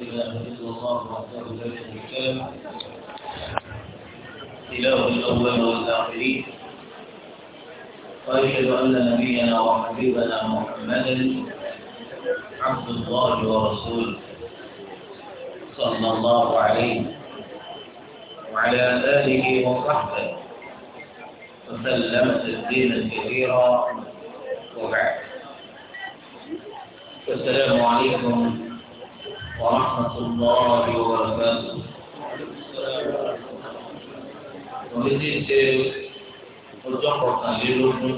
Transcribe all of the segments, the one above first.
إله إلا الله وحده لا إله الأول والآخرين وأشهد أن نبينا وحبيبنا محمدا عبد الله ورسوله صلى الله عليه وعلى آله وصحبه وسلم تسليما كثيرا وبعد السلام عليكم ورحمة الله وبركاته oríṣi ṣe ọjọ́ kọkànlélógún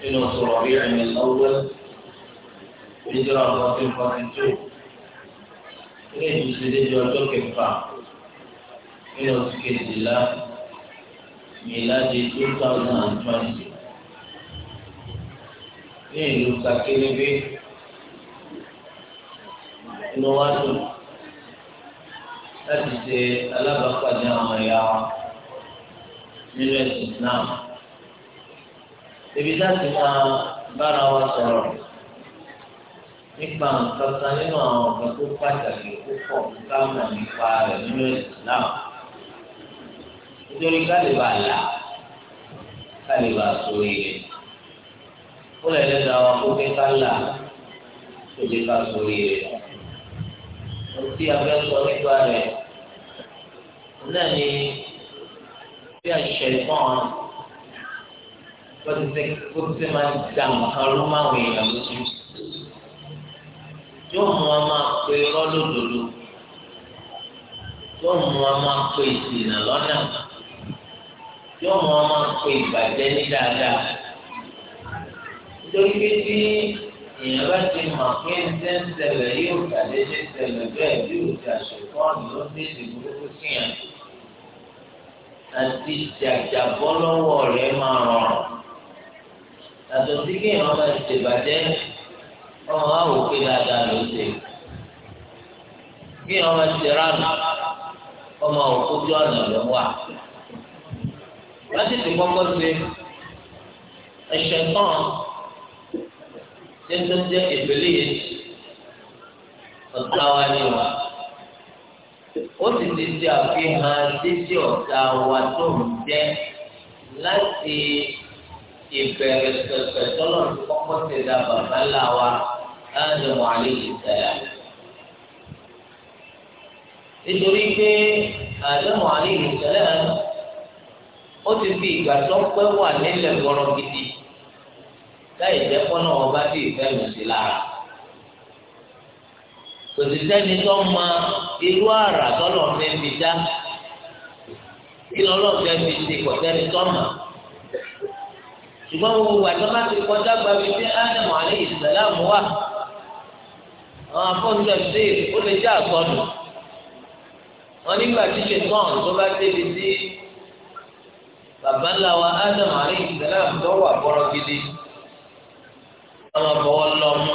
nínú sọ̀rọ̀ bí ẹ̀yìn lọ́wọ́ ìjọba fourteen forty two ilé ìjọsìn déjọ ọjọ́ kẹfà nínú oṣù kejìlá míládì two thousand and twenty ní ìlú kakélébé inú wa dùn láti ṣe alábàápàdé àwọn ẹ̀yà wa nínú ẹ̀sìn Islam ibi láti máa bára wa sọ̀rọ̀ nípa nǹkan kan nínú àwọn nǹkan tó pàtàkì púpọ̀ káwọn nípa rẹ̀ nínú ẹ̀sìn Islam nítorí kálíbà là kálíbà sórí rẹ̀ ó lè lè wa kó kí là kó kí ká sórí rẹ̀ tí a fẹ́ sọ nípa rẹ̀ náà ni bí àṣìṣe ìfọ̀n bó ti ṣe bó ti ṣe máa da nǹkan rú máwọn èèyàn lójú yóò mú wọn máa pe rọ́lódodo yóò mú wọn máa pe ìsìnà lọ́nà yóò mú wọn máa pe ìbàjẹ́ ní dáadáa nítorí pé tí èèyàn bá ti mọ̀ pé ń tẹ́ ń tẹ̀lé yóò gbàdéjé tẹ̀lé bẹ́ẹ̀ bí òjì àṣepọ́ọ̀nù ló dé ìdìbò síyàn àti jàjàbọ́ lọ́wọ́ rẹ̀ máa rọrùn. Yàtọ̀ sí kí èèyàn máa ṣèbàjẹ́ ọmọ wa wò pé dáadáa ló ṣe. Kí èèyàn máa ṣèrànù ọmọ òkújú ọ̀nà ló wà. Láti ti kọ́kọ́ ṣe ẹ̀ṣẹ̀ tán tẹ́tọ́ jẹ́ ìbílẹ̀ yẹn ọ̀tá wa ni wa ó sì ti di àfihàn títí ọ̀tá wa tó ń jẹ́ láti ìbẹ̀rẹ̀ pẹ̀pẹ̀ tọ́lọ̀ tó kọ́kọ́ ti da bàbá ńlá wa Ádámù alayhi salam. nítorí pé Ádámù alayhi salam ó ti fi ìgbà tó pẹ́ wà nílẹ̀ gbọ́rọ̀ gidi láì jẹ́ kọ́nà ọba tí ìfẹ́ mi sí lára. kò sì sẹ́ni tó mọ irú àrà tọ́lọ̀ fẹ́ fi dá kí lọ́lọ́ fẹ́ fi ṣe kò sẹ́ni tó mọ̀. ṣùgbọ́n gbogbo àtọ́lá ti kọjá gbàgbé tí ádámù alẹ́ ìsàlámù wà. àwọn afọ́njọ́ ṣe ó lè jẹ́ àkọlù. wọ́n nígbà tí ṣetán tó bá débi sí bàbá ádámù alẹ́ ìsàlámù tó wà bọ́rọ̀ gidi àwọn àfọwọ́ lọ́mú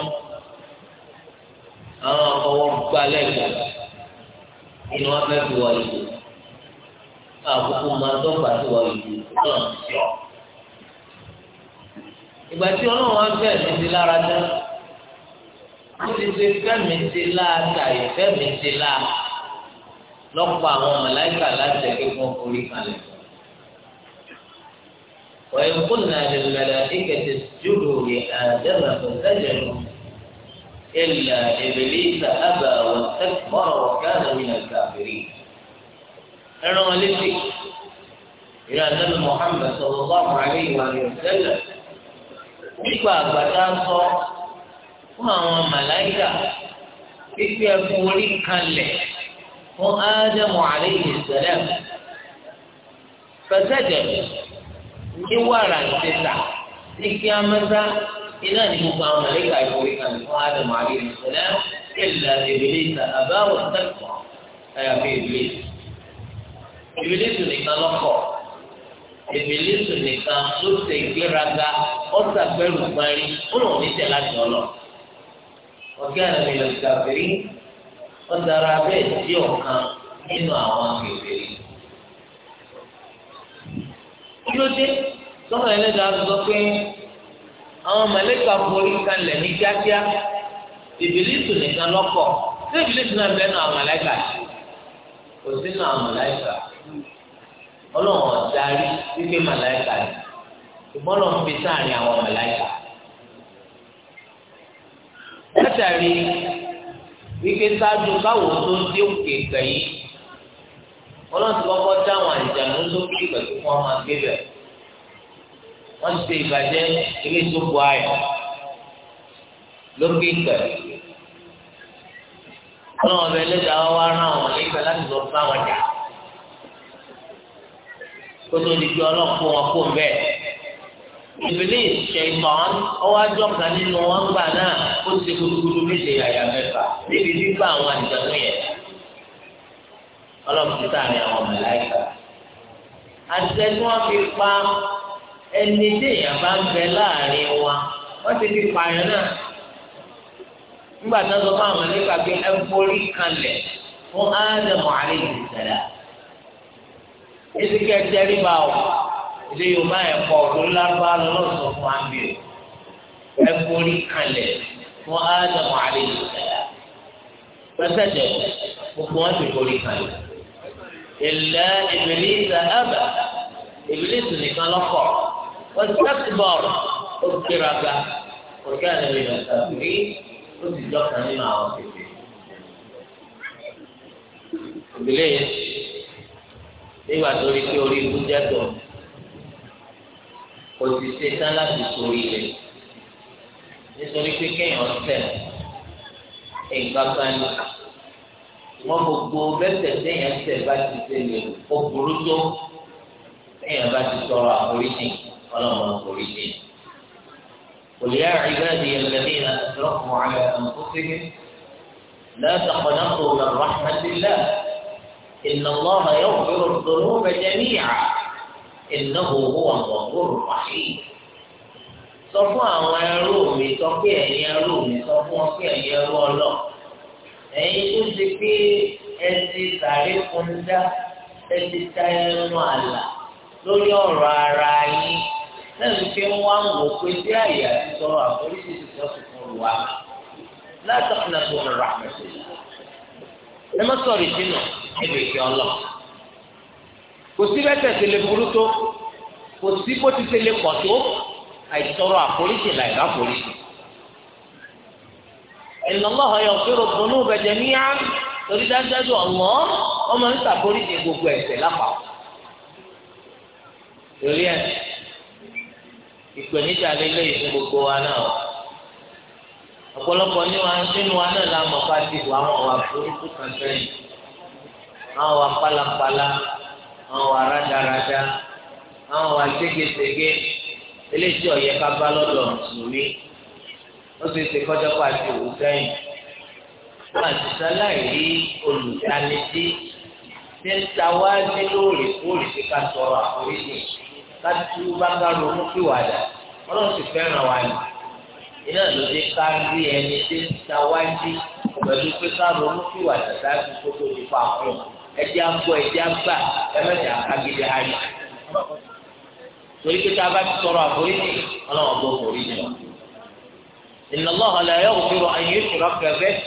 àwọn àfọwọ́ gbalẹ̀ gbà inú wọn fẹ́ fi wọ ìlú àkókò máa dọ́gba sí wọ ìlú náà yọ. ìgbà tí ọlọ́run wá fẹ́ mi ti lára dá ó ti ṣe fẹ́ mi ti láa tàyè fẹ́ mi ti láa lọ́pọ̀ àwọn mọ̀láìkà láti ẹ̀kẹ́ fún ọkùnrin kalẹ̀ fún. وإن قلنا للملائكة اسجدوا لآدم فسجدوا إلا إبليس أبى واستكبر وكان من الكافرين أنا ولدي إلى نبي محمد صلى الله عليه وآله وسلم nípa àgbàdá sọ fún àwọn màláìkà fífi ẹkún orí kalẹ̀ fún ádámù àlẹ́ ìṣẹ̀lẹ̀ ní wàrà ìṣẹ̀dá ní kí á mẹ́ta iná ní gbogbo àwọn màlẹ́kà ìforí kan fún ádámù àlejò sẹ́lẹ̀ ìlà ìbílẹ̀ ìta àbáwọ̀ sẹ́kọ̀ọ́ àyàfi ìbílẹ̀ ìbílẹ̀ tún nìkan lọ́kọ̀ ìbílẹ̀ tún nìkan ló ṣe ìgbéraga ọ̀sà pẹ̀lú parí ó lọ ní tẹ̀lá jọ lọ. ọ̀gá àmì lọ́sàbẹ̀rí ọ̀dàrà bẹ́ẹ̀ sí ọ̀kan nínú àwọn àgbègbè yìí kí ló dé sọ́nà ẹlẹ́dàá sọ pé àwọn màlẹ́kà forí kalẹ̀ ní kíákíá ìbílísù nìkan lọ́kọ̀ ṣé ìbílísù náà bẹ́ẹ̀ nù àwọn màlẹ́kà kò sí nù àwọn màlẹ́kà ọlọ́run ọ̀darí wípé màlẹ́kà ni ṣùgbọ́n lọ́n fi sáàrin àwọn màlẹ́kà látàrí wípé sáájú káwọn tó dé òkè gbẹ̀yìn ọlọ́run ti kọ́kọ́ dá àwọn àjànú lókè pẹ̀lú fún ọmọ agbébẹ̀ wọ́n ti ṣe ìbàjẹ́ ilé ìjókòó ayọ̀ lókè pẹ̀ ọlọ́run ọbẹ̀ ẹlẹ́dàá wá rán àwọn ìfẹ́ láti lọ bá wọn jà kótó di pé ọlọ́run kó wọn kó bẹ́ẹ̀ ìbílẹ̀ ṣẹ̀tàn ọwọ́ ajọ́ kan nínú wọn gbà náà ó ti ṣe gbogbo méje yàyà mẹ́fà níbi gbígbà àwọn àjànú yẹn ọlọ́run ti sáàrin àwọn mẹ̀láìkà. àṣẹ tí wọ́n fi pa ẹni tí èèyàn bá ń bẹ láàrin wa wọ́n ti fi pààyàn náà. nígbà tí wọ́n sọ fún àwọn mẹ̀láìkà pé ẹ borí kalẹ̀ fún ádámù àlejò ìṣẹ̀lẹ̀. ezike tẹríba o ilé yorùbá yẹn pọ̀ lórí lọ́sọ̀ fún àmì ẹ borí kalẹ̀ fún ádámù àlejò ìṣẹ̀lẹ̀. pẹ́sẹ́jẹ̀ gbogbo wọn ti borí kalẹ̀ ìlà ìbílísà àbà ìbílísù nìkan lọ́kọ̀ wọ́n sẹ́kì bọ́ọ̀lù ó kéra ga kòkè àlejò ìlàsàbírí ó sì jọ́kàn nínú àwọn kèké. ìbílẹ̀ nígbà tó rí pé orí ikú jẹ́ tó kò sì ṣe tán láti sórí rẹ̀ nítorí pé kéèyàn tẹ̀ nǹkan kan ní wọn gbogbo bẹsẹ téèyàn tẹ bá ti tẹ́lẹ̀ ó burú tó téèyàn bá ti tọrọ àforíjì ọlọ́run àforíjì. قل يا عبادي الذين أسرفوا على أنفسهم لا تقنطوا من رحمة الله إن الله يغفر الذنوب جميعا إنه هو الغفور الرحيم sọ fún àwọn ẹrú mi sọ pé ẹ̀yin ẹrú mi sọ fún ọ pé ẹrú ọlọ́ọ̀ ẹ̀yin tó ṣe pé ẹ ti sàrí kúndá ẹ ti ta ẹnu àlà lórí ọ̀rọ̀ ara yín lẹ́nu pé wọ́n á wò pé bí àyè àti sọ̀rọ̀ àforíṣi ti sọ sí fún wa látọ̀kùn náà tó ń ra ẹ má sọ̀rọ̀ ìdínà ẹ̀bẹ̀ kí ọlọ́ kò sí bẹ́tẹ̀ ṣe lè burú tó kò sí bó ti ṣe lè pọ̀ tó àìsọ̀rọ̀ àforíṣi làìbá àforíṣi ìnáwó yọ̀ọ́fẹ́rò gbónú bẹ̀jẹ̀ níyà torí dájúdájú ọ̀mọ́ ọmọ ń sàbóríjì gbogbo ẹ̀ṣẹ̀ lápapọ̀. torí ẹ̀ ìpèníjà lélẹ̀ ìfún gbogbo wa náà ọ̀pọ̀lọpọ̀ nínú wa náà la mọ̀ fáti wà wọ́n wà burúkú kan sẹ́yìn àwọn wà pálapàla àwọn wà rádaràda àwọn wà ségesège eléyìí ọ̀yẹ́ ká bá ó sì ṣe kọjá pa àti òwú sẹ́yìn wọn àti sáláì rí olùdánisí tí ń ta wáájú lóòrèkóòrè sí ká sọ̀rọ̀ àforíjì ká tú báńgá ronú kíwàdà Ọlọ́run sì fẹ́ràn wa ni iná ló dé ká rí ẹni tí ń ta wáájú pẹ̀lú pé ká ronú kíwàdà dájú tó tó ti pa fún un ẹdí agbọ ẹdí agbà ẹmẹta agidi ayé torí pé tá bá ti sọ̀rọ̀ àforíjì Ọlọ́run ọgbọ àforíjì náà. إن الله لا يغفر أن يشرك به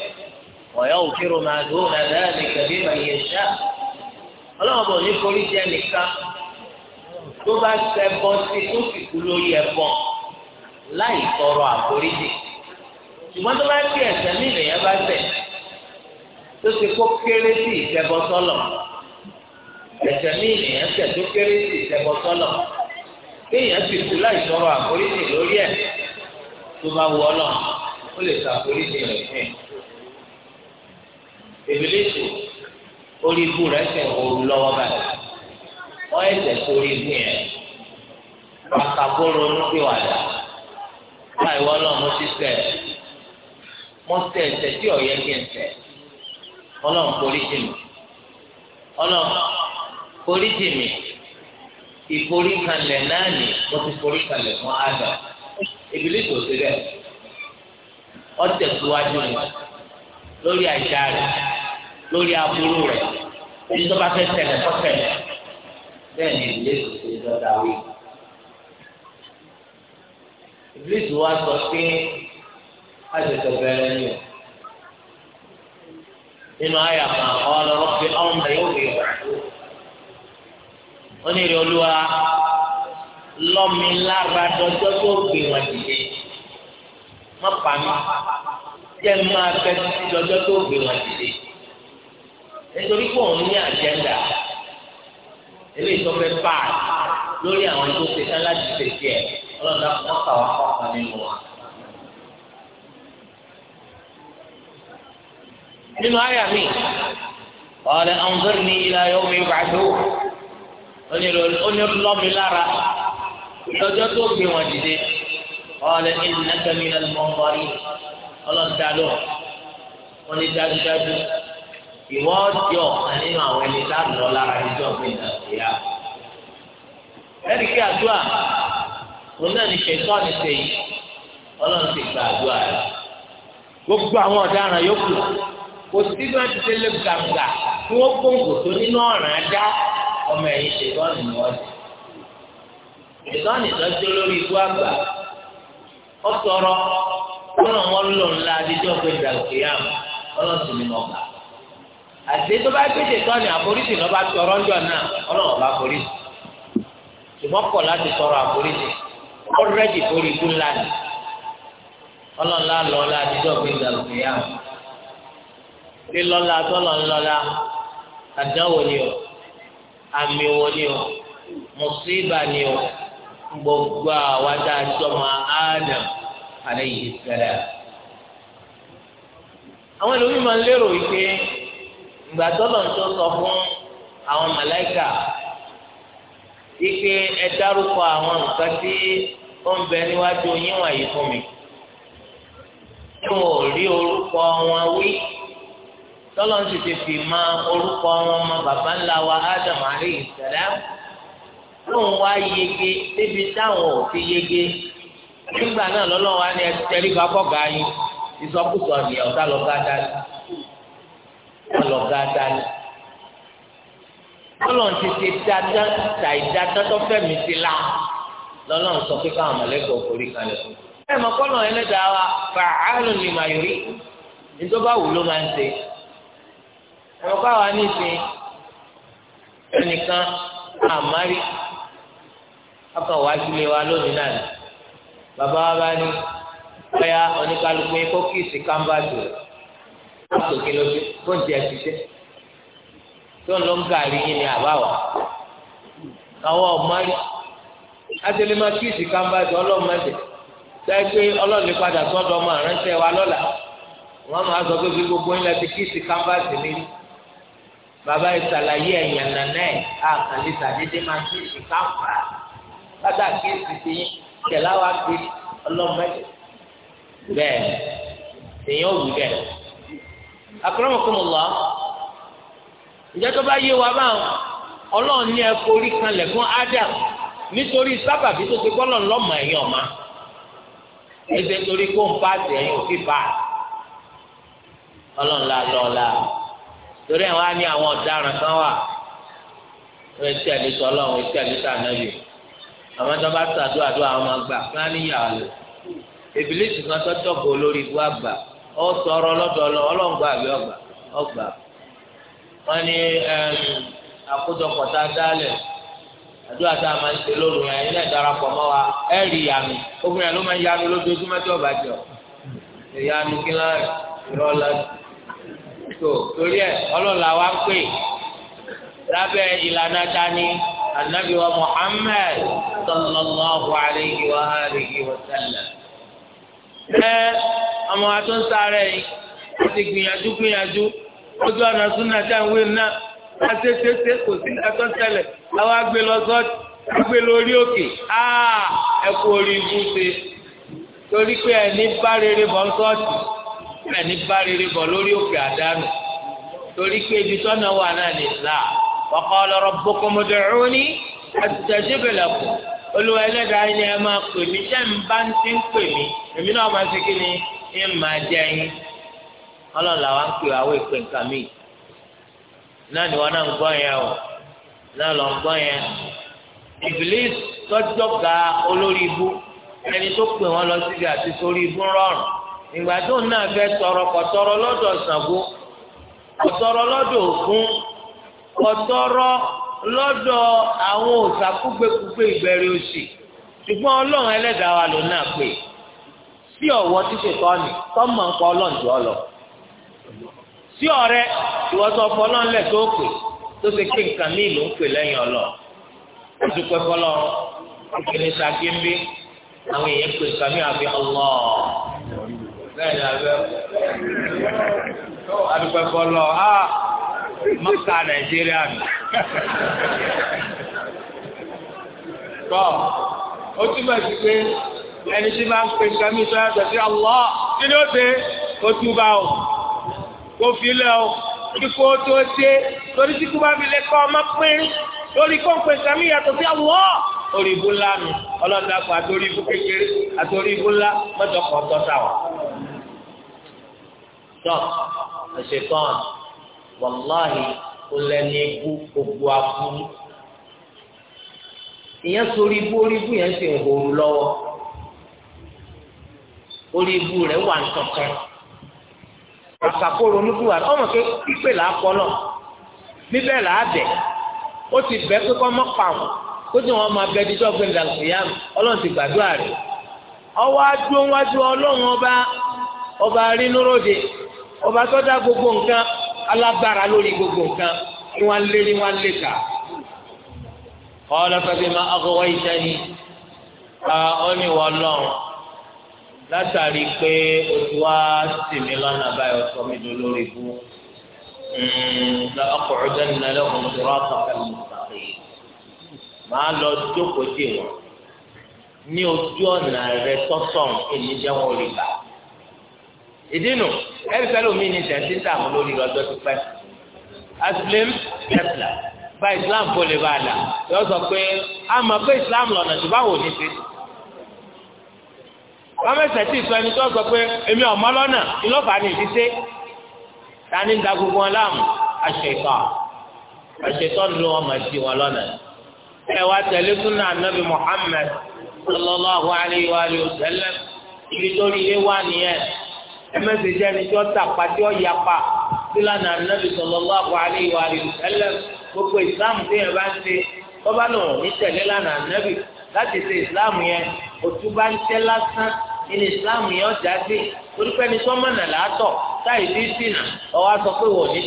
ويغفر ما دون ذلك لمن يشاء ọlọ́run bò ní forí jẹ́ nìkan tó bá ṣẹbọ sí tó sì kú lórí ẹbọ láì tọrọ àforíjì ṣùgbọ́n tó bá ti ẹ̀ṣẹ̀ ní ìrìnyẹn bá tẹ̀ tó ti kó kéré sí ìṣẹbọ sọ́lọ̀ ẹ̀ṣẹ̀ ní ìrìnyẹn tẹ̀ tó kéré sí ìṣẹbọ sọ́lọ̀ kéèyàn sì kú láì tọrọ àforíjì lórí ẹ̀ tó bá wọ ọ náà ó lè sàkórí ní rẹ̀ fún ẹ. Ìbílísì orí ibú rẹ̀ ṣe òru lọ́wọ́ báyìí. Wọ́n ẹ̀sẹ̀ sórí ibú yẹn. Pàkàbọ̀rọ̀ onígbèwàdà. Báyìí wọ́n náà mo ti ṣẹ̀. Mo ṣẹ̀ ẹ̀ṣẹ̀ tí ọ̀yẹ́ kí n ṣẹ̀. Ọlọ́run forí jì Ọlọ́run forí jì Ìforíkalẹ̀ náà ni mo ti foríkalẹ̀ fún Ádámù ìbílẹ̀ tó ṣe bẹ́ẹ̀ ọ̀tẹ̀ síwájú rẹ̀ lórí àìsá rẹ̀ lórí aburú rẹ̀ èyí tó bá fẹ́ tẹ̀lé tọ́tẹ̀lẹ̀ bẹ́ẹ̀ ni ìbílẹ̀ tó ṣe lọ́dà wí. ìbílẹ̀ tó wá sọ pé àṣẹṣẹ bẹ̀rẹ̀ ni o nínú àyà kan ọlọ́rọ̀ fi ọ̀hún ẹ̀yọ́ òwe ìgbà tó. ó ní ìrẹ̀ olúwa lọ́mi lára dọ́jọ́ tó gbé wọn dìde má pa mí jẹ́ máa fẹ́ títí dọ́jọ́ tó gbé wọn dìde nítorí pé òun ní àjẹ́ndà eléyìí tó fẹ́ bá a lórí àwọn tó ṣe tán láti ṣe tiẹ̀ ọlọ́dà wọn kà wá kọ́kọ́ nínú wa. nínú àyà mi ọ̀rẹ́ ọ̀nzọ́rì ni ìlà yóò mi bàdó onírọ̀ onírọ̀ lọ́mi lára. lọ́jọ́ tó gbé wọn dìde ọ̀lẹ́ nínú nàkàmí nà lọ́mọ́rí ọlọ́ọ̀dá lọ wọn ní dájúdájú ìwọ́ ọ̀dọ́ nínú àwọn ẹni tá a lọ lára níjọ́ ọ̀gbìn náà ìyá. ẹnì kí àdúrà òun náà ní yìí ọlọ́run ti gba àdúrà gbogbo àwọn ọ̀daràn yòókù kò sí bí ti gbàgbà kí wọ́n ìtọ́ni ìtọ́jú lórí ikú àgbà ó tọrọ kọ́nà wọn lò ńlá adíjọ́ pé dàgbéyàm ọlọ́sìn ni wọ́n gbà. àti tó bá gbé ìtọ́ni àforíjì náà bá tọrọ ńjọ náà ọlọ́wọ́n bá foríjì. ṣùgbọ́n kọ̀ láti àforíjì ikú ńlá ni pé ni o àmì ni o gbogbo àwa tá a jọ ma Adam alayhi salam àwọn ẹlòmíì máa ń lérò wípé ìgbà tọ́lọ̀ ń tó sọ fún àwọn màláìkà wípé ẹ dárúkọ àwọn nǹkan tí ó ń rí orúkọ wọn wí tọ́lọ̀ ń sì ti fi ma orúkọ wọn mọ bàbá ńlá wa Adam lóun wá yege débi táwọn ò fi yege nígbà náà lọ́lọ́wọ́ á ní ẹ tẹríba bọ́gà yín ìsọkúsọ ni ọ̀tá lọ́gá dání ọlọ́gá dání ọlọ́run ti ti dáadáa ta ìdáadáa tó fẹ́ mi ti la lọ́lọ́run sọ pé káwọn mọ̀lẹ́kọ̀ọ́ forí kalẹ̀ fún un. ẹ mọ̀ kọ́nà ẹlẹ́dàá wa fàáhùn ni màá yòrí ìjọba wù ló máa ń ṣe. ẹ̀rọ káwa ní ìsìn ẹnìkan àmárí akọ̀ wá sílé wa lónìí náà ni bàbá wa bá ní bóyá oníkálukú yín kó kíìsì kánvaasì rẹ̀ láti òkè lójú kó ń jẹ ṣiṣẹ́ tó ń lọ ń gàrí yín ni àbáwọ̀ àwọn ọ̀mọ́rí àtẹlẹ́ máa kíìsì kánvaasì ọlọ́mọdé sẹ́gbẹ́ ọlọ́ọ̀lẹ́ padà sọ́dọ̀ ọmọ àrẹ́sẹ̀ wa lọ́la wọ́n máa sọ pé bí gbogbo yín lọ ti kíìsì kánvaasì nílùú bàbá ìsàlàyé ẹ̀yàn nànẹ́ àkàlẹ́ sàdédé máa kíìsì kánvaasì kájà kéésì sí yín kẹlá wa gbé ọlọ́mọdé bẹ́ẹ̀ èèyàn ò wù bẹ́ẹ̀. akramakumullah ǹjẹ́ tó bá yé wa báwọn ọlọ́run ní ẹ forí kanlẹ̀ fún Adam nítorí sábàbí tó ti gbọ́dọ̀ lọ́mọ ẹ̀yìn ọ̀ma ẹsẹ̀ torí kó ń paasi ẹ̀yìn òfin bá ọlọ́run la lọ́ọ̀la torí ẹ̀ wá ní àwọn ọ̀daràn kan wà wọ́n ti ẹ̀ lé sọ ọlọ́run àwọn tó bá sàdúrà dúrà àwọn máa gbà fún àníyà lò ìbílísì kan tó tọ́kọ̀ olórí ibú àgbà ó sọ̀rọ̀ lọ́dọ̀ ọlọ́ngbà àbí ọgbà ọgbà wọn ni àkójọpọ̀ tá a dálẹ̀ àdúrà tá a máa ń ṣe lóru yẹn ilé ìdarapọ̀ mọ́ wa ẹ̀ rí ìyanu ogun yẹn ló máa ń yanu lójoojúmọ́ tí ọba jọ ìyanu kí náà irọ́ la tó torí ẹ̀ ọlọ́la wa ń pè lábẹ́ ìlànà dání anabi wa muhammed sallallahu alayhi wa alihi wa sallam. ẹ ọmọ wa tó ń sáré yìí ó ti gbìyànjú gbìyànjú ojú ọ̀nà súnà tí àwọn ìwé náà wá ṣe ṣe ṣe kò sí ẹ̀tọ́ ṣẹlẹ̀ àwọn agbè lọ sọ́ọ̀tì agbè lórí òkè ẹ kú orí ibú ṣe torí pé ẹni bá rere bọ́ sọ́ọ̀tì ẹni bá rere bọ́ lórí òkè àdánù torí pé ibi tọ́nà wà náà ní Islam. وقال ربكم ادعوني استجب لكم olùwà ẹlẹ́dàá ni ẹ máa pè mí ń bá ń ti ń pè mí èmi náà máa ṣe kí ni máa jẹ ń pè àwọn ìpè nǹkan mi náà ni wọn náà o náà lọ ń gbọ́ yẹn tọ́jọ́ ga olórí ibú ẹni tó pè wọ́n lọ síbi àti sórí ibú rọrùn tó náà fẹ́ tọrọ lọ́dọ̀ ọ̀tọ̀rọ̀ lọdọ àwọn òṣàkúgbèkúgbè ìgbẹ́rẹ́ òsì ṣùgbọ́n ọlọ́run ẹlẹ́dàá wa ló náà pè sí ọ̀wọ́ títí tọ́ni tọ́mọ̀ ń pa ọlọ́run lọ. sí ọ̀rẹ́ ìwọ́sọ̀ fọlọ́run tó pè tó ṣe pé nǹkan míì ló ń pè ìpinnu àwọn èèyàn pè nǹkan míì mọ́ta nàìjíríà nù. tọ́ ó túmọ̀ sí pé ẹni tí máa ń pè sami tó yàtọ̀ sí Allah kí ni ó dé kó túbà o kó filẹ̀ o kíkó tó dé torí tí kú bá fi lè kọ́ ọmọ pín lórí kọ́ńpé sami yàtọ̀ sí Allah orí ibú ńlá nu ọlọ́dà kọ àtòrí ibú kékeré àtòrí ibú ńlá mọ́tò kọ́ tọ́ta wa. tọ́ ẹ̀ṣẹ̀ kan. wàláhì olẹni gbogbo abú ìyẹn sori ibú orí ibú yẹn sì ń horu lọ́wọ́ orí ibú rẹ̀ wà nkankan àkàkóró onígbùwà ọmọ pé pípé là á là á bẹ̀ ó ti bẹ̀ pé kọ́ mọ́ kó tí máa bẹ dídọ́ gbé ìdàgbéyàmù ọlọ́run ti gbàdúrà rẹ̀ ọwọ́ adúlọ́wájú ọlọ́run ọba ọba rínúròdè ọba gbogbo nǹkan. alágbára lórí gbogbo nǹkan ni wọ́n lé ní wọ́n lé kà. قال فبما أغويتني ọ̀ọ́nì wọ́n lọ́rùn látàrí pé o ti wá sí mi lọ́nà báyọ̀ sọ mi dùn lórí ibú لأقعدن لهم صراطك المستقيم màá lọ jókòó dè wọ́n ní ojú ọ̀nà rẹ tọ́sán èyí wọn rí bàá ìdínú ẹ̀rí pẹ̀lú mi ní tẹ̀sí ń dààmú lórí ọjọ́ tó pẹ́. aslim ẹ̀fla bá islam kó lè bá a là yọ sọ pé a mọ̀ pé islam lọ́nà tó bá wò ní sí. wọ́n mẹ́sẹ̀ tí ìsọ ẹni tó sọ pé èmi ọ̀mọ́ lọ́nà ìlọ́fà ni ìdí sé. tani ń da gbogbo wọn láàmú àṣetọ́ àṣetọ́ ni wọ́n máa di wọn lọ́nà. ẹ wá tẹ̀lé súnà anabi muhammed sallallahu alayhi wa sallam ibi tó rí ilé wá nìyẹn. ẹmẹsẹ jẹ ẹni tí ó ta pàtí ó yapa sílànà anabi sallallahu alaihi wa sallam gbogbo islam tí yẹn bá ń ṣe bọba lọ ní lànà anabi láti ṣe islam yẹn bá ń tẹ lásán ní islam yẹn ọjà torí pé ẹni táyì tí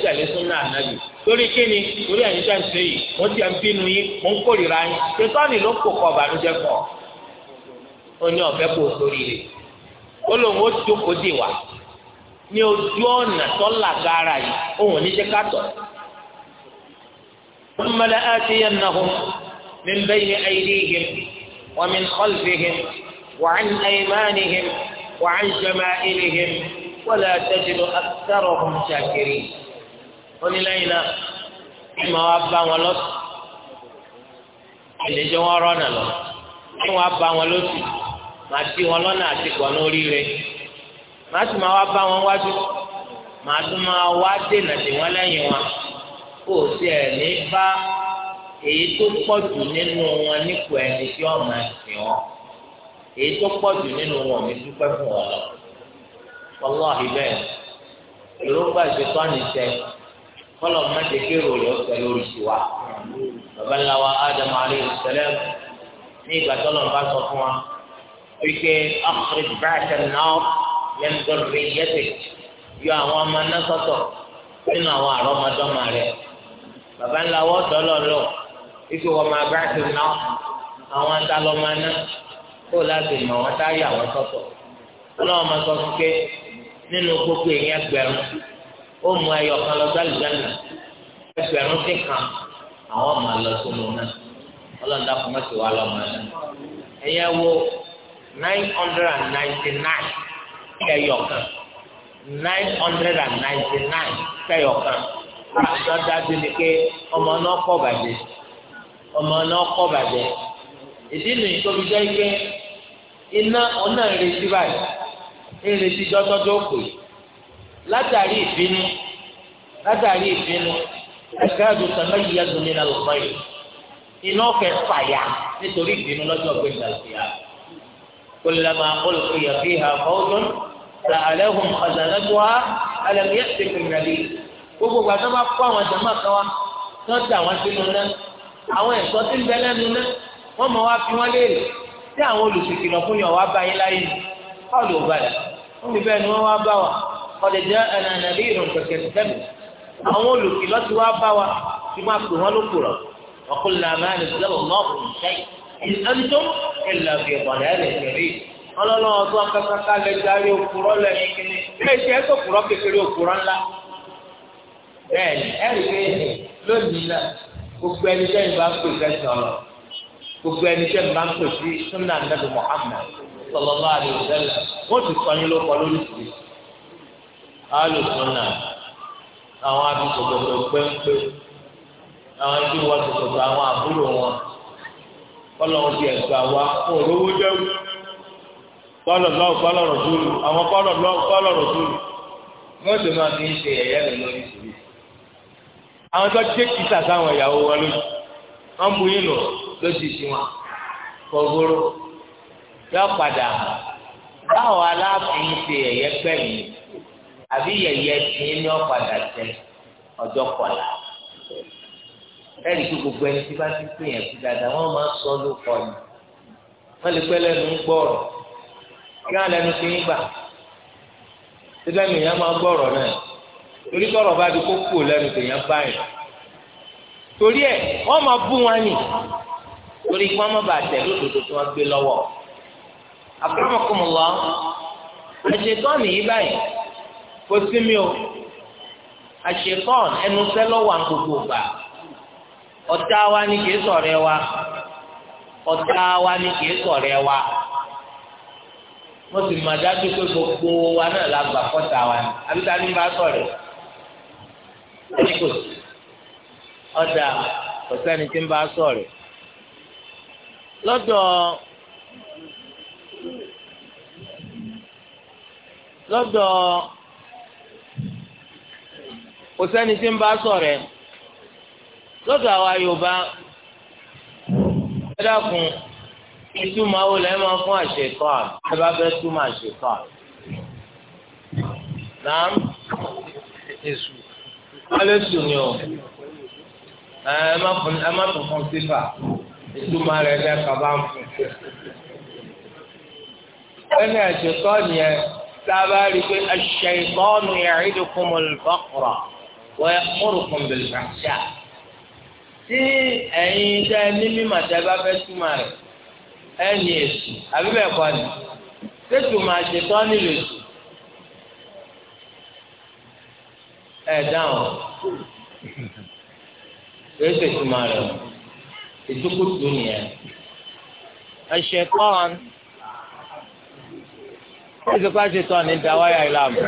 pé ní anabi torí ni torí ṣe yìí ti ń bínú yín mo ń kórìíra yín ṣètọ́ni kọ ó lóun ó jókòó dè wá ní ojú ọ̀nà tọ́lá gara yìí òun ní jẹ́ kátọ̀. ثم لآتينهم من بين أيديهم ومن خلفهم وعن أيمانهم وعن شمائلهم ولا تجد أكثرهم شاكرين wọ́n ní lẹ́yìn náà kí wọ́n wá bá wọn lọ́sùn ìdíje wọn rọ́nà lọ kí wọ́n wá bá wọn lọ́sùn màá ti wọn lọ́nà àti gbọ̀nà oríire màá tún máa wá bá wọn wájú màá tún máa wá dènà wọn lẹ́yìn wọn kò sí ẹ̀ ní bá èyí tó pọ̀ jù nínú wọn nípò ẹni tí wọ́n máa sìn wọn èyí tó pọ̀ jù nínú wọn mi dúpẹ́ fún wọn lọ wa ádámù ní ìgbà bá wípé akhrij ba'sa an-nar min dhurriyyatik yọ àwọn ọmọ náà sọ̀tọ̀ nínú àwọn àrọ́mọdọ́mọ rẹ̀ bàbá ńlá wọ́ dọ́lọ́lọ́ wípé wọ́n máa ba'sa an-nar àwọn atalọ́mọ náà kó láti mọ̀ wọ́n tá yà wọ́n sọ̀tọ̀ ọlọ́wọ́n máa sọ fún nínú gbogbo èèyàn gbẹ̀rún ó mú ẹyọ kan lọ sálùjánà ẹgbẹ̀rún sí kan àwọn ọmọ àlọ́ sínú náà ọlọ́run dákun mọ́tò wa lọ́mọ náà ẹ̀yẹ wo nine hundred and ninety nine kẹyọkan nine hundred and ninety nine kẹyọkan àtọ́jáde ni pé ọmọ náà kọ́ bàjẹ́ ọmọ náà kọ́ bàjẹ́ ìdí nìyí tó fi jẹ́ pé iná ọ̀nà ń retí báyìí ń retí dọ́tọ́dọ́ pè látàrí ìbínú látàrí ìbínú ẹ̀ka ẹ̀dùn sọ̀tọ́ yìí yẹ́dùn nínú àlùmọ́ yìí iná ọ̀fẹ́ fàyà nítorí ìbínú lọ́jọ́ ọ̀gbẹ́ni àlùfíà. كلما ألقي فيها فوج سألهم خزنتها ألم يأتكم نذير gbogbo gbàtọ́ bá kó àwọn jàmbá kan wá tó dà wọ́n sínú náà àwọn ẹ̀kọ́ tí ń bẹ lẹ́nu náà wọ́n mọ̀ wá fi wọ́n léèrè tí àwọn olùsìkìlọ̀ fún yàn wá bá yín láyé ni báwo ló bá yà wọ́n fi bẹ́ẹ̀ ni wọ́n wá bá wa ọ̀dẹ̀ jẹ́ ẹnànàbí ìrùn kẹ̀kẹ́ sẹ́mi àwọn olùsìkìlọ̀ ti wá bá wa ti máa pè wọ́n lókùrọ̀ ọ̀kùnrin àmàlẹ́ in antum illa fi dhalalin kabir ọlọ́lọ́ ọdún akẹ́kọ̀ọ́ lè darí òkúrọ́ lẹ́yìn kínní bẹ́ẹ̀ ṣe ẹ́kọ̀ òkúrọ́ kékeré òkúrọ́ ńlá bẹ́ẹ̀ ni ẹ̀rí pé lónìí náà gbogbo ẹni tẹ́ ń bá pè fẹ́sẹ̀ ọ̀rọ̀ gbogbo ẹni tẹ́ ń bá pè sí sunna nabi Muhammad sallallahu alaihi wasallam wọ́n ti sọ yín lóko lórí ìsìn alùsùnà àwọn abisọ̀tọ̀ pẹ́ńpẹ́ àwọn ẹbí wọ́n ti sọ̀tọ̀ àwọn àbúrò wọn kọ́lọ́wọ́ ti ẹ̀gbà wa kó lówó dẹ́wù kọ́lọ̀ lọ́wọ́ kọ́lọ̀ rọ̀túlù àwọn kọ́lọ̀ lọ́wọ́ kọ́lọ̀ rọ̀túlù wọ́n sì máa fi ń ṣe ẹ̀yẹ́ rẹ̀ lórí ìṣòro. àwọn tó dé kìtà sáwọn ìyàwó wa lójú wọ́n bu yín lọ lójú sí wọn kọ̀ọ̀gọ́rọ́ yọ padà báwo aláàfin ṣe ẹ̀yẹ́ pẹ̀lú àbí yẹ̀yẹ́ tì í ní ọ̀padà tẹ ọjọ́ kọ̀ọ̀la ẹ̀rí kí gbogbo ẹni tí bá ti pè yẹn kú dáadáa wọ́n máa sọ ló kọ ni wọ́n lè pẹ́ lẹ́nu ń gbọ́rọ̀ kí wọ́n lẹ́nu ti ń gbà síbẹ̀ nìyẹn máa gbọ́rọ̀ náà torí tọ̀rọ̀ bá di kó kú lẹ́nu tèèyàn báyìí torí ẹ̀ wọ́n máa bú wọn ni torí kí wọ́n má bàa tẹ̀ lódodo tí wọ́n gbé lọ́wọ́ àkọ́mọkọ́mọlá àṣetọ́ọ̀nì yìí báyìí kò sí mi o àṣetọ́ọ̀nì ẹnu sẹ́lọ́wọ́ àgbogbo gbà. ọ̀tá wa ni kìí ṣọ̀rẹ́ wa ọ̀tá wa ni kìí ṣọ̀rẹ́ wa mo sì dájú pé gbogbo wa náà la gbà kọ́ta wa ni abíta ní bá ṣọ̀rẹ́ ẹni kò sí ọ̀dà ọ̀sẹ́ni tí ń bá lọ́dọ̀ lọ́dọ̀ ọ̀sẹ́ni tí ń bá lọ́dọ̀ àwa yorùbá ẹ dákun ìtumọ̀ àwọn olè máa fún àṣetọ́ ẹ bá fẹ́ túmọ̀ àṣetọ́ náà èṣù alẹ́ sùn ni o ẹ má fún ẹ má fún fún sífà ìtumọ̀ rẹ̀ dẹ́ kaba ń fún ẹni àṣetọ́ nìyẹn tá rí i pé àṣetọ́ nìyẹn ìdíkùn mọ̀lẹ́fọ́kùrọ̀ wọ́n yẹ kúrùkùn bẹ̀lẹ̀ fàṣà tí ẹ̀yin tẹ́ ní mímọ̀ tẹ́ bá fẹ́ túmọ̀ rẹ̀ ẹ ní èsù àbí bẹ́ẹ̀ kọ́ ni tètù máa ṣe tán nílò èsù ẹ dáhùn èsù ìtumọ̀ rẹ̀ ìdúkùtù nìyẹn ẹ̀ṣẹ̀ kọ́ ọ́n ó sì pa ṣe tán ní dáwáyà ìlànà.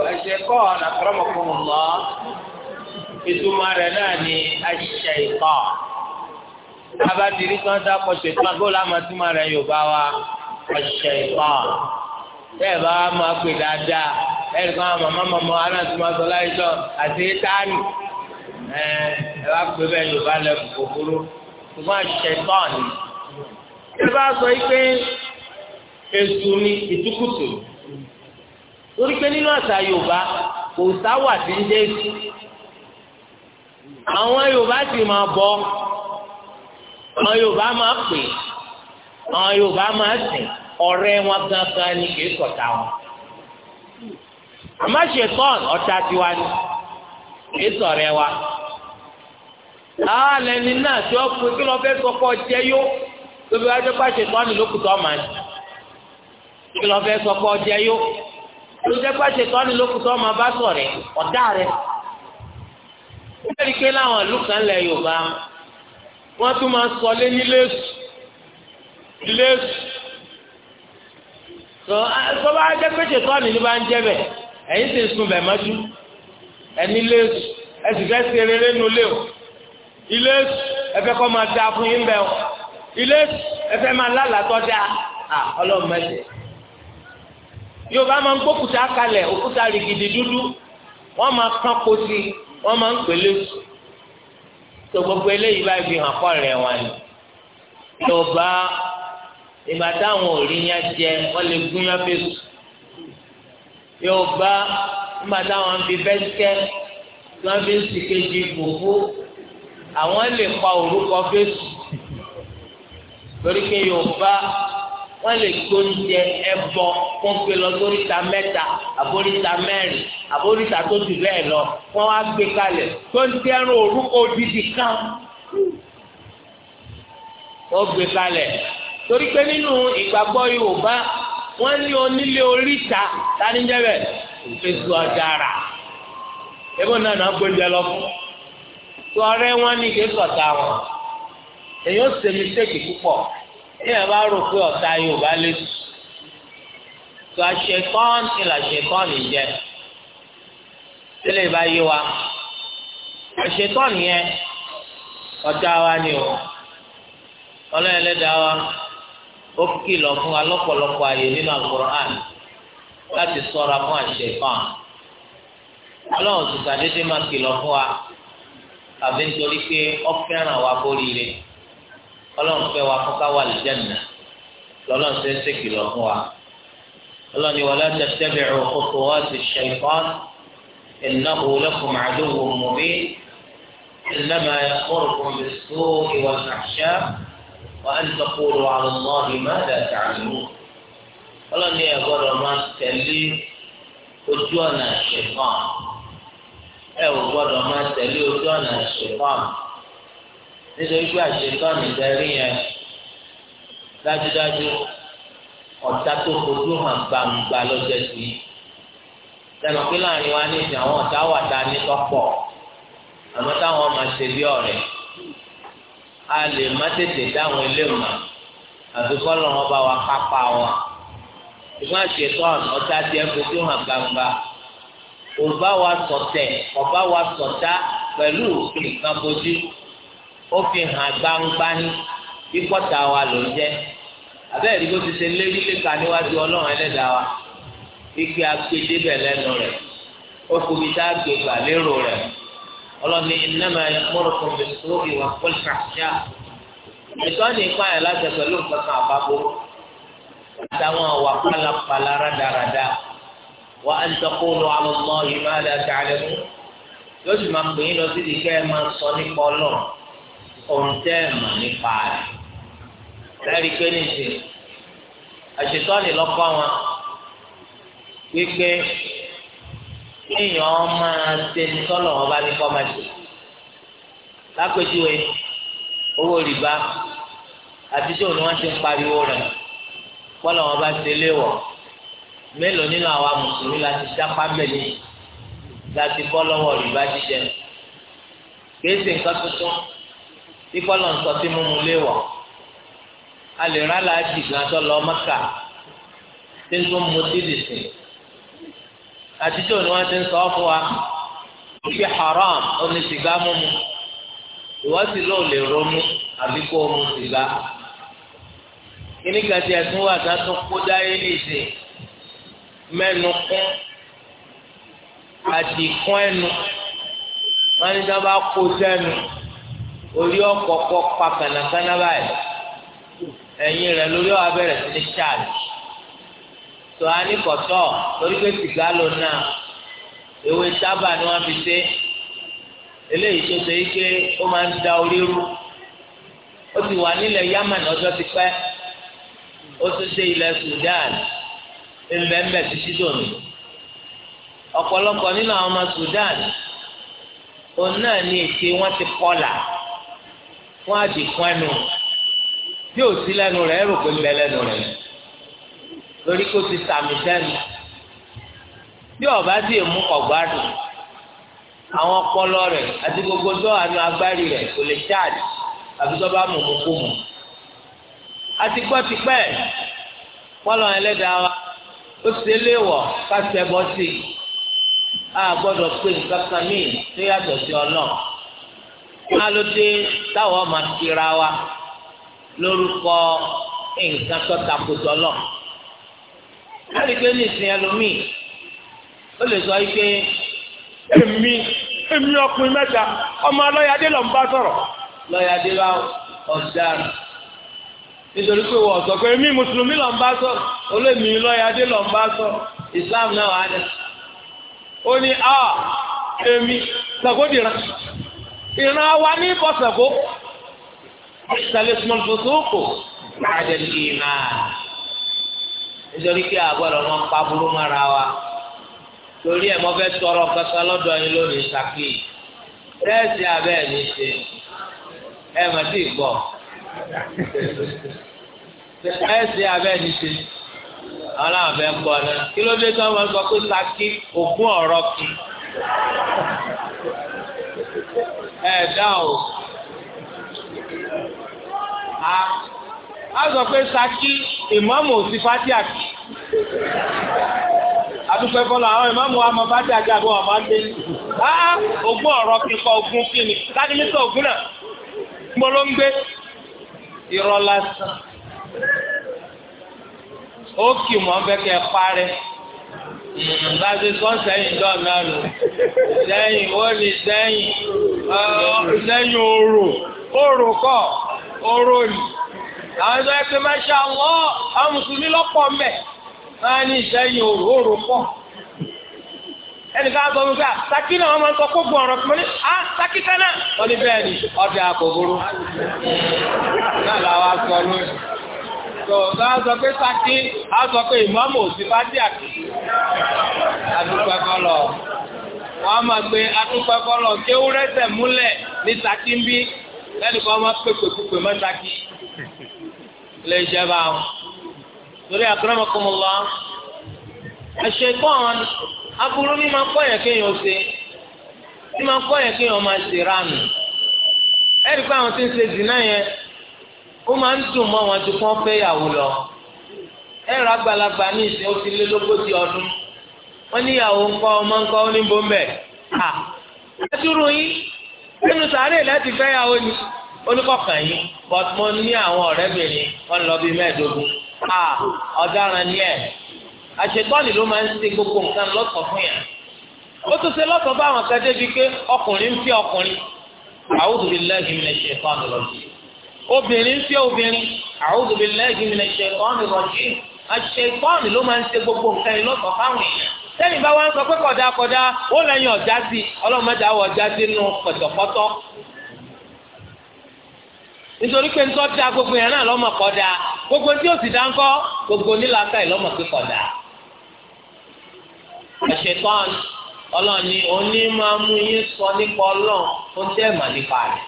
الشيطان أكرمكم الله ìtumọ̀ rẹ̀ náà ni aṣèkọ́ abadiri kan dákọ̀ ṣètàn bó lámà túmọ̀ rẹ̀ yorùbá wa aṣèkọ́ bẹ́ẹ̀ bá máa pè dáadáa ẹ̀rí kan màmá màmá aláǹtúmọ̀ sọ láyéjọ́ àti tánì ẹ̀ ẹ̀ bá pè bẹ́ẹ̀ yorùbá lẹ̀ kòkòrò ṣùgbọ́n aṣèkọ́ ni ẹ bá sọ yìí pé èṣù ni ìtukùtù torí pé nínú àṣà yorùbá kò sáwà tí ń dé sí àwọn yorùbá sì máa bọ àwọn yorùbá máa pè àwọn yorùbá máa sìn ọ̀rẹ́ wọn gangan ni kì í ṣọ̀tá wọn àmọ́ ṣetán ọ̀tá tiwa ni kì í ṣọ̀rẹ́ wa àwọn ẹni náà tí wọ́n pè kí lọ́ọ́ fẹ́ sọ́kọ́ jẹ́ yó tóbi wájú pàṣẹ tán ni lókùtọ́ màá ní kí lọ́ọ́ fẹ́ sọ́kọ́ jẹ́ yó ló jẹ́ pé ṣètọ́ ni lókùtọ́ ọmọ bá sọ̀ rẹ̀ ọ̀dá rẹ̀ nítorí pé láwọn ìlú kan lẹ̀ Yorùbá wọ́n tún máa sọ lé ní lẹ́sù lẹ́sù tó bá jẹ́ pé ṣètọ́ ni ló bá ń jẹ́ bẹ̀ ẹ̀yin sì sun bẹ̀ mọ́jú ẹni lẹ́sù ẹsì fẹ́ ṣe rere nu lé o ilé ẹfẹ́ kọ́ máa da fún yín bẹ́ẹ̀ o ilé ẹfẹ́ máa lálàá tọ́ ọlọ́run mẹ́jẹ̀ẹ́ yorùbá máa ń gbókùtà kalẹ̀ òkúta rìgìdì dúdú wọ́n máa kán kó sí wọ́n máa ń pèlè sùn tó gbogbo eléyìí bá fi hàn kọ́rẹ̀ wọn ni yorùbá ìgbà táwọn òrí yẹn jẹ wọ́n lè gún yẹn fèsù yorùbá ìgbà táwọn fi bẹ́sikẹ́ wọ́n fi ń sìkejì fòfó àwọn lè pa orúkọ fèsù torí pé yorùbá wọ́n lè gbóúnjẹ ẹbọ wọ́n gbé lọ sóríta mẹ́ta àbóríta mẹ́rin àbóríta tó jù bẹ́ẹ̀ lọ wọ́n wá gbé kalẹ̀ tó ń dẹ́rùn orúkọ odidi kan wọ́n gbé kalẹ̀ torí pé nínú ìgbàgbọ́ Yorùbá wọ́n ní onílé oríta tani jẹ́bẹ̀ ìfẹsù ọ̀dàrà ẹgbẹ́ náà náà gbóúnjẹ lọ fún tọrẹ wọn ní ìdẹ́sọ̀tà wọn èyí ó ṣe mistake púpọ̀ èèyàn bá rò pé ọ̀tá Yorùbá lè tù tó àṣetán ni làṣetán lè jẹ tẹ́lẹ̀ bá yé wa àṣetán yẹn ọ̀tá wa ni o ọlọ́yẹ̀lẹ́dàá wa ó kìlọ̀ fún wa lọ́pọ̀lọpọ̀ àyè nínú Al-Qur'an láti sọ̀ra fún àṣetán ọlọ́run ti sàdédé máa kìlọ̀ fún wa àbí nítorí pé ó fẹ́ràn wa bóríire. ọlọ́run fẹ́ wa fún káwa lè jẹ́nà lọ́lọ́run ṣe ń ṣèkìlọ̀ fún wa ọlọ́run ni wala tattabi'u khutuwati shaytan innahu lakum aduwwun mubin innama ya'murukum bis-su'i wal-fahsha'i wa an taqulu 'ala Allahi ma la ta'lamun ọlọ́run ni rẹ̀ máa tẹ̀lé ojú ọ̀nà ṣẹ̀fọ́n ẹ̀ ò gbọ́dọ̀ máa tẹ̀lé ojú ọ̀nà ṣẹ̀fọ́n. nítorí pé àṣetọ́nù ìdarí yẹn dájúdájú ọ̀tá tó fojú hàn gbangba lọ́jọ́ sí i lẹ́nu pé láàrin wa ní ìsìn àwọn ọ̀tá wà tá a ní tọ́pọ̀ àmọ́ táwọn máa ṣe bí ọ̀rẹ́ a lè má tètè dáhùn ilé mọ́ àfi kọ́lọ̀ wọn bá wa kápá wọn ìgbọ́n àṣetọ́nù ọ̀tá tiẹ̀ fojú hàn gbangba òbá wa ṣọ̀tẹ̀ ọ̀bá wa ṣọ̀tá pẹ̀lú òfin kan fojú ó fi hàn gbangba ní kíkọ́ta wa ló ń jẹ́ abẹ́rẹ́ bó ti ṣe lérí léka níwájú ọlọ́run ẹlẹ́dàá wa ike agbedebẹ̀ lẹ́nu rẹ̀ ó fobi tá a gbé gbà lérò rẹ̀ ọlọ́ni innama ya'murukum bis-su'i wal-fahsha ètò ọ̀nì ipá yẹn láti pẹ̀lú nǹkan àbábọ̀ àtàwọn àwà pálapàla rádaràda wa an taqulu 'ala Allahi ma la ta'lamun yóò sì máa pè é lọ sí ìdíkẹ́ máa sọ nípa ọlọ́run ohun tẹ́ ẹ̀ mọ̀ nípa rẹ̀ lẹ́rìí pé nìsín àṣetọ́ni lọ́kọ́ wọn wípé kéèyàn máa ṣe tọ́lọ̀ wọn bá ní kọ́mẹ́tì lápèjúwe owó rìbá àti tí òun wọn ti ń pariwo rẹ̀ kọ́lọ̀ wọn bá ṣe léwọ̀ mélòó nínú àwa mùsùlùmí láti dápá mẹ́lì láti bọ́ lọ́wọ́ rìbá jíjẹ kìí ṣe nǹkan tuntun ikọlọ nsọ tí mímu lé wọ alèrè aláàjì gan tó lọ mẹka tí ń tún mutí dì sí àtijọ́ ni wọ́n ti ń sọ fún wa fi haram oní sìgá mímu ìwọ́n sì lóò lè ronú àbí kó o mu sìgá kíní ẹ̀sùn wà sá tó kó dáyé nìsí mẹ́nu kún àdìkún ẹnu wọ́n ní sábà kó sẹ́nu. orí ọkọọkọ pa kànákànná báyìí ẹ̀yìn rẹ̀ lórí ọwọ́ abẹ́rẹ́ sí ní ṣáàlì tó a ní kọtọ torí pé sìgá ló ná ewé sábà ni wọ́n fi ṣe eléyìí tó ṣe ike ó máa ń da orí rú ó ti wà Sudan dòní nínú àwọn Sudan òun náà èké wọ́n á dì fún ẹnu tí ò sí lẹ́nu rẹ̀ ẹ̀rù pé ń bẹ lẹ́nu rẹ̀ lórí kó ti sàmì sẹ́nu bí ọba sì mú ọgbádùn àwọn ọpọlọ rẹ̀ àti gbogbo tó àánú agbárí rẹ̀ kò lè ṣáàdì àbí tó bá mú mú kó mú àti gbọ́ ti pọ́lọ́ ẹlẹ́dàá wa ó ṣe léwọ̀ ká ṣẹbọ sí i a gbọ́dọ̀ pé nǹkan kan míì tó yàtọ̀ sí ọlọ́run. má ló dé táwọn máa kíra wa lórúkọ nǹkan tó lọ. láti ní ìsìn ẹlòmíì lè sọ pé èmi èmi ọkùnrin mẹ́ta ọmọ lọ́yàdé ló bá sọ̀rọ̀. lọ́yàdé wa ọ̀daràn nítorí pé wọ́n sọ pé èmi mùsùlùmí bá olómi lọ́yàdé bá sọ̀rọ̀ Islam náà wà á dẹ̀. ó a ah, èmi ìran wa ní bọ́sẹ̀kó ìsàlẹ̀sùmọ̀ fòsókò àdẹ̀lì ìmà nítorí pé àgbọ̀dọ̀ wọn pa wa torí ẹ̀ mọ́ fẹ́ tọrọ kẹta lọ́dọ̀ yín lónìí sàkè tẹ́ẹ̀sì abẹ́ ẹ̀ ní ṣe ẹ̀ mà sí gbọ́ tẹ́ẹ̀sì abẹ́ ẹ̀ ní ẹ̀dán eh, o. Ah, a sọ pé saki ìmọ̀mù òsì fatia kì. àdúpẹ́ fọlọ́ àwọn ìmọ̀mù wa máa fatia kí àbúrò wọn máa ah, ń ogún ọ̀rọ̀ kí ogún kí ni láti mí ogún náà. bá a ti kọ́ sẹ́yìn dọ́ọ̀nà rò sẹ́yìn ó lè sẹ́yìn sẹ́yìn oòrò oòrò kọ́ oòrò rì àwọn tó pé máṣá lọ àwọn mùsùlùmí lọ́pọ̀ mẹ́ máa ní sẹ́yìn oòrò oòrò pọ̀ ẹnìkan sọ fún mi pé ah, náà wọn máa ń sọ kó ọ̀rọ̀ fún ah, ni Sọ̀rọ̀ sọ pé sákí, a sọ pé ìmọ̀mù òsì bá dí àkì. Adúpẹ́ kọ́lọ̀. Wọ́n á máa gbé adúpẹ́ kọ́lọ̀ kí ó rẹ́sẹ̀ múlẹ̀ ní sákí ń bí. Lẹ́nìkan máa pèpè púpè mọ́ sákí. Ilé iṣẹ́ bá wọn. Torí akramakumullah. Ẹ̀ṣẹ̀ kan aburú ní máa kọ́ yẹn kéèyàn ṣe. Ní máa kọ́ yẹn kéèyàn máa ṣèrànù. Ẹ̀rí pé àwọn tí ń ṣe dì náà yẹn ó máa ń dùn mọ́ wọn ju kí wọ́n fẹ́ yàwó lọ ẹ̀rọ àgbàlagbà ní ìsìn ó ti lé lógójì ọdún wọ́n ní ìyàwó ńkọ́ ọmọ ńkọ́ ó ní bọ́m̀bẹ̀ à ẹ̀dúró yín nínú sàárè láti fẹ́ yàwó ni oníkọ̀ọ̀kan yín but mo ní àwọn ọ̀rẹ́bìnrin wọn lọ bíi mẹ́ẹ̀ẹ́dógún à ọ̀daràn ni ẹ̀ àṣetọ́ni ló máa ń ṣe gbogbo nǹkan lọ́sọ̀ fún yàn ó tún ṣe lọ́sọ̀ bá àwọn kan débi pé ọkùnrin ń fi ọkùnrin àwùjọ bíi lẹ́yìn ṣe fún àmì lọ́sọ̀ obìnrin fẹ́ obìnrin a'udhu billahi minash shaitani rajim àṣetọ́ọ̀nì ló máa ń ṣe gbogbo nǹkan yìí lọ́sọ̀ọ́ fáwọn èèyàn sẹ́yìn bá wá ń sọ pé kọ̀dá ó lẹ́yìn ọ̀já sí ọ̀já sí gbogbo yẹn náà lọ́mọ gbogbo tí ó sì gbogbo lọ́mọ pé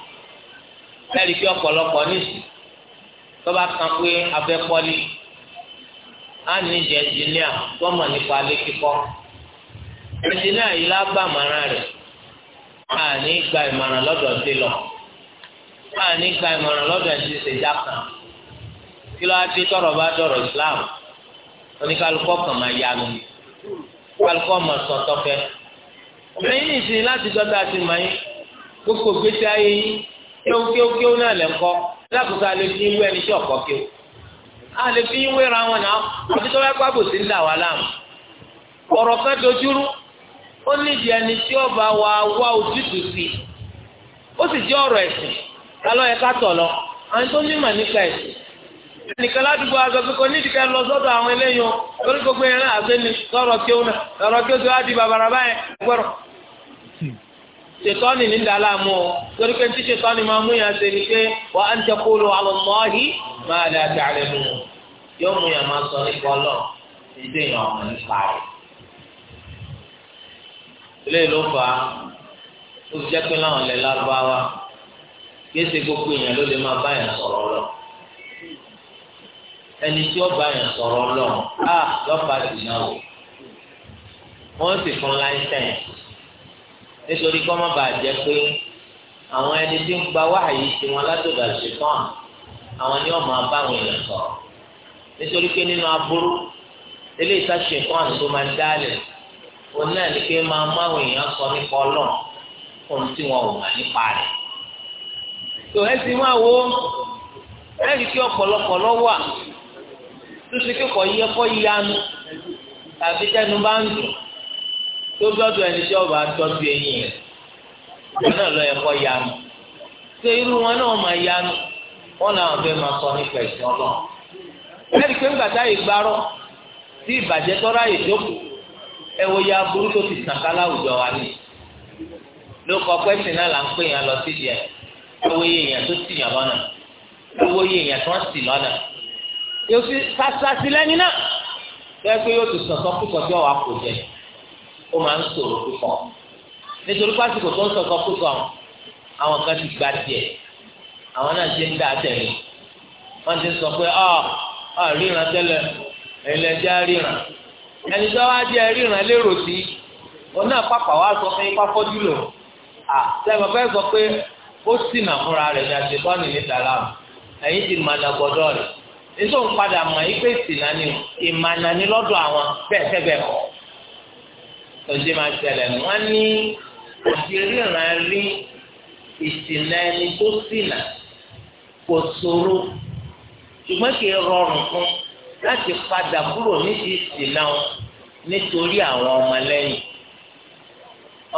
ẹ̀rí pé ọ̀pọ̀lọpọ̀ nísì tọ́ba kan pé afẹ́pọ́lì á ní ìjẹ́ ẹnjìníà tó mọ̀ nípa alẹ́ kíkọ́ ẹnjìníà yìí lágbà màrán rẹ̀ á ní gba ìmọ̀ràn lọ́dọ̀ sí lọ á gba ìmọ̀ràn lọ́dọ̀ ẹ̀ ti ṣèjà kan kí ló á dé tọrọ bá dọ̀rọ̀ Islam oníkálukọ́ kan máa yá mi kálukọ́ máa sọ tọ́fẹ́ lẹ́yìn ìsìn láti dọ́ta sí màá yín gbogbo gbèsè ayé yín. kéwú kéwú kéwú náà lẹ kọ lákòókò fi ẹni tí ọkọ fi wú wọn náà àti tó bá gbá bòsí ńlá wa láàmú ọ̀rọ̀ kan dojúrú ó nídìí ẹni tí ọba wa wá ojútùú sí ó sì tọ lọ àwọn tó ní nìkan ládùúgbò nídìí lọ àwọn eléyìí o lórí gbogbo yẹn náà lọrọ náà lọrọ di bàbàrà báyẹn ṣètọ́ni ní dàlámù o torí pé tí ṣètọ́ni máa mú yàn ṣe ni pé wà á ń tẹ kó lo àlọ́mọ́hí máa dà bí alẹ́ mu yóò mú yàn máa sọ nípa ọlọ́ ìdè yàn ọmọ nípa rẹ̀. ilé ló fà á ó ti jẹ́ pé láwọn ilẹ̀ lárúbáwá gbèsè gbogbo èèyàn ló lè máa bá yàn sọ̀rọ̀ lọ ẹni tí ó bá yàn sọ̀rọ̀ lọ á lọ́fà sí náà wọ́n sì fún láńsẹ̀ǹsì nítorí kọ́ má bàa jẹ́ pé àwọn ẹni tí ń gba wáhàyí tí wọn látòdà ṣetán àwọn ni wọn máa bá àwọn èèyàn sọ̀rọ̀ nítorí pé nínú aburú eléyìí tá ṣetán tó máa dálẹ̀ òun náà ni pé máa mú àwọn èèyàn sọ nípa ọlọ́run ohun tí wọn ò mà nípa rẹ̀ tó ẹ ti máa wo ẹ̀rí kí ọ̀pọ̀lọpọ̀ lọ wà tó yẹ kọ́ yanu tàbí tẹnu bá ń dùn. tó dọ́dọ̀ ẹni tí ọba tọ́jú eyín rẹ̀ wọn náà lọ ẹ̀kọ́ yanu ṣé irú wọn náà máa yanu wọn làwọn fẹ́ máa sọ nípa pé tí tọ́ra ya burú tó ti kálá àwùjọ wa ni ló kọ náà là ń pè yàn lọ ẹ èèyàn tó sì yàn lọ́nà èèyàn tó ń sì ó máa ń sòrò púpọ̀ nítorí pásítọ̀ tó ń sọ̀kọ púpọ̀ àwọn kan ti gba tiẹ̀ àwọn náà ti ń dá tẹ̀lé wọ́n ti sọ pé ọ̀ ọ̀ ríran tẹ́lẹ̀ ẹ̀lẹ́ jẹ́ ríran ẹni tó wá jẹ́ ríran lérò sí òun náà pàpà wá sọ fún ipá lò à sẹ́wọ̀n fẹ́ sọ pé ó sì nà fúnra rẹ̀ ní àṣetọ́nì ní sàlámù ẹ̀yìn ti mànà gbọ́dọ̀ rẹ̀ nítorí padà mọ̀ ni ni lọ́dọ̀ àwọn bẹ́ẹ̀ tọ́jú máa ṣẹlẹ̀ wọ́n ní àṣíríran rí ìsìnà ẹni tó ṣìnà kò ṣòro ṣùgbọ́n kì í rọrùn fún láti padà kúrò nídìí ìsìnà wọn nítorí àwọn ọmọlẹ́yìn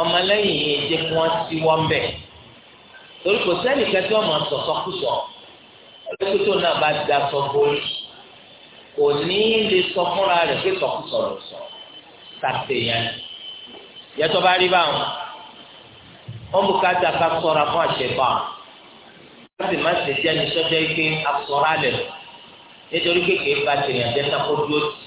ọmọlẹ́yìn yìí jẹ́ kí wọ́n ti wọ́n bẹ̀ torí kò sẹ́ni kẹ́tí ọmọ sọ̀sọ́kùsọ̀ ọlọ́kùtò náà bá da sọ borí kò ní lè sọ fúnra rẹ̀ pé sọ̀kùsọ̀ ló sọ kàtẹ́yìn yẹtọ bá rí báwọn wọn bú kájà ká ṣọ́ra fún àṣẹfà wọn sì má ṣe jẹ ní sọjọ ike asọra lẹ nítorí kékeré bá tèèyàn jẹ sáfó dúró tì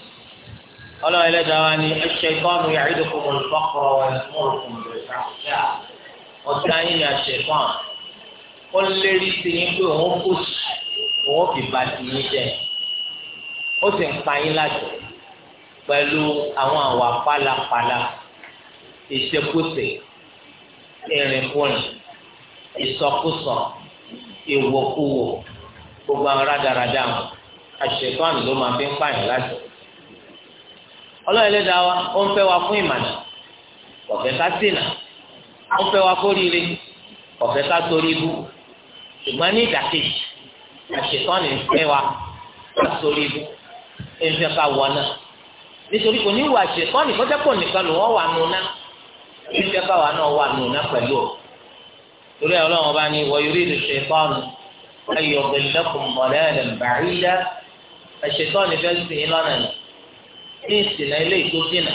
Ọlọ́run Ẹlẹ́dàá wa ni ash-shaytanu ya'idukum al-faqra wa ya'murukum bil-fahsha yín ni àṣẹfà wọn lérí sí yín pé òun kò sí òun fi ba ti yín jẹ ó sì ń pa yín láti pẹ̀lú àwọn àwà pálapàla ìṣekúṣe ìrìnkúrìn ìsọkúsọ ìwòkúwò gbogbo àwọn rádaràdà wọn àṣetọ́ àmì ló máa fi ń pààyàn láti. ọlọ́run wa ó ń fẹ́ wa fún ìmàlà ọ̀fẹ́ ká sínà ó ń fẹ́ wa kórìíre ọ̀fẹ́ ká sórí ibú ṣùgbọ́n ní ìdàkejì àṣetọ́ àmì ń fẹ́ wa ká sórí ibú ń fẹ́ ká wọ náà nítorí kò ní wà àṣetọ́ àmì kọ́jà pọ̀ nìkan ló wọ́n wà nù náà iṣẹ́ káwa náà wà nù ná pẹ̀lú ọ̀ torí ẹ̀ ọlọ́run bá ní wọ́n yorí ìdòṣe fáwọn ayọ̀ gbẹ̀lẹ́kùn mọ̀lẹ́ẹ̀lẹ̀ bàríyá ẹ̀ṣẹ̀tọ́ ni fẹ́ sìn ín lọ́nà ní ìsìnà ilé ìtòsínà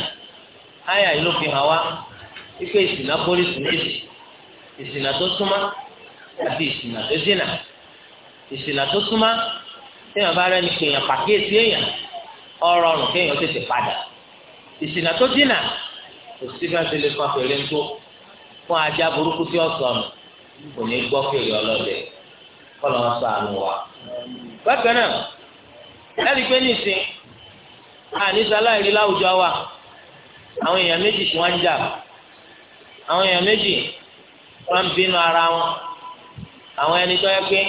áyà yìí ló fi hàn wá wípé ìsìnà pólísì méjì ìsìnà tó súnmọ́ àti ìsìnà tó dínà ìsìnà tó súnmọ́ téèyàn bá rẹ́ni kéèyàn pàkíyèsí èèyàn ọ̀rọ̀ ọ̀rùn kéèyàn tètè padà ìsìnà tó dínà kò sí bí wọ́n ti lè fa fèrè ńkó fún ajá burúkú tí ó sọnù kò ní gbọ́ fèrè ọlọ́dẹ kọ́lọ́ wọn sọ àánú wa. bákan náà láti pé nìsín àníṣaláìrí láwùjọ wa àwọn èèyàn méjì tí wọ́n ń jà àwọn èèyàn méjì wọ́n ń bínú ara wọn àwọn ẹni tó yẹ pé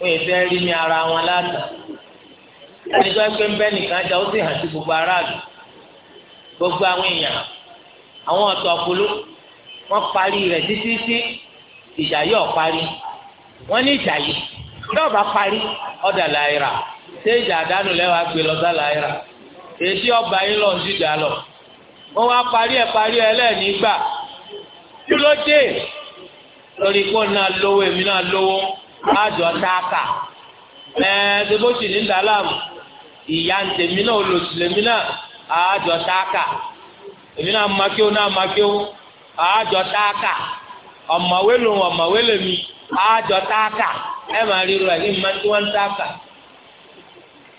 wọ́n yẹ fẹ́ rí ní ara wọn láta ẹni tó yẹ pé ń bẹ́ nìkan jà ó sì hàn sí gbogbo aráàlú gbogbo àwọn èèyàn àwọn ọ̀tọ̀ ọ̀pọ̀lọ́ wọ́n parí rẹ̀ títí tí ìjà yóò parí wọ́n ní ìjà yìí yóò bá parí ọ̀dà láìra ṣé ìjà àdánù lẹ́wà gbé lọ́dà láìra èsì ọba yín lọ ń dìjà lọ wọ́n wá parí ẹ̀ parí ẹ̀ lẹ́ẹ̀ni gbà kí ló dé lórí kó náà lówó èmi náà lówó àjọ táàkà ẹ̀ẹ́ ṣe ní dàlámù ìyá ntèmi náà olùsùlẹ̀mí náà àjọ táàkà. èmi náà máa kí ó náà máa kí ó àájọ táàkà ọ̀mọ̀wé lòun ọ̀mọ̀wé lèmi àájọ táàkà ẹ máa ríro ẹ̀ ní tí wọ́n táàkà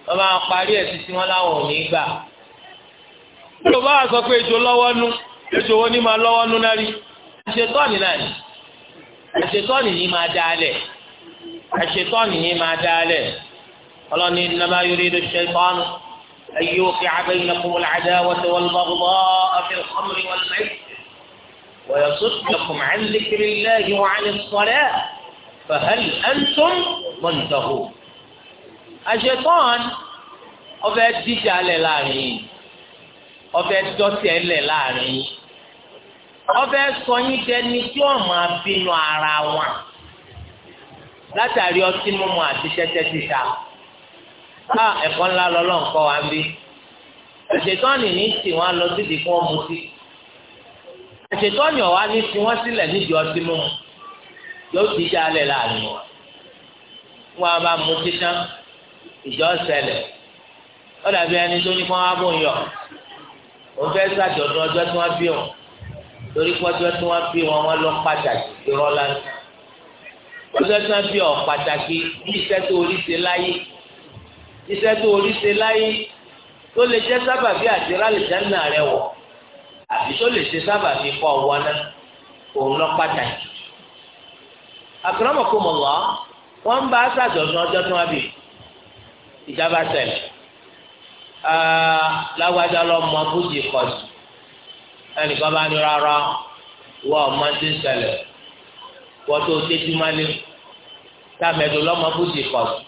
wọ́n máa parí ẹ̀ títí wọ́n láwọn ò ní gbà. sọ pé lọ́wọ́ nú wo ni máa lọ́wọ́ nú náà rí ni ni máa dá ni máa dá أن يوقع بينكم العداوة والبغضاء في الخمر والميسر ويصدكم عن ذكر الله وعن الصلاة فهل أنتم منتهون الشيطان ọbẹ̀ jíjà lẹ̀ láàrin yìí ọbẹ̀ dọ́tẹ̀ lẹ̀ láàrin yìí ọbẹ̀ sọyìn dẹni tí ó máa bínú ara wọn látàrí ọtí mímu àti tẹ́tẹ́ títa a ẹ̀kọ́ ńlá lọ́lọ́ nǹkan wa ń bí àṣetọ́ni ní tì wọ́n lọ síbi kí wọ́n mutí àṣetọ́ni ọ̀wá ní fi wọ́n sílẹ̀ nídìí ọtí mú yóò ti já alẹ́ láàrin wọn wọn bá mutí tán ìjọ ṣẹlẹ̀ ó dàbí ẹni tó ní kí wọ́n á bò ń yọ òun fẹ́ ṣàjọ̀dún ọjọ́ tí wọ́n bí òun torí pọ́jọ́ tí wọ́n bí wọn wọ́n lọ pàtàkì irọ́ lánàá ọjọ́ tí wọ́n bí ọ̀ pàtàkì bí iṣẹ́ tó orí ṣe láyé iṣẹ́ tó orí ṣe láyé tó lè jẹ́ sábàbí àdìrà lè dáná rẹ wọ̀ àbí tó lè ṣe sábàbí kọ́ wọná òun lọ pàtàkì. akramakumullah wọ́n ń bá sàjọ̀dún ọjọ́ tó wá bì ìjábá ṣẹlẹ̀ lágbájá lọ mọ fújì kọ̀ọ̀sì ẹnìkan bá ní rárá wọ́n ọmọ ti ń ṣẹlẹ̀ wọ́n tó tẹ́tí má lé táàmẹ̀dùn lọ́mọ fújì kọ̀ọ̀sì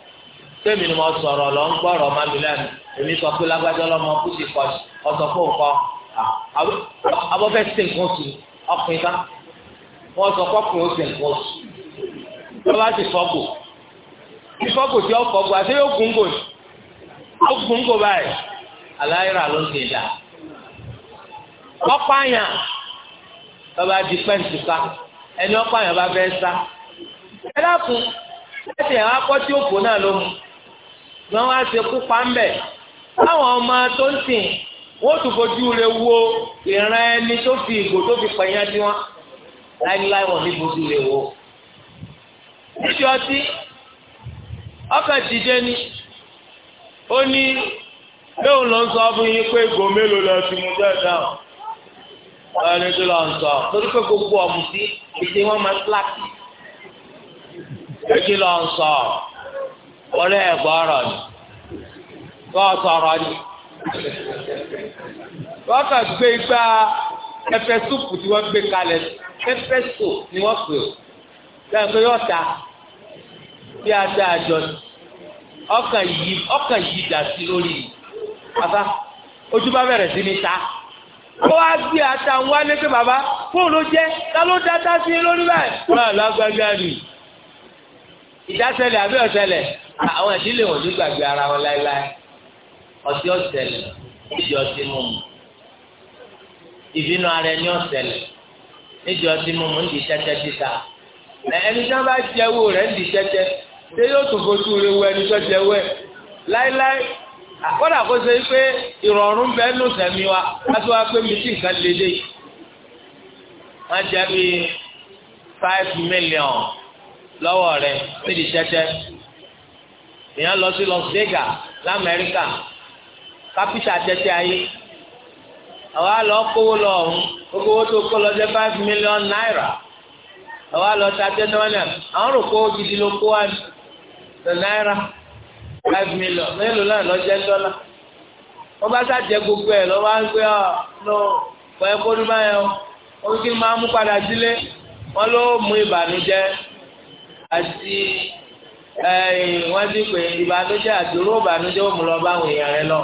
sẹ́mi ni mo sọ̀rọ̀ lọ ń gbọ́rọ̀ má mi lẹ́nu èmi sọ pé lágbájọ́ lọ́mọ kú sí kọ́ ọ̀sọ̀ fún nǹkan abọ́fẹ́ sí nǹkan oṣù ọkùnrin ká wọ́n sọ kọ́kùnrin ó sì nǹkan oṣù wọ́n bá sì fọ́gbò bí fọ́gbò tí ó fọ́gbò àti yóò gúngò ó gúngò báyìí aláìra ló ń ṣe dà ọ̀pọ̀ àyàn lọ́ba di pẹ́ǹtì ká ẹni ọ̀pọ̀ àyàn bá fẹ́ sá ẹ dákun ẹ tẹ̀ ẹ́ akọ́ tí ó náà ló mú wọ́n wá ṣe kú pàmbẹ̀ báwọn ọmọ tó ń sìn wọ́n tún fojú rẹ̀ wo ìran ẹni tó fi ìgò tó fi pẹ̀yìn ẹni wọn láíláí wọn ní fojú rẹ̀ wo. níbi ọtí ọkàn dìde ni ó ní lóun ló ń sọ fún yín pé ìgò mélòó lọ sí mu dáadáa ẹni tó lọ ń sọ torí pé gbogbo ọ̀mùtí ìdí wọn máa ń síláàkì èdè lọ sọ wọlé ẹgbọrọ ni tọ́sọ̀rọ̀ ni wọ́n kà gbé igbá pẹpẹ súpù tí wọ́n gbé kalẹ̀ pẹpẹ sò ni wọ́n pè ó lẹ́yìn pé yóò ta bí a dá àjọ ni ọkàn yìí ọkàn yìí dà sí lórí yìí bàbá ojú bá bẹ̀rẹ̀ sí ní ta ó wá gbé ata ń wá lẹ́gbẹ̀ẹ́ bàbá fóònù ló jẹ́ ta ló dá tá sí lórí báyìí wọ́n á lọ agbájá ni àbí ọ̀sẹ̀lẹ̀ àwọn ìdílé wọn ló gbàgbé ara wọn láéláé ọtí ọ̀sẹ̀lẹ̀ nídìí ọtí mímu ìbínú ara ẹni ọ̀sẹ̀lẹ̀ nídìí ọtí mímu nídìí tẹ́tẹ́ títa ẹni tí wọ́n bá jẹ owó rẹ̀ nídìí tẹ́tẹ́ ṣé yóò tún fojú rẹ̀ wọ ẹni tó jẹ owó ẹ̀ láéláé àkọ́dà kó ṣe pé ìrọ̀rùn bẹ́ẹ̀ nù sẹ́mi wa láti wá pé mi sì nǹkan lè dé wọ́n jẹ́ bíi five million lọ́wọ́ rẹ̀ nídìí tẹ́tẹ́ èèyàn lọ sí Las Vegas l'Amẹ́ríkà kápítà tẹ́tẹ́ ayé àwa lọ kówó lọ ọ̀hún gbogbo owó tó kó lọ jẹ́ five million naira àwa lọ ta tẹ́tẹ́ wọn náà àwọn rò kó gidi ló kó wá ní náírà five million mélòó náà lọ jẹ́ dọ́là wọ́n bá sàjẹ́ gbogbo ẹ̀ lọ́wọ́ á ń gbé ọ lọ bọ̀ ẹ́ kó dúró báyẹn o wọ́n kí n máa mú padà sílé wọ́n ló mú ìbànújẹ́ àti. ẹyìn wọn ti pè ìbànújẹ́ àdúró ìbànújẹ́ ó mú lọ báwọn èèyàn rẹ lọ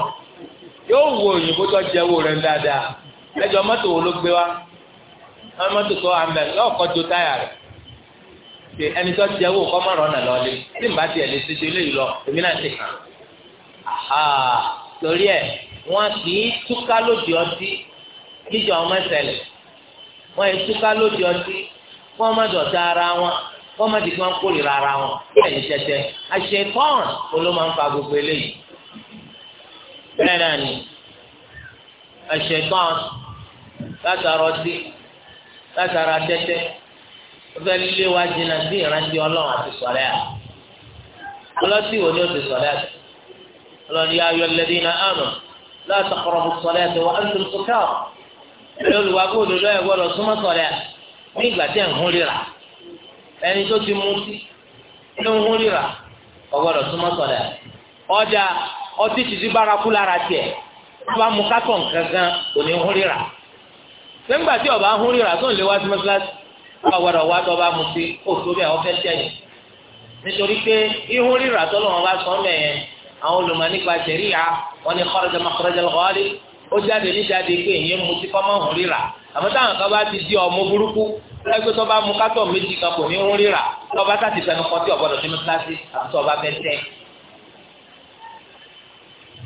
yóò wo òyìnbó tó jẹ owó rẹ dáadáa ẹjọ mọ́tò wo ló gbé wa mọ́tò tó táyà ṣe ẹni tó jẹ owó kọ́ mọ̀rọ̀ tí n bá tiẹ̀ lè ṣe ṣe lọ èmi náà ti kàn torí ẹ wọn kì í túká lòdì ọtí ara wọn. wọ́n má ti fi wọn kórìíra ara wọn ẹ̀yìn tẹ́tẹ́ àṣetán ló máa ń fa gbogbo eléyìí bẹ́ẹ̀ náà ni àṣetán látara ọtí látara tẹ́tẹ́ ó fẹ́ lé wa jìnnà sí ìrántí ọlọ́run àti sọ̀rẹ́ à ọlọ́tí wo ni ó ti sọ̀rẹ́ à ọlọ́ni ayọ̀ lẹ́dí iná àmọ̀ láti kọ̀rọ̀bù sọ̀rẹ́ àti wọ́n ń tún sọ̀kẹ́ ọ̀ olùwàgbọ́ òdodo ẹ̀ gbọ́dọ̀ súnmọ́ sọ̀rẹ́ à ní ìgbà tí ẹ̀ ń hún ríra ẹni tó ti mutí ló ń hún ríra ọgbọ́dọ̀ súnmọ́ sọ̀dà ọjà ọtí ti di bárakú lára tiẹ̀ wọ́n bá mú kákọ̀ nkankan kò ní hún ríra nígbà tí ọba hún ríra tó ń lé wá sí mọ́sálásí wọ́n gbọ́dọ̀ wá tó bá mutí òtó bẹ́ẹ̀ ọ̀fẹ́ tẹ̀yìn nítorí pé ihun ríra tó lọ́wọ́ bá sọ mẹ́yẹn àwọn olùmọ̀ nípa ṣẹ̀ríyà wọn ni kọ́rọ̀jà mọ́kọ́rọ̀jà lọ́wọ́ ó jáde níjáde àmọ́ táwọn kan bá ti di ọmọ burúkú ẹgbẹ́ tó bá mu kátọ̀ méjì kan kò ní ń ríra tó bá sá ti fẹnu kọ́ tí ọ̀gbọ́dọ̀ sínú kíláàsì àti tó bá fẹ́ tẹ́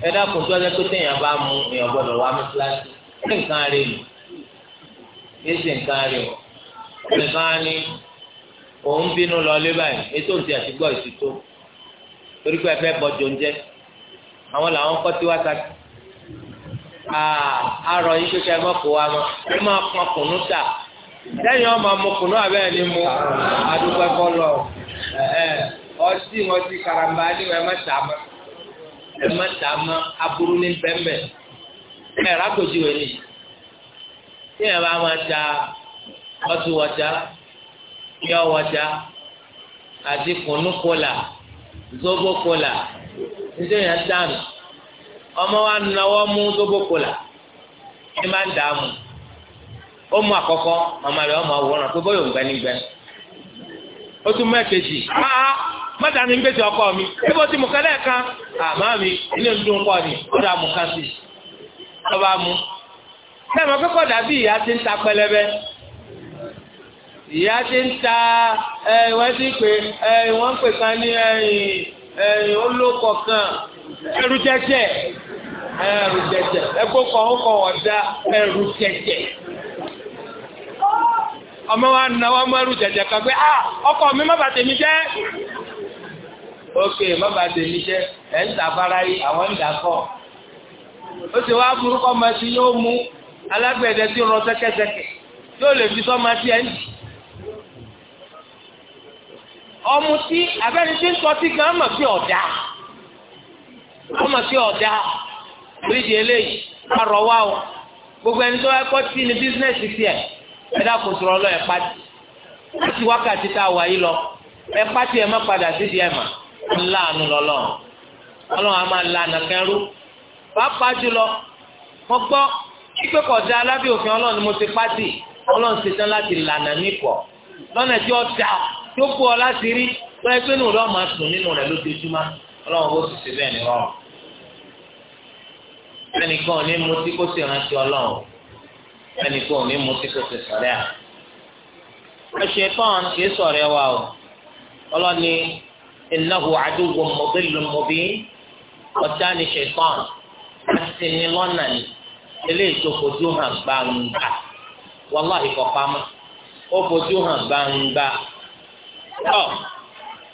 ẹ dákun tó ẹgbẹ́ tó téèyàn bá mu èèyàn gbọ́dọ̀ wá mú kíláàsì ní nǹkan rẹ̀ nù èsì nǹkan rẹ̀ o nìkan ni òun bínú lọ lé báyìí ètò òǹtí àti gbọ́ ìtútó torí pé ẹ fẹ́ bọ́ jòun jẹ́ àwọn làwọn kọ́ tí wá sáà àárọ̀ ah, yín kékeré mọ́ kó wa mọ́ ẹ máa pọn kùnú tà lẹ́yìn ọmọ mu kùnú abẹ́rẹ́ ni mu àdúgbò ẹ̀kọ́ lọ ọtí ọtí karamba ẹ má ẹ má aburú ní ẹ ọmọ wa nawọ́ mú dóbókola ní máa ń dààmú ó mú àkọ́kọ́ ọmọ rẹ̀ ọmọ àwòrán tó bóyá òǹgbẹ́ nígbẹ́ ó tún mẹ́kejì áá mẹ́ta ni ń gbèsè ọkọ mi ibo ti mú kẹ́lẹ́ kan àmọ́ mi ilé ń dún pọ̀ ni ó dà mú kásì lọ́ba mú sẹ́mi akẹ́kọ̀ọ́ dàbí ìyá ti ń ta pẹlẹbẹ ìyá ti ń ta ẹ̀ wọ́n ti pè ẹ̀ wọ́n pè kan ní ẹ̀yìn. Eyi olóko kan ẹrù jẹjẹ ẹrù jẹjẹ ẹgbẹ́ kan ó kọ ẹrù jẹjẹ ọmọ wa nà wọ́n mọ́ ẹrù kan pé ah ọkọ mi má mi ok má mi ń yìí àwọn ń ó sì wá burúkọ yóò mú alágbẹ̀dẹ tí ń rọ yóò lè fi ọmùtí abẹ́ni tí ń sọtí gan mọ̀ sí ọ̀dà ọmọ sí ọ̀dà oríṣi eléyìí arọ wa o gbogbo ẹni tó wá kọ́ tí ní bísínẹ́sì tiẹ̀ ẹ dákun sọ̀rọ̀ lọ ẹ̀ pàtì láti wákàtí tá a wà yìí lọ ẹ pàtì ẹ má padà sídìí ẹ̀ mà ńláàánú lọ́lọ́ ọlọ́run a máa la ànàkẹ́rú pàápàá jùlọ mo gbọ́ pípé kọ̀dá alábì òfin ọlọ́run ni mo ti pàtì ọlọ́run ṣetán láti lànà nípọ̀ lọ́nà tí ó dáa. tó kú ọ láti rí tó ẹgbẹ́ nù lọ́ọ́ máa sùn nínú rẹ̀ lójoojúmọ́ ọlọ́run bó sì ṣe bẹ́ẹ̀ ní rọrùn. ẹnìkan ò ní ọlọ́run ẹnìkan ò ní sọ̀rẹ́ à. kì í sọ̀rẹ́ wa o ọlọ́ni ọ̀tá ni ṣẹ̀tàn àti ní lọ́nà ni eléyìí ọ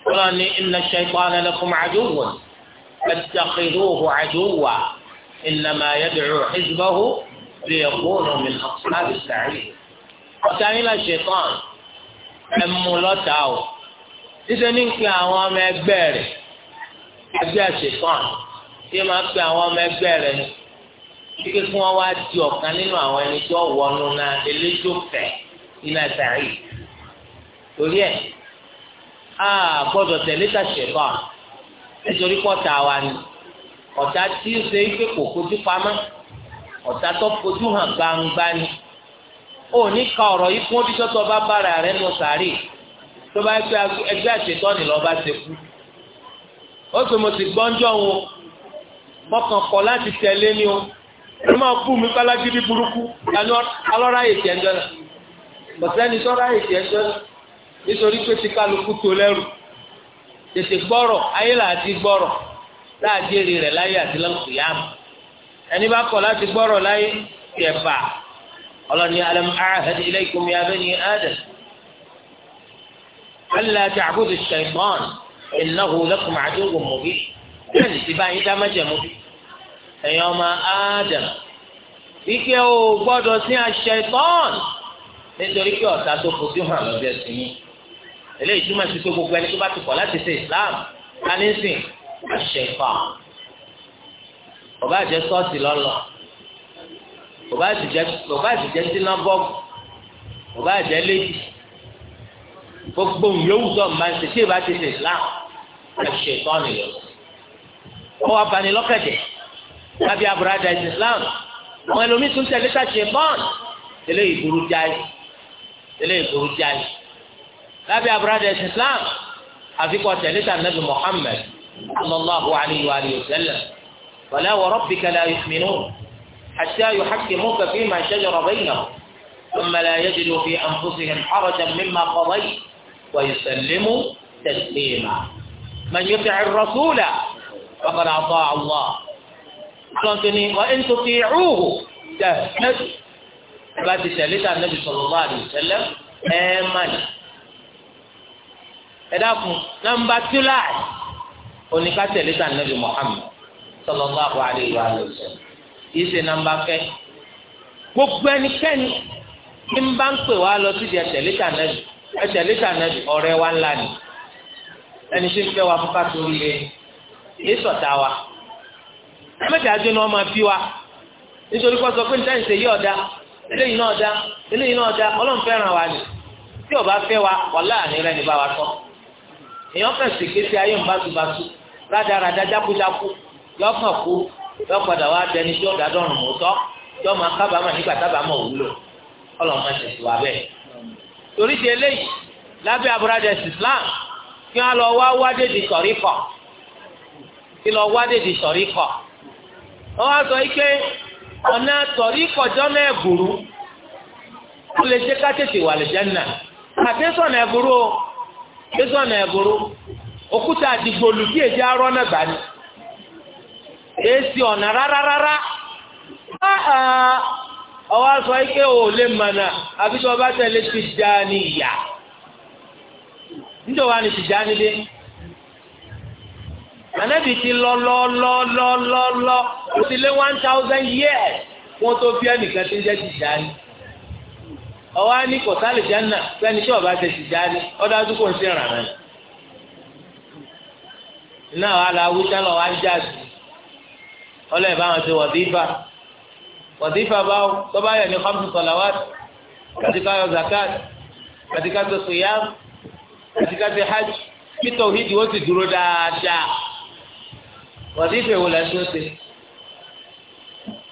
wọ́n ní inna shaytana lakum aduwwun fattakhiduhu aduwwa innama yad'u hizbahu liyakunu min ashabis sa'ir ọ̀tá yín la ṣetán ẹ̀ mú lọ́tà o níṣẹ́ ní pé àwọn ọmọ ẹgbẹ́ rẹ̀ ẹgbẹ́ ṣetán tí ma pe àwọn ọmọ ẹgbẹ́ rẹ̀ ni kíkẹ́ kí wọ́n wá di ọ̀kan nínú àwọn ẹni tó wọnú náà eléjò fẹ̀ iná sàárì torí ẹ̀ a gbọ́dọ̀ tẹ̀lé tàṣẹ bá nítorí wa ni ọ̀tá tí ó ṣe ike kò fojú pamọ́ ha tó fojú hàn gbangba ni ó ní ka ọ̀rọ̀ yìí fún ojú tó bá bára rẹ̀ nù sàárè tó bá gbé ẹgbẹ́ ni lọ́ọ́ bá ó sì mo sì gbọ́njọ́ wọn mọ́kàn kọ́ láti tẹ̀lé ni o ẹ máa bú mi kálágídí burúkú nítorí pé ti kálukú tó lẹ́rù tètè gbọ́rọ̀ ayé làá ti gbọ́rọ̀ láàdí èrè rẹ̀ láyé àti lọ́kùyàmù ẹni bá kọ̀ láti gbọ́rọ̀ láyé tiẹ̀ fà ọlọ́ni alam ahad ilaykum ya bani adam alla ta'budu shaytan innahu lakum aduwwun mubin bẹ́ẹ̀ni ti bá yín dá májẹ̀mú bí ẹ̀yin ọmọ adam ike o gbọ́dọ̀ sí aṣ-ṣaytan nítorí pé ọ̀tá tó fojú hàn lọ́bẹ̀ sí yín eléyìí túmọ̀ sí pé gbogbo ẹni tó bá ti kọ̀ láti ṣe islam láti sìn àṣẹfà ọba àjẹ sọ́ọ̀sì lọ́lọ́ ọba àjẹ sinagogue ọba àjẹ lẹ́dì gbogbo yòówù tó ń bá ń ṣe tí ìbá ti ṣe islam àṣẹfà nìyẹn ọwọ́ abanilọ́kẹ̀dẹ̀ lábẹ́ àbúradà islam àwọn ẹlòmíín tún tẹ̀lé tàṣẹ bọ́ọ̀n eléyìí burú jáì eléyìí burú jáì. lábẹ́ abúlé ẹ̀sìn Islam àfikọ́ tẹ̀lẹ́tà nàbì Muhammad sallallahu alayhi wa sallam wàlẹ́ wọ̀rọ̀ bìkẹ́lẹ́ ayọ̀mínú àti ayọ̀ hakẹ́ mú kàfí ma ṣẹ́jọ́ rọ̀bẹ́ yìí náà ثم لا يجدوا في أنفسهم حرجا مما قضيت ويسلموا تسليما من يطع الرسول فقد أطاع الله وإن تطيعوه تهتدوا bá ti tẹ̀lé tà nàbì sallallahu alaihi wasallam ẹ̀ mánì ẹ̀dàkùn nàmbà tíláì oníkàtẹ̀lé nàbì Muhammad sallallahu alaihi wa sallam yìí ṣe nàmbà fẹ́ gbogbo ẹnikẹ́ni ní n bá ń pè wá lọ nàbì nàbì ọ̀rẹ́ wa ńlá ni ẹni tí ń fẹ́ wa fúnpa torí rẹ̀ yìí sọ̀tà wa ẹ̀mẹ́tẹ̀ adé ni wọ́n máa wa nítorí kó sọ pé níta ìṣe yí ọ̀dà eléyìí náà eléyìí náà ọlọ́run fẹ́ràn wa ni ọba fẹ́ wa ní bá wa tọ́. èèyàn kàn sì kéṣe ayé ń báṣubàṣu rádaràda jákujáku yọkàn kú yọpadà wá dẹni tí ó dá dọrùn mọ tọ tí ọmọ akábàámà nígbà tábàámà òwúlò ọlọmọ ẹsẹ sì wà bẹ́ẹ̀. torí ti eléyìí lábẹ́ abúradẹ̀s Islam kí wọ́n lọ wá wádé di sọ̀rí kọ̀ kí lọ wádé di sọ̀rí kọ̀ wọ́n wá sọ ike ọ̀nà sọ̀rí kọjọ́ náà gbùrú ó lè ṣe ká tètè wà lè jẹ́ nà àtẹ́sọ̀nà ẹ̀gbùrú o. e zuo na egboro. Okuta di solusi e ji aruona ba ni e si ona rararara ha ha ha owa so ike o le mana abitua obato ile ci jani ya ndi owa ni ci jani le mana e bii ti lolo lolo lo lo lo o si le 1000 years won to fia ọwọ́ á ní kò sálì jánà sẹ́ni tí ọba ṣe ti jáde ọdọ àdúgbò ń ṣe ràn án. iná wa la wújá lọ wá ń jáde ọlọ́ọ̀ bá wọn ṣe wọ̀dífà wọ̀dífà báwo tó bá yẹ ní khamsu salawat àti ká yọ zakat àti ká tó siyam àti ká tó hajj kí tòhídìí ó sì dúró dáadáa wọ̀dífà ìwòlẹ́sìn ó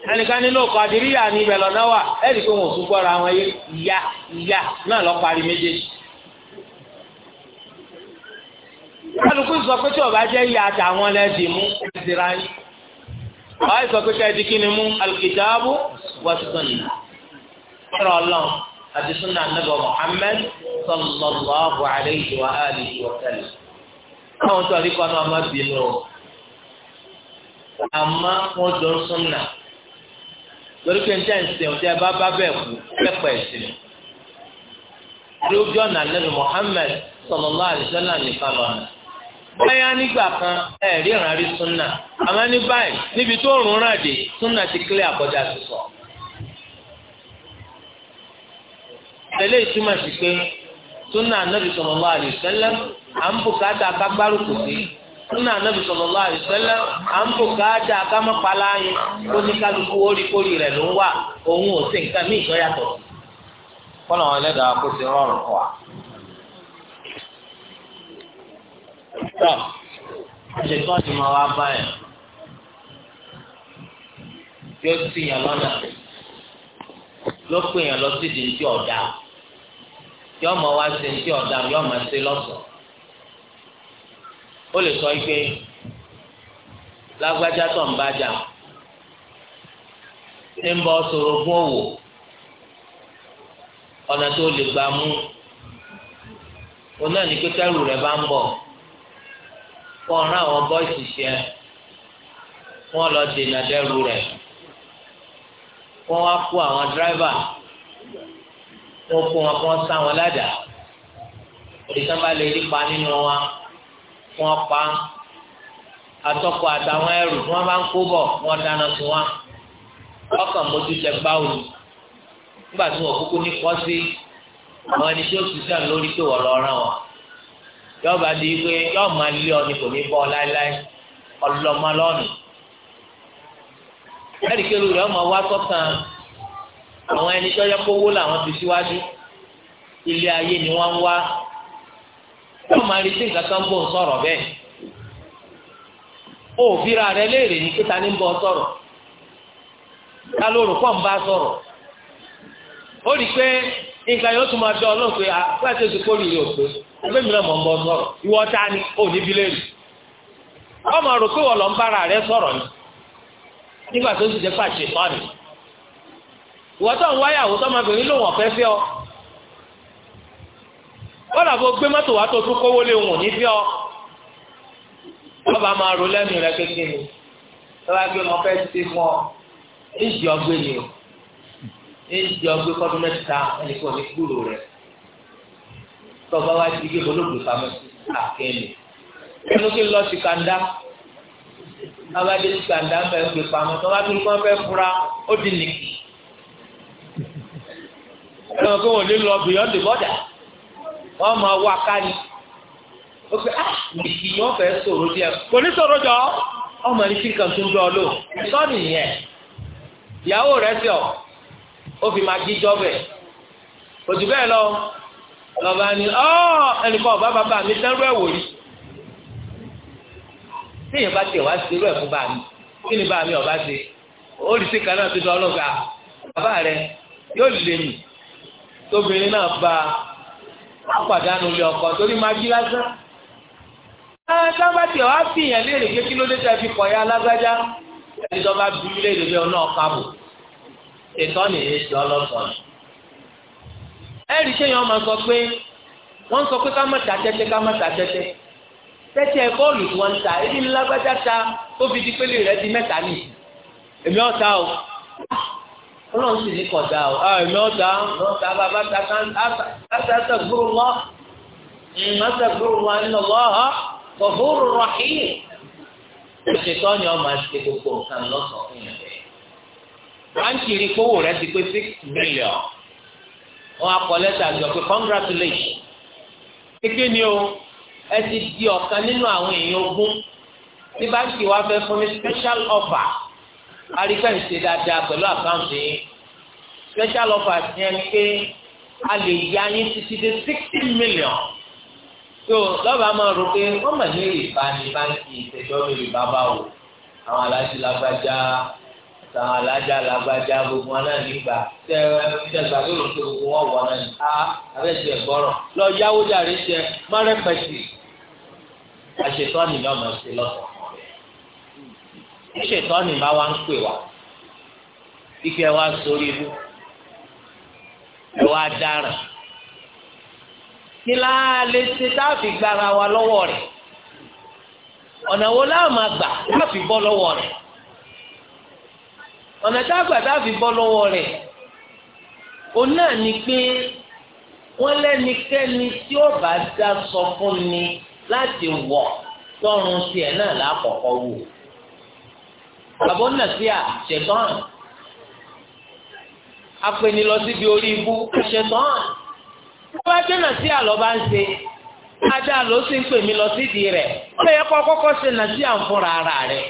ẹnìkan ní lóòkọ àdìríyà ní ibẹ̀ lọ́nà wà ẹ̀rí pé wọn ò tún gbọ́ra àwọn yìí ìyá ìyá náà lọ́ parí méjèèjì. kálukú sọ pé tí ọba jẹ́ ìyá àtàwọn lẹ́dìí mú ẹ̀sìnra yín ọ̀hún sọ pé kẹ́ẹ̀dì kí ni mú alùkìtàbù wàsùnà ọ̀rọ̀ ọlọ́run àti sunna anabi Muhammad sallallahu alayhi wa alihi wa sallam káwọn tó àdìkọ́ náà má bínú o àmọ́ wọ́n jọ sunna. torí pé njẹ́ ìsìn ọ̀tí bá bá bẹ́ẹ̀ kú kẹ́pẹ́ ìsìn lójú ọ̀nà Ànábì Muhammad sallallahu alaihi wasallam nìkan lọ́nà báyà nígbà kan ẹ rí ìrànrí súnà àmọ́ ní báyìí níbi tó dé súnà ti kílẹ̀ àkọjá ti sọ. tẹ̀lé ìtumọ̀ sí pé súnà na anabi sallallahu alaihi wasallam à ń bò káàdà kámọpàlà yín kó ní kálukú oríkórì rẹ ló ń wà òun ò sí nǹkan mí ìtọ́ yàtọ̀ kọ́nà wọn lẹ́dàá kó ti rọrùn tọ́ wá yàn lọ́nà ló pè yàn lọ ní ti ọ̀dà wá sí ní ti ọ̀dà ó lè sọ pé lágbájá tó ń bájà ń bọ́ sọ̀rọ̀ fún òwò ọ̀nà tó lè gbà mú òun náà ní pé kẹ́rù rẹ̀ bá ń bọ̀ kó ọ̀ràn àwọn bọ́ìsì ṣe wọ́n lọ dènà dẹ́rù rẹ̀ wọ́n wá kó àwọn dírẹ́fà wọ́n kó wọn kó wọn sá wọn ládàá òdìsán lè rí pa nínú wọn wọ́n pa atọ́kọ àtàwọn ẹrù tí wọ́n bá ń kó bọ̀ wọ́n dáná fún wa ọkàn mójú gbáwò ni nígbà tí wọ́n kúkú ní kọ́sí àwọn ẹni tí ó sì sàn lórí pé wọ́n lọ rán wọn yóò bá di pé yóò máa lé ọ ni kò ní bọ́ láéláé ọlọ́mọ lọ́nù ẹ̀ríkẹ́lu rẹ̀ ọmọ wa sọ́kàn àwọn ẹni tí wọ́n yẹ kó wó làwọn ti síwájú ilé ayé ni wọ́n ń wá yóò máa retí nǹkan kan bó ń sọ̀rọ̀ bẹ́ẹ̀ ó fira rẹ léèrè ní kíta ní bọ́ sọ̀rọ̀ ta ló rò pọ̀ ń bá sọ̀rọ̀ ó rí i pé nǹkan yóò tún máa dán ọlọ́run pé ti kórè náà mọ̀ ń bọ́ sọ̀rọ̀ ìwọ ta ni ní bí léèrè rò pé wọ́n lọ ń bára kọ́lá bó gbé mọ́tò wá tó tún kówó lé wọn ní bí ọ ọba máa ro lẹ́nu rẹ kékeré ni lọ́wọ́ gbé wọn fẹ́ ṣe fún ọ éjì ọgbẹ́ ni o éjì ọgbẹ́ kọ́dún mẹ́ta ẹni kò ní kúrò rẹ tọ́ba wá ti gbé olóògbé pamọ́ sí àkẹ́lẹ̀ ẹnu kí n lọ sí kanda abadé sí kanda ń bẹ ń gbé pamọ́ tọ́ba tó ní kí wọ́n fẹ́ fura ó di nìkì ẹnu kí wọ́n lè lọ beyond the wọ́n máa wá ká ni ó pé ah mìkì yìí wọ́n fẹ́ sọ̀rọ̀ díẹ̀ kò ní sọ̀rọ̀ jọ ọmọ ní kíkan tó ń dọ́ lò sọ́ọ̀nì yẹn ìyàwó rẹ̀ sọ̀ ó fi máa jíjọ́ bẹ̀ òtù bẹ́ẹ̀ lọ lọ́ba ni ọ́ ẹnìkan ọ̀bá bàbá mi dẹ́rù ẹ̀wò yìí téèyàn bá tiẹ̀ wá sí irú ẹ̀ fún bàmí kí ni bàmí ọ̀bá ṣe ó lè ṣe kan náà tó dọ́ ọlọ́gà bàbá rẹ̀ yóò lè mì tóbìnrin náà ba àpàdánù ilé ọkọ torí máa jí lásán. sábàtì ọ̀ á fi yàn léèrè pé kí ló dé tẹ́ fi kọ̀ ya alágbájá ẹ̀dọ́ bá bí léèrè pé ọ̀nà ọ̀kábò ètò ni èsì ọlọ́sọ̀rọ̀. ẹ̀rí sẹ́yìn ọmọ sọ pé wọ́n sọ pé ká má ta tẹ́tẹ́ ká má ta tẹ́tẹ́ tẹ́tẹ́ bọ́ọ̀lù tí wọ́n ń ta ebi ńlágbájá ta tó fi di pélé rẹ̀ di mẹ́ta nì èmi ọ̀ta o ọlọ́run sì ní kọ̀dá o ẹ̀mí ọ̀dà ọ̀dà bàbá tàkà àtàkùrù lọ àtàkùrù lọ nínú lọ́hà kọ̀fúrú rọ̀hìn. ṣètò ọ̀yàn máa ṣe gbogbo nǹkan lọ́sàn-án fún yàn bẹ́ẹ̀. báńkì rí kówó rẹ ti pé six million wọn akọ lẹ́tà àjọ pé congratulation kékeré ni o ẹ ti di ọ̀kan nínú àwọn èèyàn ogún ní báńkì wa fẹ́ fún mi special offer arígbẹ́ ìṣe dáadáa pẹ̀lú àkáǹtì yín special offer yẹn ni pé a lè ya yín títí dé sixty million tó lọ́ba máa rò pé wọ́n mọ̀ ní rìbá ní báńkì ìṣèjọ́ mi rìbá bá wò àwọn aláṣẹ lágbájá àtàwọn alájà lágbájá gbogbo wọn náà nígbà tẹ ẹ ìjọba tó lò pé gbogbo wọn wọ náà ní a abẹ́sí ẹ̀gbọ́rọ̀ lọ yáwó jàre jẹ mọ́rẹ́pẹ̀sì àṣetọ́ nìyọ́mọ̀ sí lọ́sọ̀ọ́ ṣíṣe ìtọ́ni bá wa ń pè wá ike wa sórí ibú ẹ wá dáràn kí láà lè ṣe táàfì gbára wa lọ́wọ́ rẹ̀ ọ̀nà wo láà máa gbà táàfì bọ́ lọ́wọ́ rẹ̀ ọ̀nà táàgbà táàfì bọ́ lọ́wọ́ rẹ̀ òun náà ni pé wọ́n lẹ́nikẹ́ni tí ó bá dá sọ fún ni láti wọ̀ tọrùn tiẹ̀ náà lákọ̀ọ́kọ́ wò àbọ̀ nàṣíà ṣẹ̀tọ́n apẹni lọ síbi orí ibú ṣẹ̀tọ́n wọ́n bá gbé nàṣíà lọ bá ń ṣe ajá ló sì ń pè mí lọ sídìí rẹ̀ ó yẹ kó kọ́kọ́ ṣe nàṣíà ń fúnra ara rẹ̀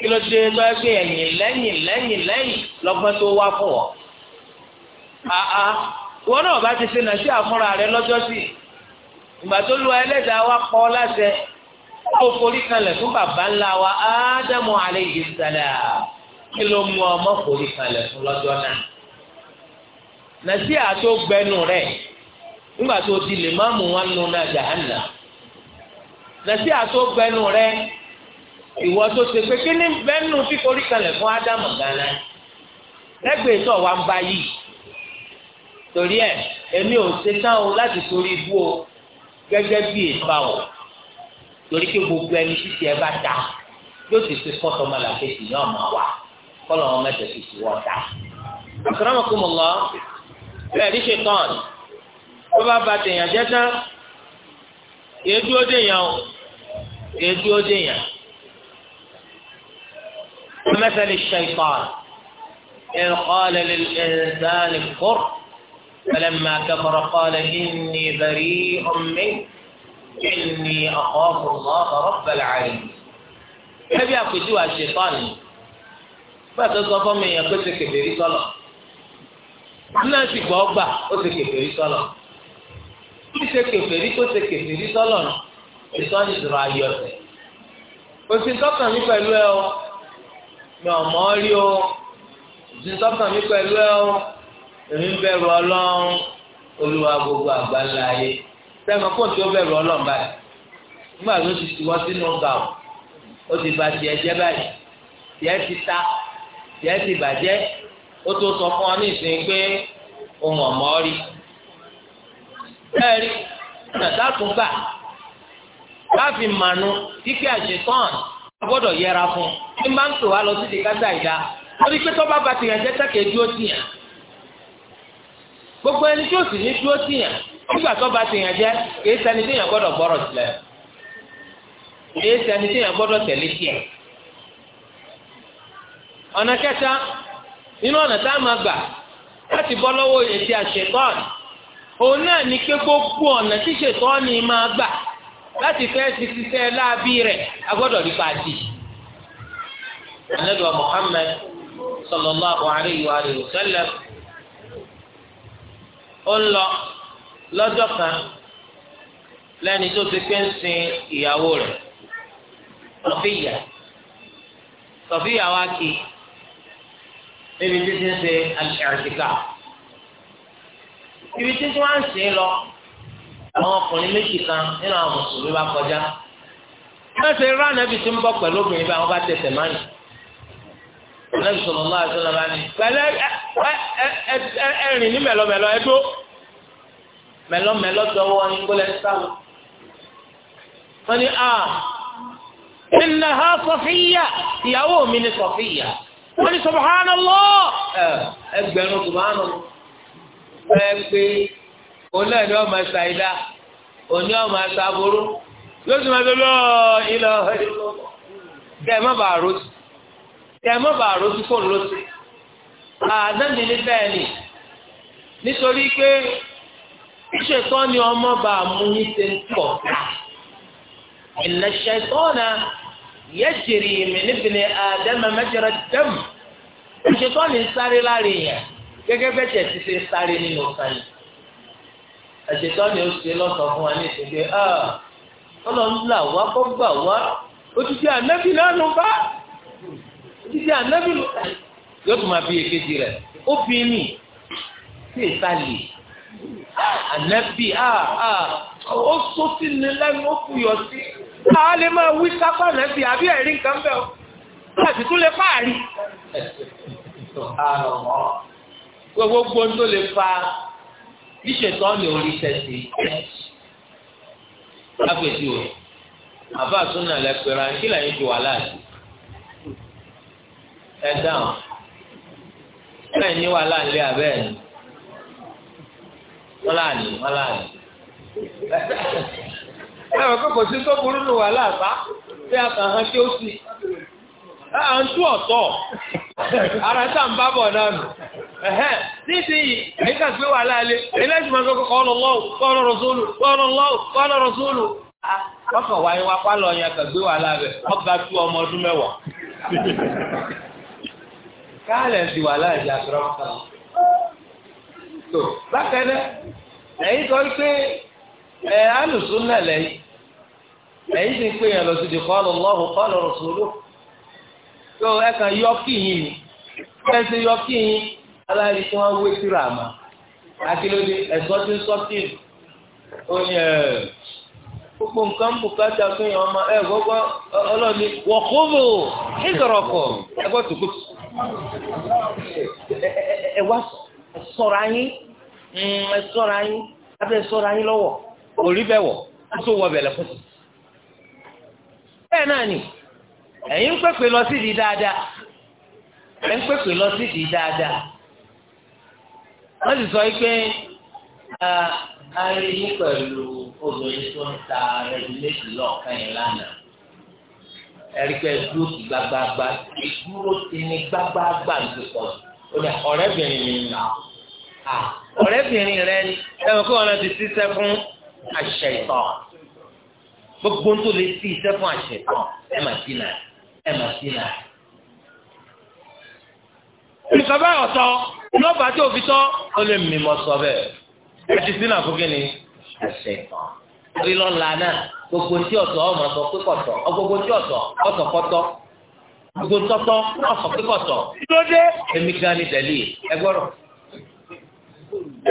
kí ló dé lọ́ọ́ gbé ẹ̀yìn lẹ́yìn lẹ́yìn lẹ́yìn lọ́gbọ́n tó wá fún ọ. àá wọn náà bá ti ṣe nàṣíà fúnra rẹ̀ lọ́jọ́ sí ìgbà tó lu ẹlẹ́dàá wá pọ̀ láṣẹ ó forí kalẹ̀ fún bàbá ńlá wa ádámù alayhi salam kí ló mú ọmọ forí kalẹ̀ fún lọ́jọ́ náà nàṣí àtó gbẹnu rẹ̀ nígbà tó di lè má mú wọn nù náà jahanna nàṣí àtó gbẹnu rẹ̀ ìwọ tó ṣe pé kí ni bẹ́ẹ̀nù tí forí kalẹ̀ fún ádámù gánà lẹ́gbẹ̀ẹ́ tó wà ń bá yìí torí ẹ̀ èmi ò ṣe tán o láti torí ibú o gẹ́gẹ́ bí ìbáwọ̀. torí pé gbogbo ẹni títí ẹ bá dá yóò ti fi kọ́ sọmọ làkejì ní ọmọ wa kọ́lọ̀ ọmọ wọn ti fi ti wọ́n dá. àkàràmọ̀ kò mọ̀ lọ bẹ́ẹ̀ ní ṣetán tó bá ba tèèyàn jẹ́ tán èé dúró déèyàn o èé dúró déèyàn. مثل الشيطان إذ قال للإنسان كفر فلما كفر قال إني بريء منك inni akhafu Allah rabbal alamin. ẹbí àpèjúwe àṣetọ́ni gbàtọ́ sọ fún mi yẹn pé ṣe kèfèrí sọlọ náà sì gbọ́ gbà ó ṣe kèfèrí sọlọ ó ṣe kèfèrí tó ṣe kèfèrí sọlọ ìtọ́ni sọ̀rọ̀ ayọ̀ tẹ̀ kò sí tọ́kàn mi pẹ̀lú ẹ o mi ò o kò mi pẹ̀lú ẹ o èmi bẹ̀rù ọlọ́run olúwa gbogbo àgbáńlá ayé. sẹ́mi kó tí ó bẹ̀rù ọlọ́run báyìí nígbà tó ti tiwọ́ sínú ọgbà ò ó ti ba tiẹ̀ jẹ́ báyìí tiẹ̀ ti ta tiẹ̀ ti bàjẹ́ ó tó sọ fún ọ ní ìsìn pé ohun ọ̀mọ́ rí bẹ́ẹ̀ rí nàdá tún mànú kíkẹ́ àṣetán gbọ́dọ̀ yẹra fún ní máa ń tò wá lọ sí ti kásá ìdá lórí pé tọ́ba bá ti yàn jẹ́ sákèé dúró tìyàn gbogbo ẹni tí ó sì ní dúró tìyàn nígbà tó bá ti yàn jẹ́ kìí ṣẹni tí yàn gbọ́dọ̀ gbọ́rọ̀ sílẹ̀ kìí ṣẹni tí yàn gbọ́dọ̀ tẹ̀lé tiẹ̀ ọ̀nà kẹta nínú ọ̀nà tá a máa gbà láti bọ́ lọ́wọ́ ètí àṣetọ́ọ̀nì òun náà ní pé gbogbo ọ̀nà tí ṣetọ́ọ̀nì máa gbà láti fẹ́ ti ṣiṣẹ́ láabi rẹ̀ a gbọ́dọ̀ rí lọ́jọ́ kan lẹ́ni tó ti pé ń sin ìyàwó rẹ̀ sọfíyà sọfíyà wa kì í níbi tí ti ń ṣe àṣìkà ibi tí tí wọ́n ń sìn lọ àwọn ọkùnrin méjì kan nínú àwọn mùsùlùmí bá kọjá wọ́n ṣe rán ẹbí tí ń bọ̀ pẹ̀lú obìnrin bá wọn bá tẹsẹ̀ mánì ẹnẹ́bí sọ̀rọ̀ ńlá àti ọ̀nà bá ní pẹ̀lú ẹ̀rìn ní mẹ̀lọ́mẹ̀lọ́ ẹ̀dó mẹlọmẹlọ tọwọ ní kólẹ ah, sáwọ wọn ni a ẹnna ha sọfíyà ìyàwó mi ni sọfíyà wọn ni subhanallah ẹgbẹ̀rún subahánà ẹ pé òun náà ni wọn máa ṣàìdá òun ni wọn máa ṣàbúrú yóò sì máa ṣe lọ ilọ kẹ ẹ má bàa rọsí kẹ ẹ má bàa rọsí fóònù lọsí àdáǹdì ní bẹ́ẹ̀ ni nítorí pé ṣètò ni ọmọ bá mú yín ṣe ń pọ̀ ká ìnà ṣètò náà yẹ jèrè mi níbi ni àdẹ́mẹ mẹjọrọ dẹ́mù ṣètò ni ń sáré láre yẹn gẹ́gẹ́ bẹ́ẹ̀ tẹ̀ ti ṣe ń sáré nínú sáré ṣètò ni ó ṣe lọ́sàn fún wa ní ìṣègbè ọlọ́nùlà wa kọ́ gbà wá òtítí ànábì náà bá òtítí ànábì ló yóò tún máa bí èkejì rẹ̀ ó bí ní sí ìsàlẹ̀ ànábì à à ó sọ́sí ni lẹ́nu ó fuyọ̀ sí a lè máa wí sápá ànábì àbí ẹ̀rí nǹkan bẹ́ẹ̀ o láti tún lè fáàrí. gbogbo ń tó lè fa ìṣètò ọ̀nà orí tẹ̀sí lápẹ̀jù o àbá súnà lẹ́pẹ̀rẹ̀ kí lẹ́yìn ju wàhálà sí ẹ dáhùn ẹ ní wàhálà ń lé abẹ́ẹ̀ ni. wọn láàánú wọn láàánú ẹ sí tó burú nù wà láàbá bí a kàn án ó sì ń tú ọ̀tọ̀ ara ń bá bọ̀ náà nù wàhálà ẹlẹ́sìn máa ń kọ́kọ́ kọ́ lọ́wọ́ kọ́ rọ̀sọ́lù kọ́ lọ́wọ́ tó bákan náà ẹ̀yin kọ́ pé ẹ̀ alùsùn náà lẹ́yìn ẹ̀yin ti pé yẹn di kọ́ọ̀lù lọ́hùn kọ́ọ̀lù tó ẹ kàn yọ kíyìn ẹ ti yọ kíyìn aláàbí tí wọ́n wé síra àmà akílódé ẹ̀sọ́ tí ń sọ́ ní ẹ̀ gbogbo nǹkan bùkátà fún yẹn ọmọ ẹ gbogbo ọlọ́ọ̀ni ẹ gbọ́ tùkùtù ẹ sọ́ra yín mm, ẹ sọ́ra yín abẹ́ sọ́ra yín lọ́wọ́ òrí bẹ̀ wọ̀ tó wọ bẹ̀lẹ̀ fún ti. bẹ́ẹ̀ náà ni ẹ̀yin ń pèpè lọ sídìí dáadáa ẹ̀ ń pèpè lọ sídìí dáadáa wọ́n sì sọ pé a rí yín pẹ̀lú obìnrin tó ń ta rẹ́gúlétì lọ́ọ̀kan yẹn lánàá ẹ̀ríkẹ́ dúró ti gbagbagbà ìdúró ti ní gbagbagbà ń ti pọ̀ ọ̀rẹ́bìnrin mi nà ó. Ah, ọ̀rẹ́bìnrin rẹ ni ẹ̀rọ kí wọn ti ṣiṣẹ́ fún àṣẹ ìtọ̀ gbogbo tó lè ti iṣẹ́ fún àṣẹ ìtọ̀ ẹ̀ mà sí nà ẹ̀ mà sí nà. nǹkan bá ọ̀tọ̀ lọ́ba tí òfin tọ́ ó lè mímọ sọ bẹ́ẹ̀ ẹ̀ ti sínú àfọ́kẹ́ ni àṣẹ ìtọ̀ orí lọ́la náà gbogbo tí ọ̀tọ̀ ọmọ sọ pé kọ̀tọ̀ ọgbogbo tí ọ̀tọ̀ ọ̀tọ̀ kọ́tọ̀ gbogbo tọ́tọ́ ọ̀sọ̀ pé kọ̀tọ̀ lóde èmi gan ni tẹ̀lé ẹ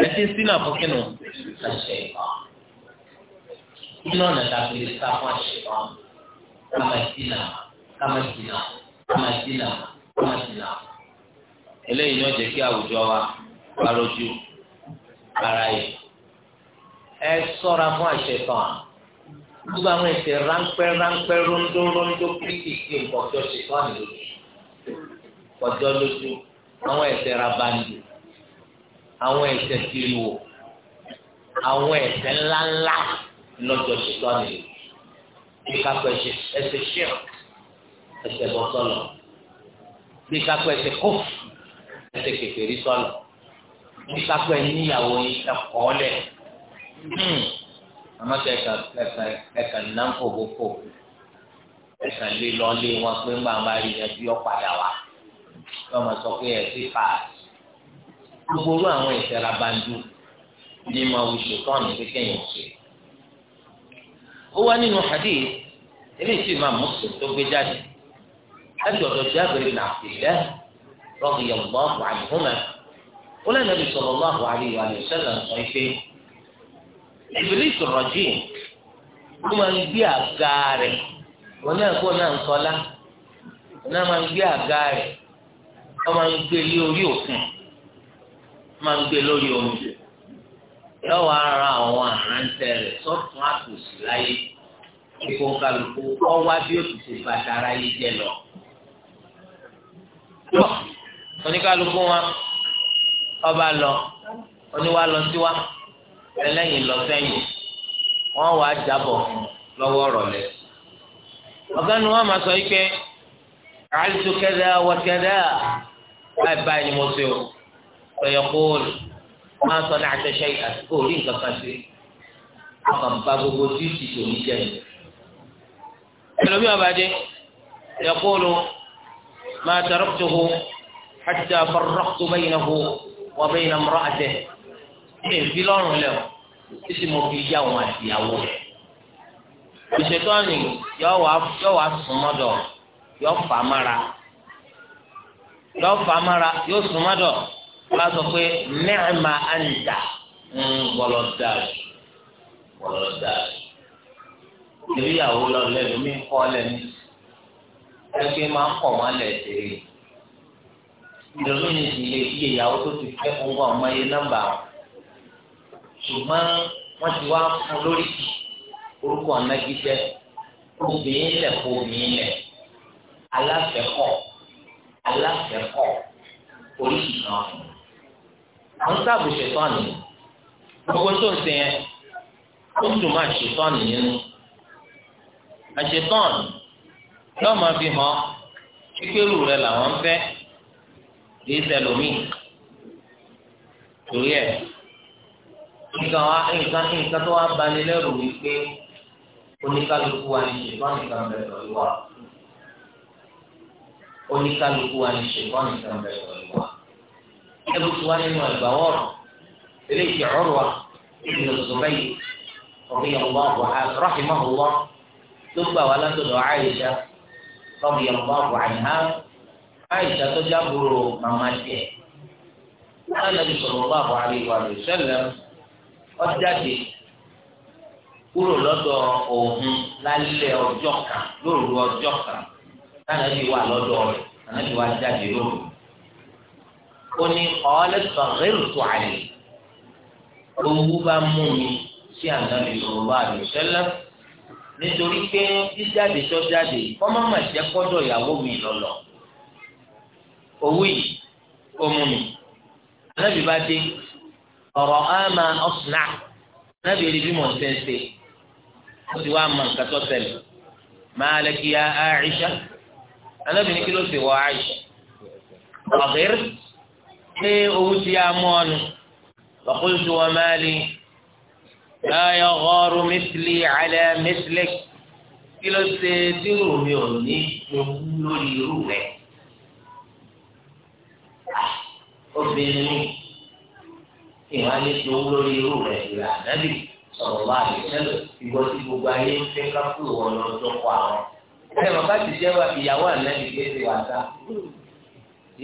ẹtí sínú àfọkínú àṣẹ nínú ọ̀nà tàbí sá fún àṣẹ wọn kàmá dínà kàmá dínà kàmá dínà kàmá dínà. eléyìí ni ó jẹ́ kí àwùjọ wa wá lójú ara yìí ẹ sọ́ra fún àṣẹ kan gbogbo àwọn ètè ránpẹ́ ránpẹ́ ròndó ròndó kéékèèké nǹkan ọjọ́ ṣe tán ọjọ́ lójú àwọn ètè rabandi àwọn ẹ̀ṣẹ̀ kiri wò àwọn ẹ̀ṣẹ̀ ńláńlá lọ́jọ́ ṣètò àná yìí bí kakọ ẹ̀ṣẹ̀ ẹ̀ṣẹ̀ ṣíọ ẹ̀ṣẹ̀ bọ sọlọ bí kakọ ẹ̀ṣẹ̀ kóf ẹ̀ṣẹ̀ kékeré sọlọ bí kakọ ẹníyàwó yìí ẹkọ lẹ hmm. àmọtẹ ẹka ẹka ẹka nàfọwọfọ ẹka lé lọlé wọn pé ńgbà máa rí ẹbí ọ̀padà wa lọ́mọ sọ pé ẹ̀ sí paasi. gbogbo orú àwọn ìṣẹ̀rabandu ní ma wù ṣètọ́nù kékeré yẹn ṣe. ó wá nínú eléyìí tí tó gbé jáde láti ọ̀dọ̀ ó lẹ́nu ẹbí wa sallam sọ pé Iblis rajim ó máa ń gbé àga rẹ̀ wọn náà kó náà ń kọ́lá wọn náà máa ń gbé àga rẹ̀ wọn máa ń gbé lé orí òkun. máa ń gbé lórí omi yóò wá ra àwọn àrántẹ rẹ sọtún àtòsí láyé kíkó kálukú ọwá bí òtútù bàtà aráyé jẹ lọ. oníkálukú wa ọba lọ oníwà lọ síwá ẹlẹ́yìn lọ sẹ́yìn wọ́n wàá jábọ̀ lọ́wọ́ rọ̀lẹ́. ọ̀gá ni wọ́n máa sọ yìí pé àlùtò kẹ́dà wọ́kẹ́dà báyìí báyìí ni mo ṣe o. فيقول ما صنعت شيئا قولي كفاسي أقام بابو تيسي توني جاني كلامي أبادي يقول ما تركته حتى فرقت بينه وبين امرأته إن في لون له اسمه في يوم يوم ìṣètò ànì yóò wá yóò wá sùnmọ́dọ̀ yóò fà á mára yóò fà á mára yóò sùnmọ́dọ̀ wọ́n sọ pé nẹ́ẹ̀ma àǹdà bọ́lọ̀ dáàbò bọ́lọ̀ dáàbò ìlú ìyàwó lọ lẹ́nu mi kọ́ lẹ́nu ẹgbẹ́ máa ń kọ̀ wọ́n lẹ̀ tèrè ìdọ̀lú ni iye iye ìyàwó tó ti fẹ́ fún wọn ọmọ iye nọ́mbà ṣùgbọ́n wọ́n ti wá fún lórí orúkọ ọ̀nàgídẹ́ obìnrin lẹ̀ kó obìnrin lẹ̀ aláfẹ́kọ̀ aláfẹ́kọ̀ oríṣi náà fún àwọn sáàbù ṣètọ́nì gbogbo tó ń sìn yẹn ó dùn máa ṣètọ́nì nínú àṣetọ́nì yóò máa fi hàn kíkérù rẹ làwọn fẹ́ kì í ṣẹlòmíì torí ẹ̀ nǹkan wa nǹkan nǹkan tó wá bani lẹ́rù wípé oníkálukú wa ni ṣètọ́nì kan bẹ̀rẹ̀ lọ́wọ́ oníkálukú wa ni ṣètọ́nì kan bẹ̀rẹ̀ lọ́wọ́ ẹbí tí wọ́n nínú ẹgbà wọ́ọ̀rọ̀ eléyìí Urwa ibn Zubayr radiyallahu anhu rahimahullah ló gbà wá látọ̀dọ̀ Aisha radiyallahu anha Aisha tó jábúrò màmá tiẹ̀ Ànábì sallallahu alaihi wa sallam ọjáde kúrò lọ́dọ̀ òun lálẹ́ ọjọ́ kan lóru ọjọ́ kan Ànábì wà lọ́dọ̀ rẹ̀ Ànábì wà jáde lóru ó ní ọ̀ọ́lẹ́ sọ̀rẹ́rù tó àlè owó bá mú mi sí ànábì yorùbá àdùsẹ́lẹ̀ nítorí pé jíjáde tó jáde kọ́mọ́ mà jẹ́ kọ́dọ̀ ìyàwó mi lọ́lọ́ owó yìí ó mú mi ànábì bá dé ọ̀rọ̀ àmà ọ̀sùnà ànábì rí bí mo ṣe ń ṣe ó ti wá mọ nǹkan tó tẹ̀lé máa lẹ́kìá àìṣá ànábì ní kí ló ṣe wọ àìṣá ọ̀gẹ́rì ṣé owó ti yá mú ọnu lọkùnrin wọn máa lè láyọ ọrùn mísìlì alẹ mísìlì kí ló ṣe dírò mi ò ní owó lórí irú rẹ obìnrin mi ìwà ní ti owó lórí irú rẹ ìlà nábì sọ̀rọ̀ bá mi sẹ́lẹ̀ ìwọ tí gbogbo ayé ń fẹ́ ká kúrò wọn lọ tó kọ àwọn. ẹ bàbá ti jẹ́ ìyàwó ànábì kí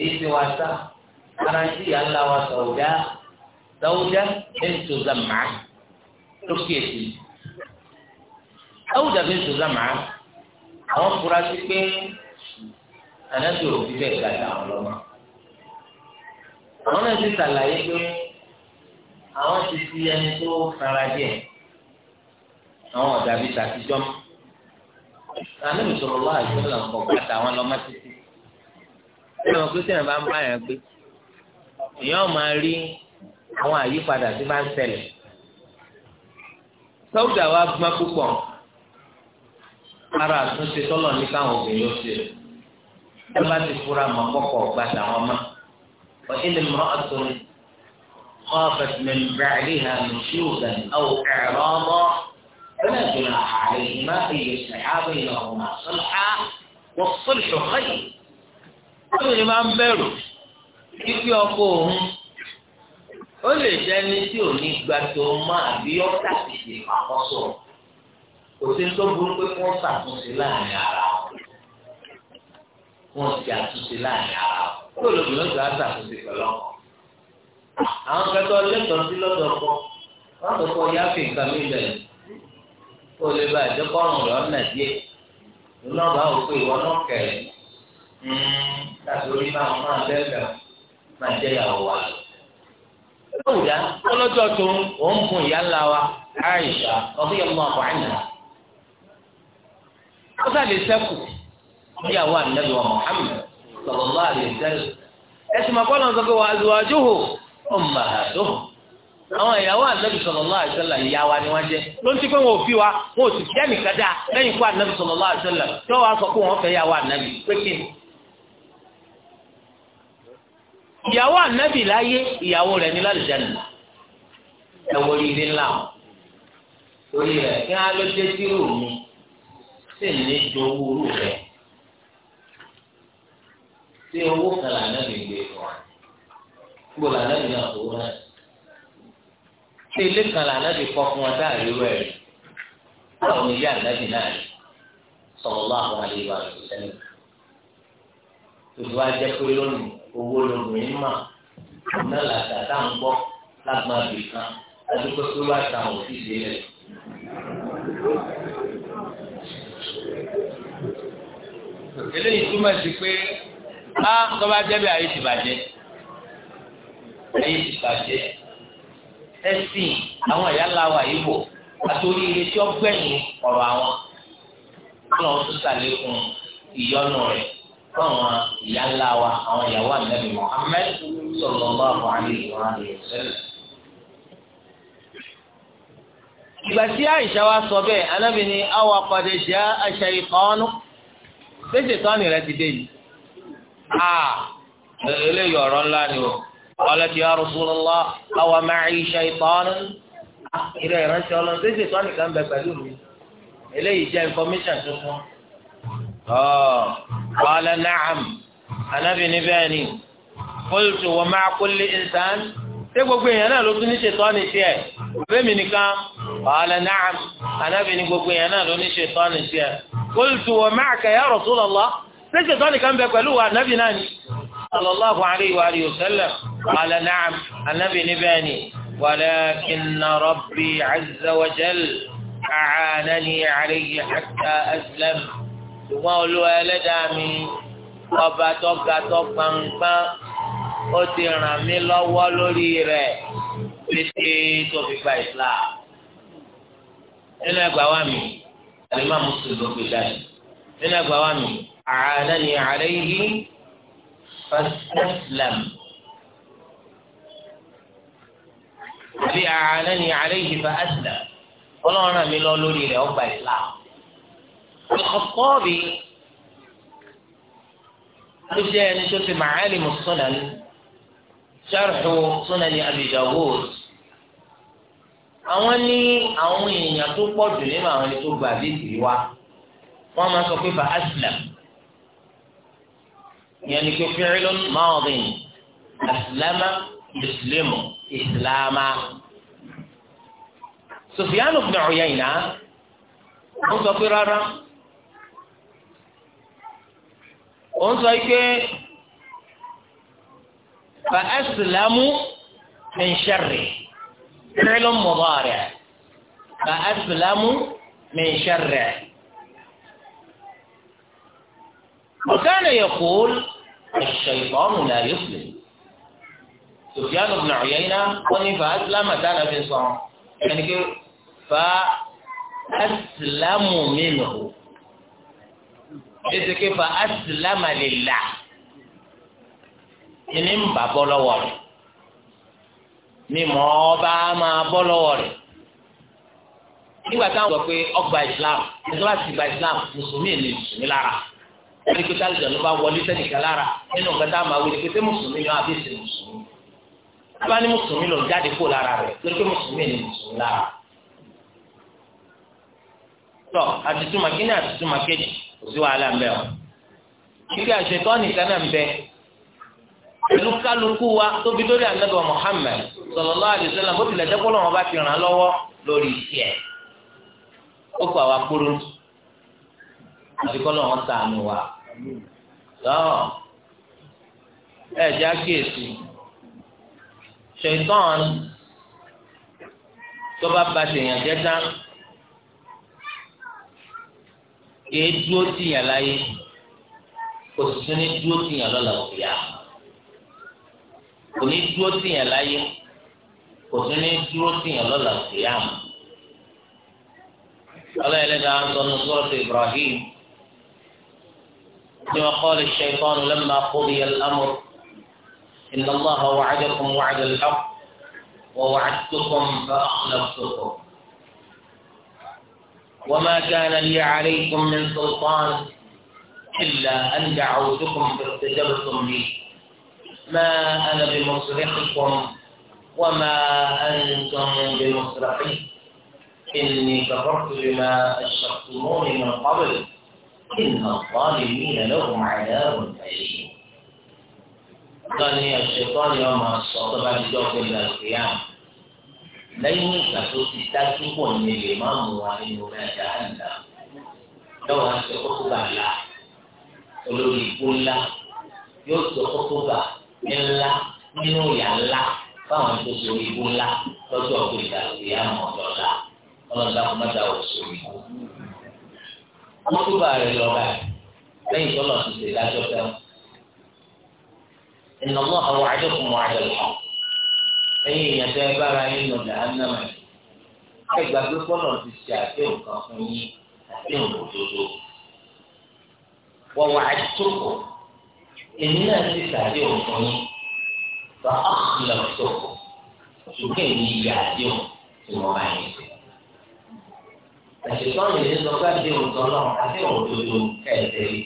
ẹ ti wà ara ń sí yàrá wa sọ̀wọ́dá sọ̀wọ́dá bẹ́ńtò zàmà lókè sí. sọ̀wọ́dá bẹ́ńtò zàmà àwọn fura sí pé ànábì òbí bẹ́ẹ̀ ga dà wọn lọ́mọ. àwọn náà ti sàlàyé pé àwọn ti fi ẹni tó fara díẹ̀ àwọn ọ̀dà bíi tàtijọ́ ànábì sọ̀rọ̀ lọ́wọ́ àti ìṣẹ̀lẹ̀ ọ̀kọ̀ọ̀kan àtàwọn lọ́mọ títí. ẹnì wọn pé sẹ́yìn bá ń bá yẹn gbé èèyàn máa rí àwọn àyípadà tí máa ń ṣẹlẹ̀ sọ́ọ̀dà wa gbọ́n púpọ̀ ara àtúnṣe tọ́lọ̀ ní káwọn obìnrin ó ṣe ẹ bá ti fura mọ́ kọ́kọ́ gbàdá wọn mọ́ ọ̀hìn lè mọ́ ọ̀tún خافت من بعدها نشوزا او اعراضا فلا جناح عليهما ان يصلحا بينهما صلحا والصلح خير. كل ما بيرو kíkí ọkọ òun ó lè jẹ ní tí ò ní gba tó máa bí ọ́tà tètè pàkọ́sọ kò sí tó burú pé wọ́n ṣàtúnṣe láàrin ara wọn wọ́n ti àtúnṣe láàrin ara wọn kó lóbìnrin ọ̀gá ṣàtúnṣe pẹ̀lú ọkọ àwọn kẹtọ lẹ́tọ̀ọ́ sí lọ́dọ̀ ọkọ wọ́n tó kọ yáfì nǹkan mi bẹ̀rẹ̀ kó lè bá ìjọkọ̀rùn rẹ̀ ọ̀nà díẹ̀ lọ́nà bá òkú ìwọ náà kẹ̀rẹ̀ ń hmm, máa máa bẹ́ẹ̀ máa jẹ́ ìyàwó wa lọ. Lọ́wọ́dà ọlọ́jọ́ tó ń bùn ìyá ńlá wa Aisha ọdún yẹn mú àbọ̀ Ó sàlẹ̀ sẹ́kù ìyàwó ànábì wa Muhammad sallallahu alaihi wasallam. Ẹ̀sìn màkọ́ náà sọ pé wà lu ọjọ́ hò ó mà á tó. Àwọn ìyàwó ànábì sallallahu alaihi ìyàwó ànábì láyé ìyàwó rẹ̀ ní lálùjáde ẹ wọ ilé ńlá o torí rẹ̀ kí á ló dé sí òun sì ní ju owó rú rẹ̀ tí owó kan là náà lè gbé fún wa gbogbo là náà lè àpò náà ilé kan là náà lè kọ́ fún wa dáàrí rẹ̀ báwo ni ilé ànábì náà rí sọ̀rọ̀ bá àwọn àlejò àti ìṣẹ́lẹ̀ tó ti wá jẹ́ pé lónìí. owó lobìnrin mà náà làtà tá à ń gbọ́ lágbọn àbìkan adúgbò pé wà tà wọn sí ìdílé. eléyìí túmọ̀ sí pé á tọ́ba jẹ́bi ayé ti bàjẹ́ ayé ti bàjẹ́ ẹ̀sìn àwọn ẹ̀yà làwà yìí ilé tí ó gbẹ̀yìn ọ̀rọ̀ fáwọn ìyá ńlá wa àwọn ìyàwó ànábì Muhammad sallallahu alaihi wa sallam. ìgbà tí àìsà wa sọ bẹ́ẹ̀ anábì ni àwọn àpàdé jẹ́ àṣà ìkànnù léṣe tọ́ni rẹ ti dé yìí. eléyìí ọ̀rọ̀ ńlá ni o ọlọ́tí Rasulullah àwọn ma'i shaytanu ìrẹ̀ ìránṣẹ́ ọlọ́run léṣe tọ́ni kan bẹ pẹ̀lú mi eléyìí jẹ́ information tuntun. قال نعم anabi ni bẹ́ẹ̀ ni qultu wa ma'a kulli insan ṣé gbogbo èèyàn náà ló tún ní ṣètọ́ni tiẹ̀ bẹ́ẹ̀mì nìkan qala na'am anabi ni gbogbo èèyàn náà ló ní ṣètọ́ni tiẹ̀ qultu wa ma'aka ya Rasulullah ṣé ṣètọ́ni kan bẹ pẹ̀lú wa anabi náà ni sallallahu alayhi wa alihi wa sallam qala na'am anabi ni bẹ́ẹ̀ ni walakinna rabbi azza wa jal a'anani alayhi hatta aslam. ṣùgbọ́n olúwa ẹlẹ́dàá mi ọba tó ga tó gbangban ó ti ràn mí lọ́wọ́ lórí rẹ̀ títí tó fi gba islam nínú ẹgbàá wa mi àlùmá mùsùlùmí ló fi dáì nínú ẹgbàá wa mi àánà ni àárẹ̀ yìí fásitẹ́sìlẹ̀m. àbí àánà ni àárẹ̀ yìí fásitẹ́sìlẹ̀m. ọlọ́run ràn mí lọ lórí rẹ̀ ọgbà islam. الخطابي ló jẹ́ ẹni tó ti màálìmù sunan sharhu sunan abi dawud àwọn ní àwọn èèyàn tó pọ̀ jù nínú àwọn ẹni tó gba àdéhùn wa wọ́n máa sọ pé fa aslam ìyẹn ni pé fi'lun madin aslama yuslimu islama Sufyan ibn Uyayna wọ́n sọ pé rárá. ó ń sọ pé fa asilamu min sharri fi'lun mudari' fa asilamu min sharri. وكان يقول الشيطان لا يسلم سفيان بن عيينة وني فأسلم كان في صوم يعني fa asilamu minhu ètò kẹfà asìlámà lè là ìní ń bà bọ́ lọ́wọ́ rẹ̀ ni mọ̀ ọ́ bá máa bọ́ lọ́wọ́ rẹ̀ nígbà táwọn sọ pé ọgbà islam ẹgbẹ́ bá ti gba islam mùsùlùmí ni mùsùlùmí lára ẹni pé táwọn ìjọba wọlé sẹ́nìkan lára nínú nǹkan táwọn máa wọlé pé pé mùsùlùmí ni àbí ìsìn mùsùlùmí bá ní mùsùlùmí lọ jáde kó lára rẹ̀ pé pé mùsùlùmí ni mùsùlùmí lára. tọ́ àtìtúmọ̀ kí ni àtìtúmọ̀ kejì kò sí wàhálà ń bẹ wọn. kíkẹ́ àṣetọ́ nìkan náà ń bẹ pẹ̀lú kálukú wa tóbi lórí ànágbà Muhammad sallallahu alaihi wasallam bó tilẹ̀ dẹ́kọ́ lọ́wọ́ bá ti ràn án lọ́wọ́ lórí iṣẹ́ ó kọ́ àwa kúrú àti kọ́ lọ́wọ́ sànù wa lọ́wọ́ ẹ̀ jẹ́ àkíyèsí ṣèǹtọ́n tó bá ba tèèyàn jẹ́ tán. kìí dúró tìyàn láyé kò sì tún ní dúró tìyàn lọ́la òkèèyà kò ní dúró tìyàn láyé kò tún ní dúró tìyàn lọ́la òkèèyà ọlọ́yẹ̀lẹ́dàá ń sọ ní sọ́ọ̀tì Ibrahim. ṣe kọ́ كما قال الشيطان لما قضي الأمر إن الله وعدكم وعد الحق ووعدتكم فأخلفتكم وما كان لي عليكم من سلطان إلا أن دعوتكم فاستجبتم لي ما أنا بمصرخكم وما أنتم بمصرخي إني كفرت بما أشركتموني من قبل إن الظالمين لهم عذاب أليم قال الشيطان يوم الصلاة بعد جوف القيامة lẹ́yìn ìgbà tó ti dájú pọ̀ ní ilé máa mú wa nínú ẹ̀dá ẹ̀dá lọ́wọ́ aṣọ kókó bá la olórí ikú ńlá yóò sọ kókó bá ńlá nínú ìyá ńlá fáwọn tó sọ ikú ńlá lọ́jọ́ ọ̀gbìn ìdàgbé àmọ́ ọ̀dọ́lá ọlọ́dà kò má da òṣù ikú. kókó bá rẹ̀ lọ bá lẹ́yìn tọ́lọ̀ ti ṣe dájọ́ fẹ́ ìnáwó àwọn àjọkùnrin àjọkùnrin ẹ̀yin èèyàn tẹ́ ẹ bára yín lọ dà á náà ẹ gbà pé kọ́nà ti ṣe àdéhùn kan fún yín àdéhùn òdodo wọ́n wà á tókò èmi náà ti ṣe àdéhùn fún yín wà á lọ tókò ṣùgbọ́n èmi yà àdéhùn tí wọ́n bá yín ṣe. àṣetán yìí ló bá déhùn tán náà àdéhùn òdodo ẹ̀ẹ́dẹ́rì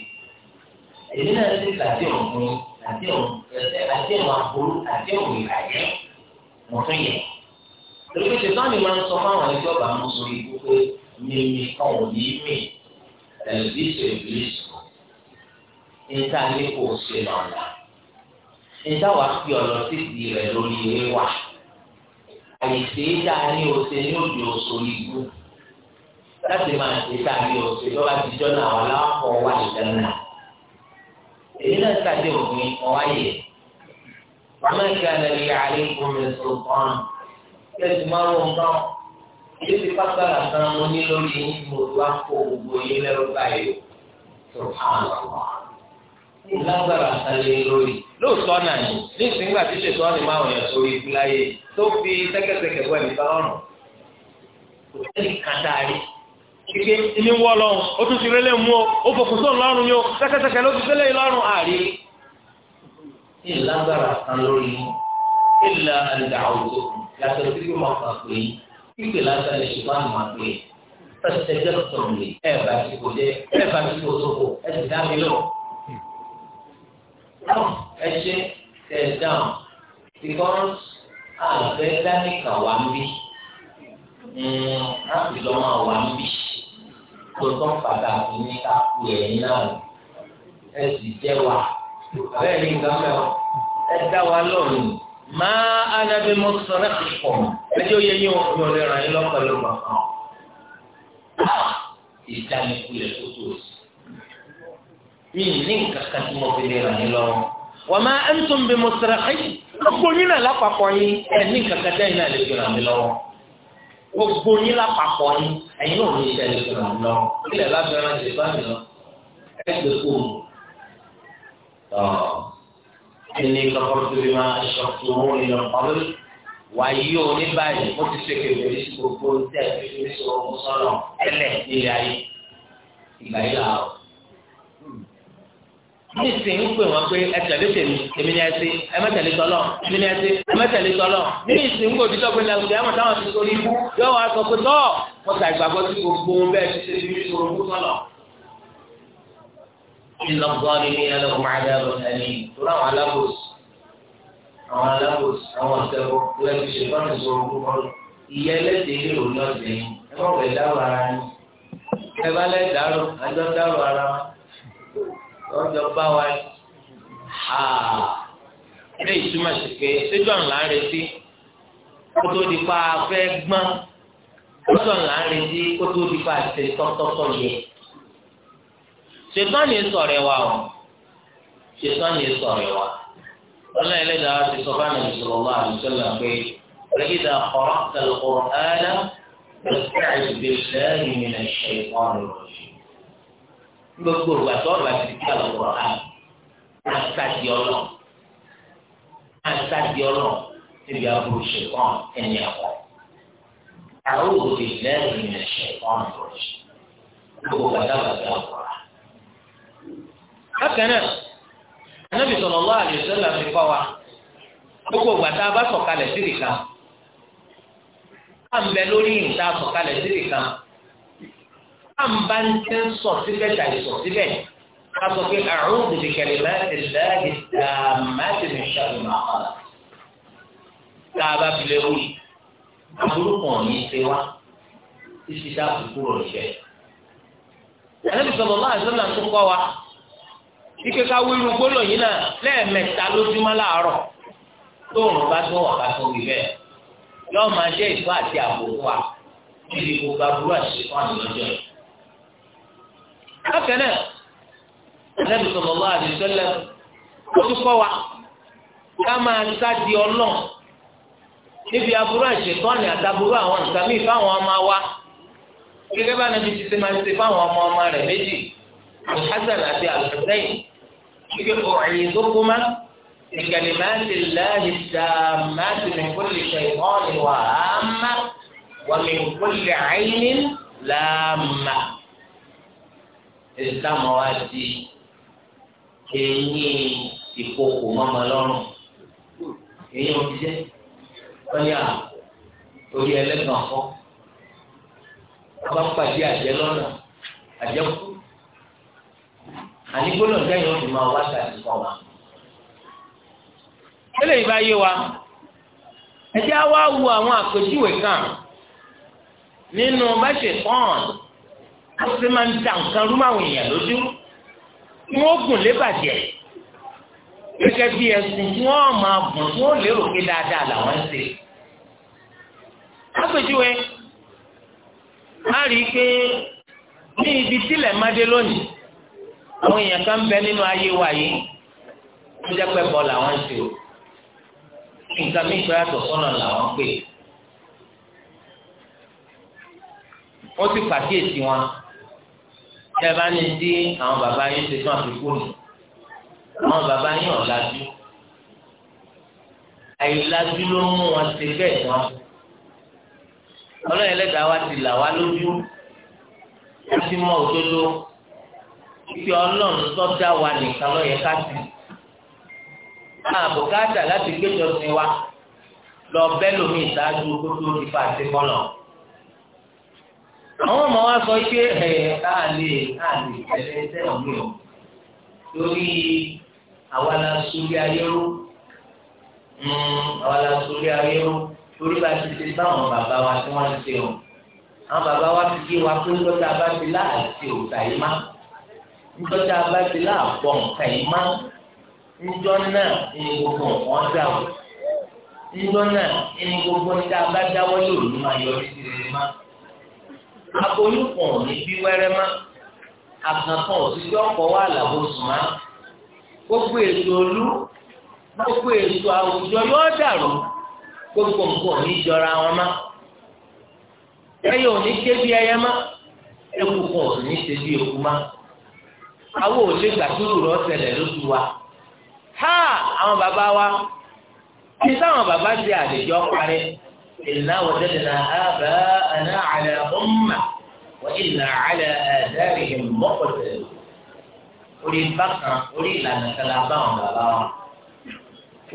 èmi náà ti ṣe fún yín àdéhùn àdéhùn aburú àdéhùn ìbàjẹ́ mo tún yẹ torí pé ṣètò àmì máa ń sọ fáwọn ẹgbẹ́ ọ̀bà mú sórí ikú pé mímí kan ò ní mì ẹ̀lẹ́sì ìbílẹ̀sì níta ní ṣe lọ́la níta wàá fi ọ̀rọ̀ títì rẹ̀ lórí ewé wà àyèsè dáa ní ose ní òbí oṣù ìlú láti máa ṣe dáa ní ose lọ́wọ́ àtijọ́ náà wà láwọn kan wà ìdáná èyí náà ṣàdé òfin ọ̀wáyé. وما كان لي عليكم من سلطان كيف مروا نقام كيف فكر أسامني لولي مطلق وبوي لرقائي سبحان الله lágbára àtàlẹ́ lórí lóòótọ́ náà ni ní ìsìngbà tí ṣètò ọ̀nì máa wọ̀nyàn sórí ìfúláyé tó fi tẹ́kẹ̀tẹ́kẹ̀ bọ́ ẹ̀mí bá ọ̀rùn kò tẹ́lẹ̀ kàdáàrí kíké ní wọ́ lọ́rùn ó tún ti rẹ́lẹ̀ mú ọ ó fòkùn ìlágbára kan lórí ìlà àdìdà àwùjọ yàtọ̀ sí pé mo kàn pé pípé lásán lè ṣùgbọ́n àmọ́ pé pẹ̀sẹ̀jẹ́ sọ̀rọ̀ lè ẹ̀ bá ti kò jẹ́ ẹ̀ bá ti kò sóko ẹ̀ sì dá mi lọ. ẹ ṣe tẹ̀ dáhùn because àgbẹ̀ dáníkà wà ń bí láti hmm, lọ́ máa wà ń bí tó tán pàtàkì ní ká ẹ̀yìn náà ẹ sì jẹ́ wà bẹ́ẹ̀ ni nǹkan mẹ́wọ́ ẹ dá wa lọ́rùn máa anábì mọ́ sọ́nà pọ̀ ẹjọ́ yẹ yín òun yọ̀ lẹ́ràn yín lọ́pọ̀lọpọ̀ kan. Ah! ìdánikulẹ̀ tó tó sí. mi ní nǹkan kan tí mo fi lẹ́ràn yín lọ́wọ́. wà máa ń tún bí mo sọ̀rọ̀ ẹ́ gbogbo yín náà lápapọ̀ yín ẹ̀ ní nǹkan kan tẹ́yìn náà lè fi ràn mí lọ́wọ́. gbogbo yín lápapọ̀ yín ẹ̀yin náà ní fi ràn mí lọ́wọ́. ilẹ̀ lábẹ́rẹ́ ti bá mi lọ. ẹ ẹni kọkọrọ tóbi máa ṣọkùn mú ni lọ kọlù wàyí o ní báyìí mo ti ṣe kébé ní gbogbo tẹ ní sọ̀rọ̀ sọ̀rọ̀ ẹlẹ nílé ayé ìgbà yìí là ó. ní ìsìn ń pè wọn pé ẹ tẹ̀lé tèmi èmi ni ẹ ti ẹ má tẹ̀lé tọ́lọ̀ èmi ni ẹ ti ẹ má tẹ̀lé tọ́lọ̀ ní ìsìn ń pè òbí tọ́pẹ́ lẹ́wọ̀n tẹ́ ẹ mọ̀ táwọn ti sọ ní ibú yóò wá sọ pé tọ́ mo ta ìgbàgbọ́ sí إلا الظالمين لهم عذاب أليم ترى على بوس أو على بوس أو أكبر ولا شيطان يزوركم ìyá ẹlẹ́dẹ̀ẹ́ ló lọ sẹ́yìn ẹ má wẹ̀ dárò ara yín ẹ bá lẹ́ dárò ẹjọ́ dárò ara wa ọjọ́ bá wa ha ilé ìtumọ̀ sí pé ṣéjọ́ ńlá ń retí kó tó di pa fẹ́ gbọ́n ṣéjọ́ ńlá ń retí kó tó di pa ṣe tọ́tọ́tọ́ yẹ ṣètọ́ni sọ̀rọ̀ wa o ṣètọ́ni sọ̀rọ̀ wa ọlọ́run ẹlẹ́dàá ti sọ fún àwọn ìṣòro wa àlùsọ́là pé ẹlẹ́dà ọ̀rọ̀ tẹ̀lẹ̀kọ̀ ẹ̀dá ẹ̀sìtàìsì bí lẹ́yìn mi lè ṣe ọ̀rọ̀ gbogbo ìgbà tó ọ̀rọ̀ àti ìdíkà lọ́wọ́ ha àtàdì ọlọ́ àtàdì ọlọ́ níbi àbúrò ṣe kàn ẹni àwọn òbí lẹ́yìn mi lè ṣe ọ̀rọ̀ gbogbo bákan náà anábì sallallahu alaihi wasallam fi kọ́ wa gbogbo ìgbà tá a bá sọ̀kalẹ̀ sí ìka a ń bẹ lórí ìta sọ̀kalẹ̀ sí ìka a ń bá ń tẹ́ sọ síbẹ̀ tàbí sọ síbẹ̀ a sọ pé a'udhu bi kalimati llahi tammati min sharri ma khalaq tá a bá fi wí àbúrúkọ ní ṣe wá títí tá a fi kúrò níṣẹ́. Ànábì sallallahu tó kọ́ wa ike ká wíru gbólọ̀ yìí náà lẹ́ẹ̀mẹ́ta lójúmọ́ láàárọ̀ tóòrùn bá tó wọ̀ ká tó wí bẹ́ẹ̀ yọ́ọ́ máa jẹ́ ìtọ́ àti àbòkù wa níbi gbogbo aburú àti ìfọ́nù lọ́jọ́ yìí. bákan náà ẹlẹ́bi sọ̀rọ̀ lọ́wọ́ àdìsẹ́lẹ̀ ó tún kọ́ wa ká máa sá di ọlọ́ọ̀ níbi aburú àti ìfọ́nù àtàbúrú àwọn nǹkan míì fáwọn ọmọ wa gẹ́gẹ́ bá nàbí ti ṣe máa ṣe fáwọn ọmọ ọmọ rẹ̀ méjì àti ike ọ̀ẹ́dọ́gbọ́má ìkàlìmáàtì láàyè dàmáàtì nìkúlì ṣèkọ́ọ̀nì wà á má wà nìkúlì àìní làmà. ìsìlámù wa di eyín ìkókò mọ́mọ́ lọ́rùn eyín òjijẹ́ wọ́n orí ẹlẹ́gàn fọ́ wọ́n pàdé àjẹ́ lọ́nà àjẹ́ kú àní gbólóhùn sẹ́yìn ó fi máa wá sàdí kọ́ wa. tẹ́lẹ̀ yìí bá yé wa ẹ jẹ́ wá wo àwọn àpèjúwe kan nínú báṣẹ pọ́n ó sì máa ń da nǹkan rú máwọn èèyàn lójú kí wọ́n gùn lébàjẹ́ gẹ́gẹ́ bí ẹ̀sìn tí wọ́n máa gùn tí wọ́n lérò pé dáadáa làwọn ń ṣe. àpèjúwe a rí i pé ní ibi tílẹ̀ máa dé lónìí àwọn èèyàn kan bẹ nínú ayé wa yìí tó jẹ́ pé bọ́ làwọn ń ṣe nǹkan mi pẹ́ àtọ̀ sọ́nà làwọn pè wọ́n ti pàkíyèsí wọn ẹ bá ní tí àwọn bàbá yín ṣe fún àfikún nù àwọn bàbá yín ọ̀làjú àìlàjú ló mú wọn ṣe bẹ́ẹ̀ wọn ọlọ́yẹ̀lẹ́dàá wa ti là wá lójú ó ti mọ òdodo ìfi ọlọ́run tó dá wa nìkan lọ́yẹ ká sí àbùkátà láti gbẹ́jọ sí wa lọ bẹ́ẹ̀ lómi ìdájú kó tó di fa àti kọ́nà àwọn ọmọ wa sọ pé ẹ káà lè káà lè tẹ̀lé sẹ́wọ̀n mi o lórí àwa la sórí ayéró hmm, àwa la sórí ayéró lórí bá ti ṣe báwọn bàbá wa tí wọ́n ń ṣe o àwọn bàbá wa fi yé wa pé lọ́dà bá ti láàyè ṣe òòtà yìí má níjọ́ tá a bá ti láàpọ̀ nǹkan yìí má níjọ́ náà ní gbogbo nǹkan dà o níjọ́ náà ní gbogbo ní tá a bá dáwọ́ yóò ní máa yọrí sí rere má aboyún kan ò ní bí wẹ́rẹ́ má àgàn kan ò sí sí ọ̀pọ̀ wà lábòsùn má gbogbo ètò olú gbogbo ètò àwùjọ yóò dàrú gbogbo nǹkan ò ní jọra wọn má ẹyẹ ò ní ké bí ẹyẹ má eku kan ò ní ṣe bí eku má àwọn ò lè gbàdúrú rọ ṣẹlẹ̀ lóṣù wa ha àwọn bàbá wa kí táwọn bàbá ṣe àlejò parí ìlànà òdẹ́dẹ́ náà àbá àná àlẹ́ ọ̀mà wọ́n ìlànà àlẹ́ ẹ̀dẹ́rì mọ́kọ̀tẹ̀ orí bákan orí ìlànà kan la bá wa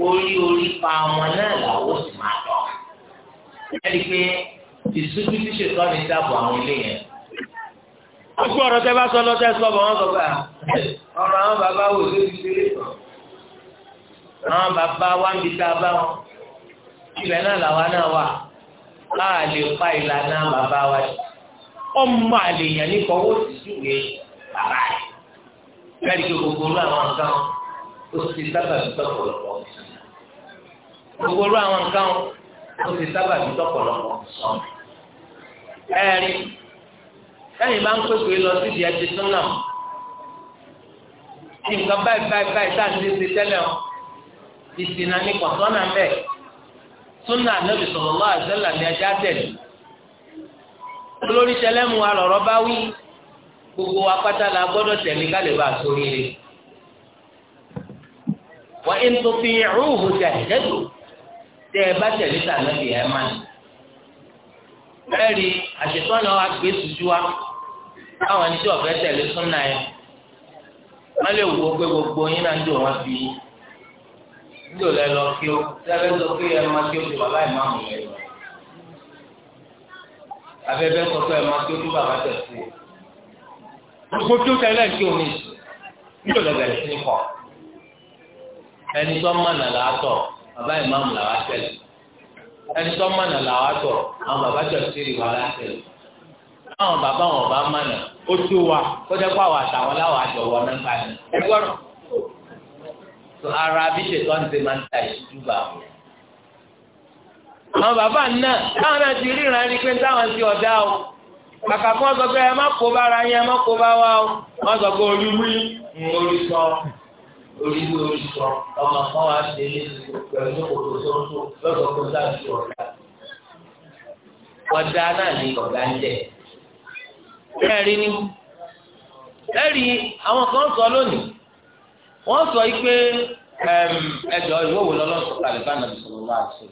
orí orí pa náà làwọn sì máa lọ ẹni pé ìṣújú tíṣe tọ́ ni dáàbò àwọn ilé yẹn gbogbo ọ̀rọ̀ tẹ́ bá sọ lọ́tẹ́ sọ bọ̀ wọ́n sọ pé ah, ọ̀rọ̀ àwọn bàbá wò ló ti ṣeré àwọn bàbá wa ń bi tá a bá wọn ibẹ̀ náà làwa náà wà á lè pa ìlànà bàbá wa jù ọmọ àlèyàn ní kọ́wọ́ sí ìwé bàbá rẹ̀ kẹ́rì kí gbogbo olú àwọn nǹkan ó ti sábà bí tọ́pọ̀lọpọ̀ gbogbo olú àwọn nǹkan ó ti sábà bí tọ́pọ̀lọpọ̀ sọ̀rọ̀ ẹ̀rín. sẹ́yìn bá ń pèpè lọ síbi ẹtì súnà ní nǹkan báyìí báyìí báyìí tá à ń lé ṣe tẹ́lẹ̀ o ìsìnà ní kọ̀sọ́nà bẹ́ẹ̀ súnà ànábì sallallahu alaihi wasallam ní olórí sẹlẹ́mu bá wí gbogbo wa pátá la gbọ́dọ̀ tẹ̀lé ká bá a sórí rẹ̀ wọ́n ń tó fi rúùhù tẹ̀ ẹ̀dẹ́gbò tẹ́ ẹ bá tẹ̀lé tà náà ẹ̀ máa àṣetọ́nà wa gbé wa. táwọn ẹni tí ọ̀fẹ́ tẹ̀lé súnà yẹn wọ́n lè wo pé gbogbo yín náà ń dùn wọ́n fi yín ńlò lẹ lọ kí o tẹ́lẹ̀ sọ pé ẹ máa kí o ti bàbá ìmáàmù yẹn lọ abẹ́bẹ́ sọ pé ẹ máa kí o ti bàbá tẹ̀ sí o gbogbo kí o tẹ́lẹ̀ kí o ní ńlò lẹ bẹ̀rẹ̀ sí ní kọ́ ẹni tó mọ̀nà là á tọ̀ bàbá ìmáàmù là á tẹ̀lé ẹni tó mọ̀nà là á tọ̀ àwọn bàbá tẹ̀ sí ìwà là báwọn bàbá wọn bá mánà ó tó wa kọjá pé àwọn àtàwọn láwọn àjọ wọn náà bá ní. ẹ gbọ́dọ̀ tó ara bí ṣètò ń ṣe máa ń ta ìṣíjú bá wọn. àwọn bàbá náà táwọn náà ti ríran ẹni pé táwọn ti ọ̀dá o kàkà fún ọsọ pé ẹ má kó bára yín ẹ má kó bá wa o wọn sọ pé orí wí orí sọ orí wí orí sọ ọmọ kan wá sí ilé pẹ̀lú kòtò tó ń tó lọ́sọ̀kọ́ sáà ọ̀dà ọ̀dà náà ni ọ̀gá ń jẹ́ ẹ̀rí ni ẹ̀rí àwọn kan sọ lónìí wọ́n sọ yìí pé ẹ̀jọ̀ ìwé wo lọ́lọ́ sọ kàlífà nàbì sọ̀rọ̀ wá sí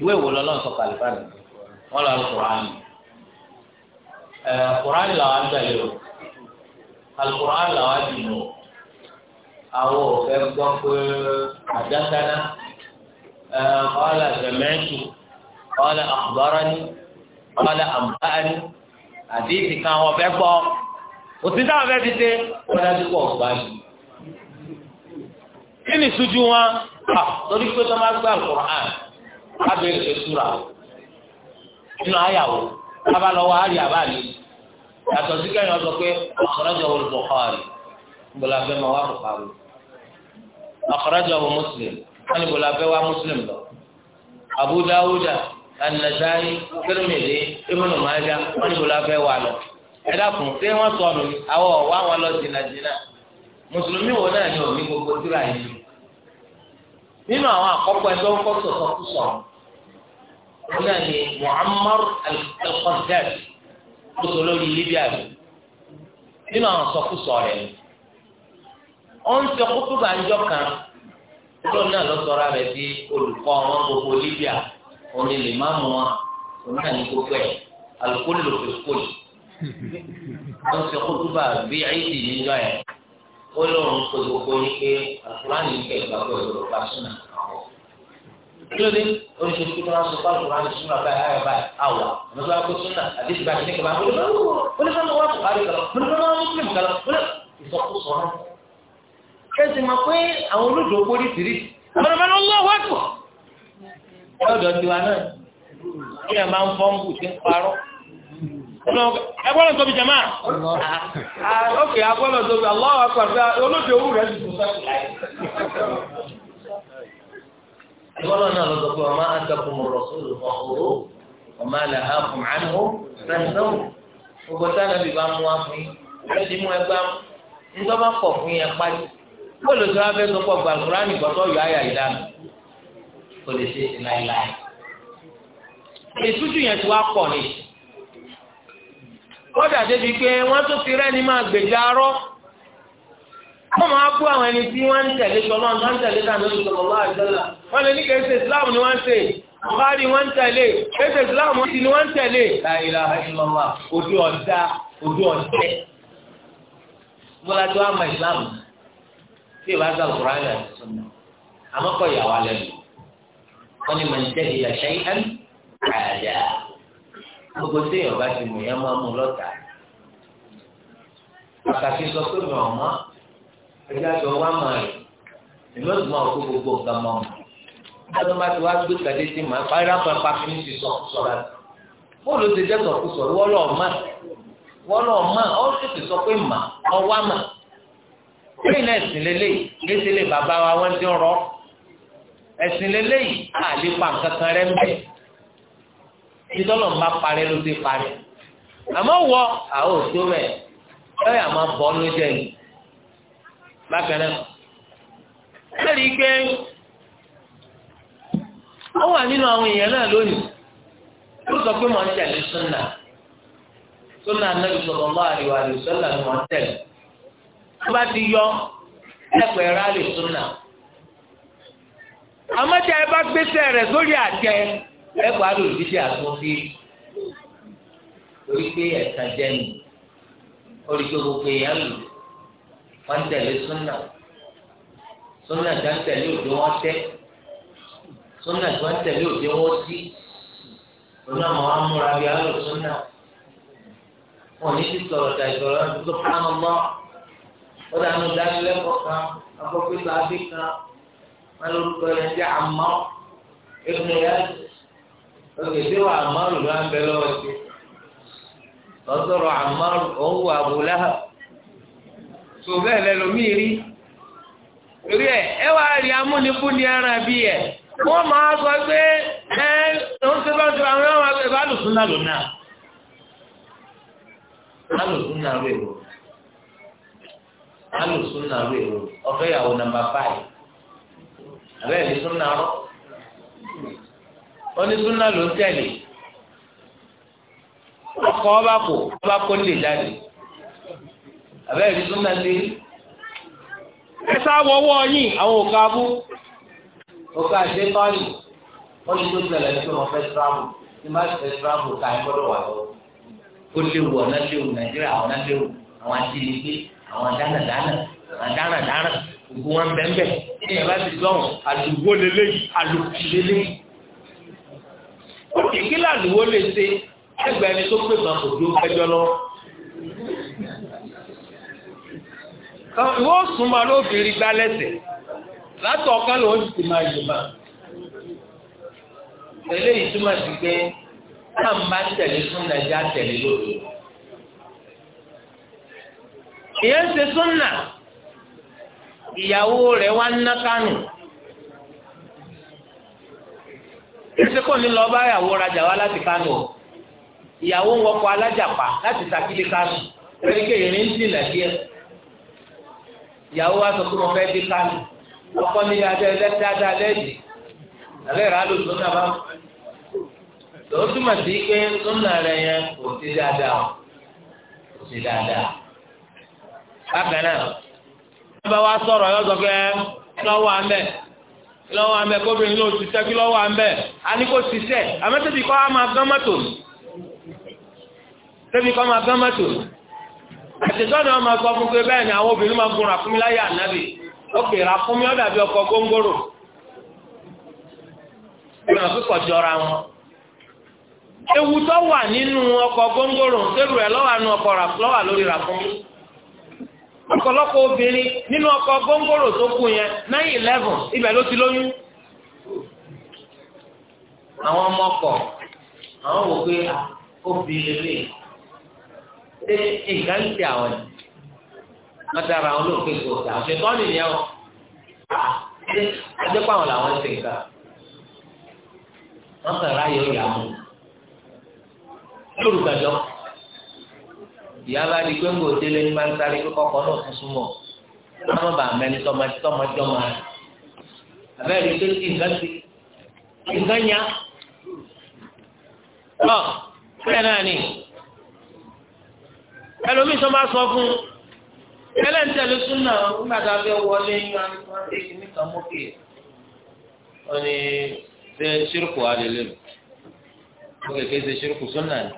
ìwé wo lọ́lọ́ sọ kàlífà nàbì wọ́n lọ Kùránì Kùránì làwọn ń tẹ̀lé o Al-Kùránì làwọn ti nù àwọn òfẹ́ gbọ́ pé àdáńdáná qala sami'tu qala akhbarani qala anba'ani àdéhìí kan àwọn ọ̀fẹ́ gbọ́ òtítà àwọn ọ̀fẹ́ ti dé wọ́n dájú pọ̀ ọ̀gbá yìí. kí ni ìṣújú wọn à torí pé tó máa gbé alukur'an lábẹ́rẹ́ ìṣúra nínú àyàwó abalọ́wọ́ àrí àbáàlì yàtọ̀ sí kẹ́yìn ọ̀sọ̀ pé ọ̀kọ̀rọ̀jọ̀ wọlé Bukhari gbọ́dọ̀ abẹ́ máa wá Bukhari ọ̀kọ̀rọ̀jọ̀ wọ Muslim wọ́n ní gbọ́dọ̀ abẹ́ wá Muslim lọ Abu Dawuda anazari Tirmidhi Ibnu Maja wọn níbo la fẹ́ wà lọ ẹ dákun ṣé wọn sọnù àwọ wà wọn lọ jìnnàjìnnà mùsùlùmí wo náà ni òní gbogbo tíra yìí nínú àwọn àkọ́kọ́ ẹgbẹ́ wọn kọ́ sọ̀tọ̀ kú sọ̀rọ̀ wọn náà ni Muammar al-Qaddafi kóso lórí Libya bi nínú àwọn sọkúsọ rẹ̀ ó ń sọ kókó bá ń kan lóun náà lọ sọra rẹ̀ di olùkọ́ wọn gbogbo Libya òní lè má mú wọn òní àní gbogbo ẹ̀ alukóni ló fi kóni wọ́n ti kó tó bá bí àyíṣe níjọ́ ẹ̀ ó lóun kó gbogbo yín pé alukurani ń bẹ̀ gbàgbọ́ ìrọ̀lọ́ bá súnà àwọn. kílódé oríṣiríṣi kí wọ́n sọ fáwọn alukurani súnà báyìí ayọ̀ báyìí àwọ̀ ọ̀nà tó bá kó súnà àdéhùn bá ti ní kaba ó lè fẹ́ lọ wá bùkárí kàlọ́ ó lè fẹ́ lọ wá mùsùlùmí kàlọ́ ó lè ìsọkúsọ náà. ẹ lọ́dọ̀ tiwa náà kí ẹ máa ń fọ́n bù tí ń parọ́ ẹ gbọ́dọ̀ tóbi jama ah, ókè agbọ́dọ̀ tóbi aláwọ̀ akpàgbé olóde owó rẹ̀ ti tún sọ́kì láyé. Ìgbọ́dọ̀ náà lọ́dọ̀ pé ọmọ àtàkùn mọ̀rọ̀ sóòlù mọ̀ òwò ọmọ àlẹ́ àkùn àánú sẹ́ńtọ́ọ̀ gbogbo sáà bí bá mú wa fún yín lọ́dí mú ẹgbẹ́ mú ńdọ́ bá pọ̀ fún yín pálí kò lè ṣe é láéláé. ìtújú yẹn ti wá pọ̀ ni. kódà débi pé wọ́n tún fi rẹ́ni máa gbèjà arọ́. wọ́n máa bú àwọn ẹni tí wọ́n ń tẹ̀lé sọ́nà tó ń tẹ̀lé sàmì lóṣù sọ̀rọ̀ wá àjọlá. wọ́n lè ní kí ẹsẹ̀ Islam ni wọ́n ń ṣe. Buhari wọ́n ń tẹ̀lé, ẹsẹ̀ Islam ni wọ́n ń tẹ̀lé. Láyìlá ìlọ́wà, ojú ọ̀dá, ojú ọ̀dẹ́. Bọ́lá tí wọ́n á mọ Islam tí ìbá sàlùkùrọ̀ àyà àti sọ̀nà, àmọ́kọ̀ ìyàwó alẹ́ lò wọ́n ní màlítẹ́ ìlà ṣẹ́yìn àdá gbogbo téèyàn bá ti mú yẹn máa mú lọ́tà pàtàkì sọ pé mi ò mọ ẹgbẹ́ àti ọwọ́ àmọ́ rẹ̀ èmi ò gbọ́n kó gbogbo nǹkan mọ́ mi lọ́dún bá ti wá gbé kàdé sí màá fáyọ́rọ́ fún apá fi ń sọ sọ̀rọ̀ bóòlù ló ti jẹ́ sọ̀kú sọ̀rọ̀ wọ́n lọ́ọ̀ mọ́ wọ́n lọ́ọ̀ sì ti sọ pé mà ọwọ́ àmọ́ lẹ́yìn náà lé ẹ̀sìn lélẹ́yìí àlè pa nǹkan kan rẹ̀ mbẹ́ ìdọ́lọ̀ ń bá parẹ́ ló ti parẹ́ àmọ́ wọ àwọn òṣìṣẹ́ rẹ̀ lọ́yà máa bọ́ ló jẹ́ yìí bákan náà lẹ́rìí pé ó wà nínú àwọn èèyàn náà lónìí ó sọ pé mò ń tẹ̀lé súnà súnà anábì sọ̀rọ̀ mọ́ àríwá àríwá sọ́là ni mò ń tẹ̀lé tó bá ti yọ ẹ̀pẹ̀ rálì súnà amẹ́tẹ́ ẹ bá gbèsè rẹ̀ sórí àtẹ ẹ wàá lò dídí àtúnṣe torí pé ẹ̀sán jẹ́ mi orí pé gbogbo èèyàn lò wọ́n tẹ̀lé súnà súnà tó ń tẹ̀lé òde wọn tẹ́ súnà tó ń tẹ̀lé òde wọn sí lọ́nà àwọn amúra bíi alò súnà wọn ní ti sọ̀rọ̀ tà ìsọ̀rọ̀ tó kánú mọ́ ó dànù dánilẹ́kọ̀ọ́ kan akọ́kọ́ ìgbà bí kan. wọn lórúkọ yẹn jẹ àmọ ẹgbẹ yẹn oge tí wọn àmọ lòlú àbẹ lọ́wọ́ sí lọsọrọ àmọ òun wà bùlá tó bẹ́ẹ̀ lẹlòmíì rí rí ẹ ẹ wá rí amúnibúni ẹran bí ẹ wọ́n máa sọ pé ẹ ń ṣe bá ń ṣe àwọn ọmọ ẹgbẹ́ alùsùn náà lónà alùsùn náà rèé o alùsùn náà rèé o ọ̀fẹ́ ìyàwó nàmbà báyìí. àbẹ́ẹ̀ ní súnà rọ ó ní súnà ló ń tẹ̀lé ọkọ̀ ọba kò ọba kò lè jáde àbẹ́ẹ̀ ní súnà lé ẹ sáwọ́ ọwọ́ yìí àwọn òkà abú òkà àṣetọ́nì wọ́n ti tó tẹ̀lé ní pé wọ́n fẹ́ tíráàmù tí má fẹ́ tíráàmù ká ẹ gbọ́dọ̀ wà lọ́wọ́ ó léwu ọ̀nà léwu nàìjíríà ọ̀nà léwu àwọn àti ìlú gbé àwọn dánadáná àwọn dánadáná gbogbo wọn bẹ́ẹ̀ ní ẹ̀rọ ti lọ́wọ́ àlùwò lélẹ́ yìí àlùkù lélẹ́ òkè kí làlùwò lè ṣe ẹgbẹ́ ẹni tó pè máa kò dúró fẹjọ́ lọ. ìwọ súnmọ́ ló fi rí gbá lẹ́sẹ̀ látọ̀ ọ̀kan lòún ti máa yè máa. eléyìí túmọ̀ sí pé náà máa ń tẹ̀lé fún nàìjíríà tẹ̀lé lóde. ìyẹn ń ṣe súnà. ìyàwó rẹ̀ wá ń ná kánù èsì kò ní lọ bá ìyàwó rajà wá láti kánù o ìyàwó ń wọkọ̀ alájàpá láti sàkílé kánù lórí ní ń dìnnà díẹ̀ ìyàwó wa sọ pé mo fẹ́ dé kánù ọkọ ní alẹ́ rà á lò túmọ̀ sí pé yẹn kò dáadáa kò bá wá sọ̀rọ̀ yọ sọ pé lọ́wọ́ à ń bẹ̀ lọ́wọ́ à ń bẹ̀ kóbìnrin ló ti sẹ́kí lọ́wọ́ à ń bẹ̀ a ní kó ti sẹ́ àmọ́tẹ́bí kọ́ á máa gán mọ́tò tẹ́bí kọ́ máa gán mọ́tò àtẹ̀sọ́nà ọmọ sọ fún pé bẹ́ẹ̀ ni àwọn obìnrin máa gun ràkúnmí láyé ànábì ó kè ràkúnmí ó dàbí ọkọ̀ góńgóró ìrìn àkókò jọra wọn ewu tó wà nínú ọkọ̀ góńgóró ń tẹ́lu rẹ̀ lọ́wọ́ àánú ọkọ̀ lọ́wọ́ lórí ràkúnmí ọ̀pọ̀lọpọ̀ obìnrin nínú ọkọ̀ góńgòrò tó kù yẹn nine eleven ibẹ̀ ló ti lóyún. àwọn ọmọ ọkọ̀ àwọn wò pé obìnrin rè ṣé nǹkan ń tẹ àwọn yìí wọ́n dára àwọn olóògbé kò tà àṣetọ́ nìyẹn o adé pàwọn làwọn ṣe nǹkan wọ́n kàn ráyè ó yà á mú lórúkọ ẹjọ́ ìyá di pé ńgò délé ní máa ń sáré pé kọ́kọ́ náà tún súnmọ́ ọmọ bàá mẹ́ni tọ́mọdé tọ́mọdé ọmọ rẹ̀ àbẹ́rẹ́ tó ti nǹkan ti nǹkan yá ọ bẹ́ẹ̀ náà ni ẹlòmíì tó máa sọ fún ẹlẹ́ntẹ̀lẹ́ súnà nígbàdá fẹ́ wọlé ní àwọn ẹ̀kí níta mọ́kè ọ ni ṣe ṣírùkù adìlẹ́ mi ó kékeré ṣe ṣírùkù súnà ni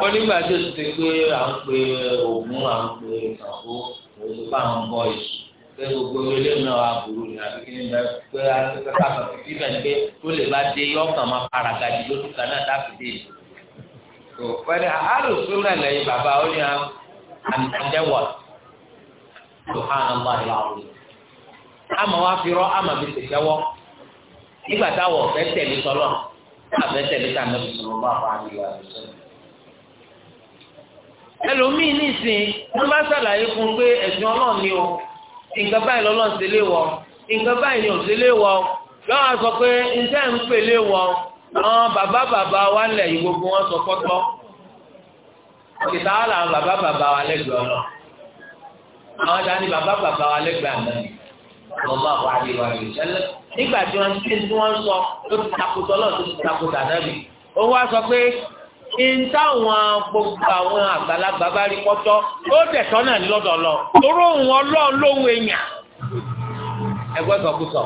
wọ́n nígbà tó ti ti pé à ń pe ògún à ń pe ìsàkó òṣù fáwọn bọ́ọ̀sì pé gbogbo eléyìí náà aburú ni àbí kí ni bẹ pé akẹ́kọ̀ọ́ kan fi bẹ̀ ni pé tó lè bá dé yọ̀ọ̀kan máa fara gadi lójú kan náà dábì dé. pẹ̀lú àlùsùn náà lẹ́yìn bàbá ó ní àǹdẹ̀wọ̀ subhanallah ilaahu ama wa fi rọ ama fi tẹ̀sẹ̀ wọ́ nígbà táwọn ọ̀fẹ́ tẹ̀lé sọlọ́ọ̀ àbẹ̀tẹ̀lé tá a sọ̀rọ̀ bá wà ní ìwàlùsọ̀. ẹlòmíín nìsín ló bá ṣàlàyé fún un pé ẹ̀sìn ọlọ́run ni o nǹkan báyìí lọ́lọ́run ṣe lé wọ nǹkan báyìí ni ò ṣe lé wọ lọ́wọ́ a sọ pé njẹ́ ń pè lé wọ àwọn bàbá bàbá wa lẹ̀ yìí gbogbo wọn sọ kọ́tọ́ kìtà wà làwọn bàbá bàbá wa lẹ́gbẹ̀ẹ́ ọ̀nà àwọn dání bàbá bàbá wa lẹ́gbẹ̀ẹ́ àná nígbà tí wọ́n ti tí wọ́n sọ ló ti o wa tó ti ó wá sọ pé ń táwọn gbogbo àwọn àgbàlagbà bá rí kọ́tọ́ ó dẹ̀tọ́ náà lọ́dọ̀ lọ toró òun ọlọ́run lóhun èèyàn ẹgbẹ́ sọkúsọ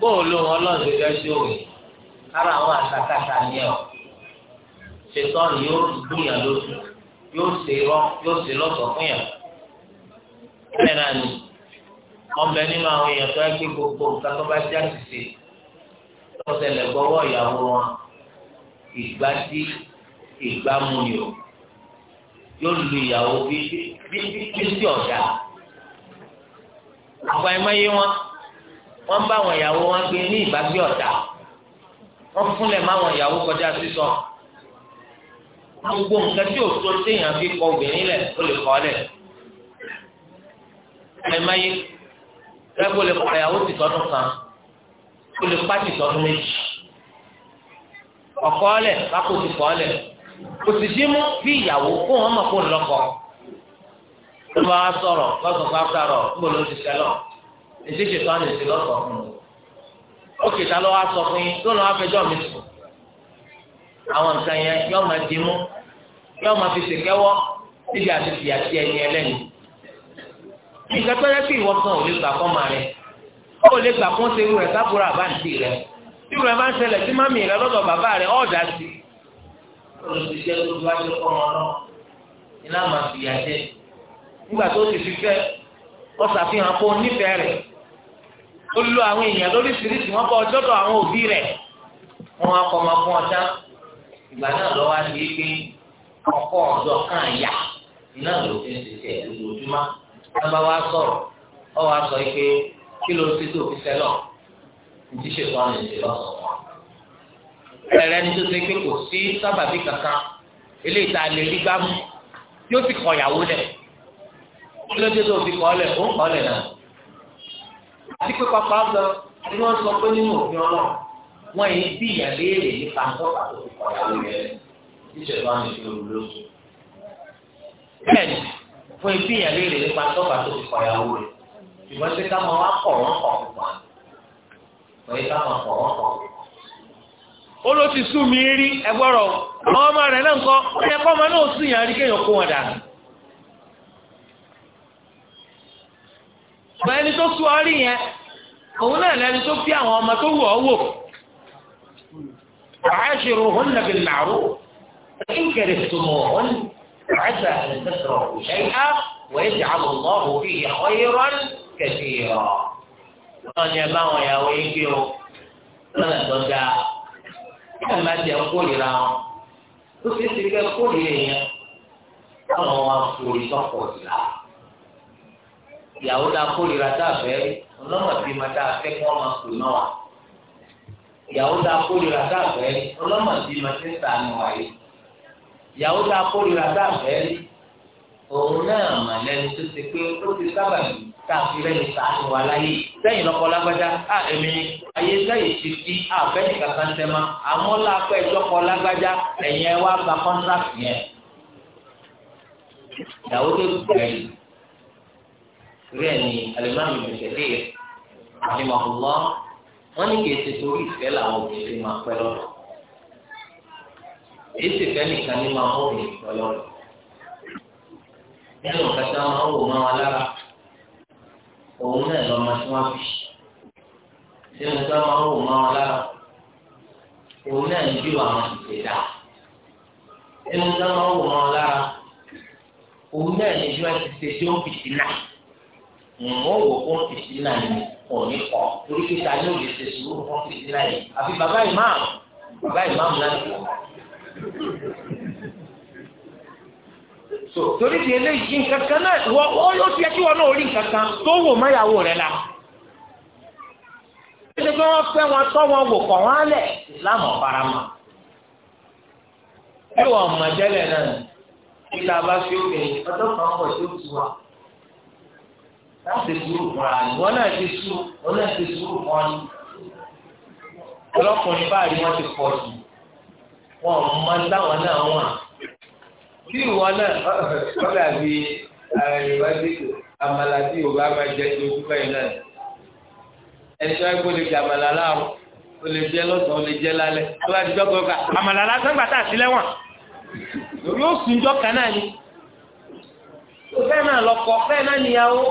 bóun lóhun ọlọ́run ti fẹ́ sí òwe ara àwọn àtàkàtà ni ẹ̀ ṣètọ́ni yóò gbìyàn lóṣù yóò ṣe yóò ṣe lọ́sọ̀ fún yàn ọbẹ nínú àwọn èèyàn tó ẹgbẹ́ gbogbo nǹkan tó bá já sise lọsẹlẹ gbọwọ ìyàwó wọn ìgbà tí ìgbà mu ni o yóò lu ìyàwó bí bí bí sí ọ̀dà àgbà ẹ̀ máa yé wọn wọ́n bá àwọn ìyàwó wọn gbé ní ìbágbé ọ̀dà wọ́n fúnlẹ̀ máa àwọn ìyàwó kọjá sísọ gbogbo nǹkan tí òtún téèyàn fi kọ obìnrin lẹ̀ ó lè kọ́ lẹ̀ ẹ̀ máa ẹgbẹ́ olè pa ìyàwó ti tọdún kan olè pa ti tọdún méjì ọkọ ọlẹ bákò ti kọ ọlẹ kò sì sí mú bí ìyàwó kó wọn mọ kó lọkọ ló bá wá sọ̀rọ̀ lọsọ fún afárọ níbo ló ti sẹlọ èdè ṣètò àná èsì lọsọ fún un ó kìtà lọ sọ fún yín tó lọ fẹjọ́ mi sùn àwọn nǹkan yẹn yọọ máa dì mú yọọ máa fi ṣèkẹwọ níbi àti fìyà sí ẹni ẹlẹni nǹkan tó yẹ kí ìwọ ò lè gbà kọ́ máa rẹ ó lè gbà kó ń serú rẹ sábúrò àbáǹtì rẹ tí ìrù bá ń ṣẹlẹ̀ sí mami rẹ lọ́dọ̀ bàbá rẹ ọ̀dà sí. olùsíṣẹ́ tó bá kọ́ wọn lọ iná máa fìyà jẹ nígbà tó ti fi fẹ́ ó kó nífẹ̀ẹ́ rẹ̀ ó lo àwọn èèyàn lóríṣiríṣi wọn kọ ọjọ́dọ̀ àwọn òbí rẹ̀ wọn wá máa fún ọjà ìgbà náà lọ́wọ́ á di pé ọkọ̀ ọ̀dọ̀ kan iná ló fi ń ṣiṣẹ́ lójoojúmọ́ nàbà wa sọ̀rọ̀ ọ wa sọ yìí pé kí ló ti tó fi sẹ́lọ̀ ní ṣètò àwọn èdè lọ́sọ̀ọ́. ẹ̀rẹ́ ni tó ṣe pé kò sí sábàbí kankan eléyìí tá a lè rí gbámú yóò ti kọ ìyàwó lẹ̀ kí ló ti tó fi kọ́ lẹ̀ ó ń lẹ̀ náà. àti pé pápá gbọ́ ni wọ́n sọ pé nínú òfin ọlọ́run wọ́n yìí bí ìyàléèrè nípa tọ́ka tó fi kọ́ ìyàwó lẹ̀ ní ṣètò àwọn èdè olùlọ́sùn. bẹ́ẹ̀ fún ibi ìyàlẹ́ rẹ̀ nípa tọ́ba tó ti kọ̀yàwó rẹ̀ ṣùgbọ́n ṣé ká máa wá kọ̀ wọ́n kọ̀ ká máa kọ̀ wọ́n kọ̀. ó ló ti mi rí àwọn ọmọ náà ń ẹ kọ́ ọmọ náà yàrá kéèyàn kó wọn dànù. ẹni tó ọ rí yẹn òun náà lẹni tó fi àwọn ọmọ tó wù ọ wò. عسى أن تكرهوا شيئا ويجعل الله فيه خيرا كثيرا wọ́n yẹ báwọn ìyàwó yín gbé o lọ́nà tó dáa ẹ̀ máa jẹ kórìíra wọn tó fi ti kẹ́ kórìíra yẹn káwọn wọn forí sọ́kọ̀ ìlà ìyàwó dáa kórìíra tá a fẹ́ ọlọ́mọ bí ma dáa fẹ́ kí wọ́n máa pè náà wà ìyàwó dáa kórìíra tá a fẹ́ ọlọ́mọ bí ma ti ń ta àná wáyé ìyàwó tá a kórìíra tá a fẹ́ rí òun náà mà lẹ́nu tó ṣe pé ó ti sábà bí tá a fi rẹ́ni sàánú wa láyé sẹ́yìn lọ́kọ lágbájá à èmi ni ayé sẹ́yìn ti di àfẹ́yìn kankan tẹ́ ma àmọ́ lápẹ́ ìjọkọ lágbájá ẹ̀yìn ẹ wá gba kọ́ńtàkì yẹn ìyàwó tó gbẹ̀rẹ̀ rẹ̀ ni alimami bẹ̀tẹ̀lẹ̀ àti màmúlọ́ wọ́n ní kì í ṣe ìfẹ́ làwọn òbí ṣe máa pẹ́ lọ́dọ̀ èyí sì fẹ́ nìkan ní máa mú mi lọ́yọ́ rẹ̀ nínú kẹta máa ń wò máa wà lára òun náà lọ́mọ tí wọ́n fi sínú kẹta máa ń wò máa wà lára òun náà ń bí àwọn àtìsè dá sínú kẹta máa ń wò máa wà lára òun náà ń bí àwọn àtìsè tó ń fìtì náà wọ́n wò fún fìtì náà ni kò ní kọ́ torí kíta ní òye ṣe sùúrù fún fìtì náà yìí àfi bàbá ìmáàmù bàbá ìmáàmù náà ti wọ̀ so torí di eléyìí nǹkan kan náà wọ ọ yóò fi ẹtí wọn náà rí nǹkan kan tó wò mọ́yàwó rẹ̀ la ṣe kí wọ́n fẹ́ wọn tọ́ wọn wò kọ̀ wọ́n á lẹ̀ láàmú ọ̀bára mọ́ ẹ wọ ọmọdélẹ̀ náà nígbà bá fi pè é ọjọ́ kan bọ̀ tó tu wa láti sùúrù fún ara wọn náà ti sùúrù wọn náà ti sùúrù fún ọ ní ọlọ́kùnrin báyìí wọ́n ti pọ̀ jù wọn máa ń dáwọn náà wọn. tí ìwọ náà wọ́n dàbí yorùbá ti àmàlà tí yorùbá máa jẹ tó dúpẹ́ yìí náà. ẹni tó yẹ kó lè jẹ àmàlà láàrú ó lè jẹ lọ́sàn-án ó lè jẹ lálẹ́ tó bá ti dọ́kọ̀ ọ̀gá àmàlà lásán gbàtà sílẹ̀ wọn. yóò sùn jọ kan náà ni. bẹ́ẹ̀ náà lọkọ bẹ́ẹ̀ náà níyàwó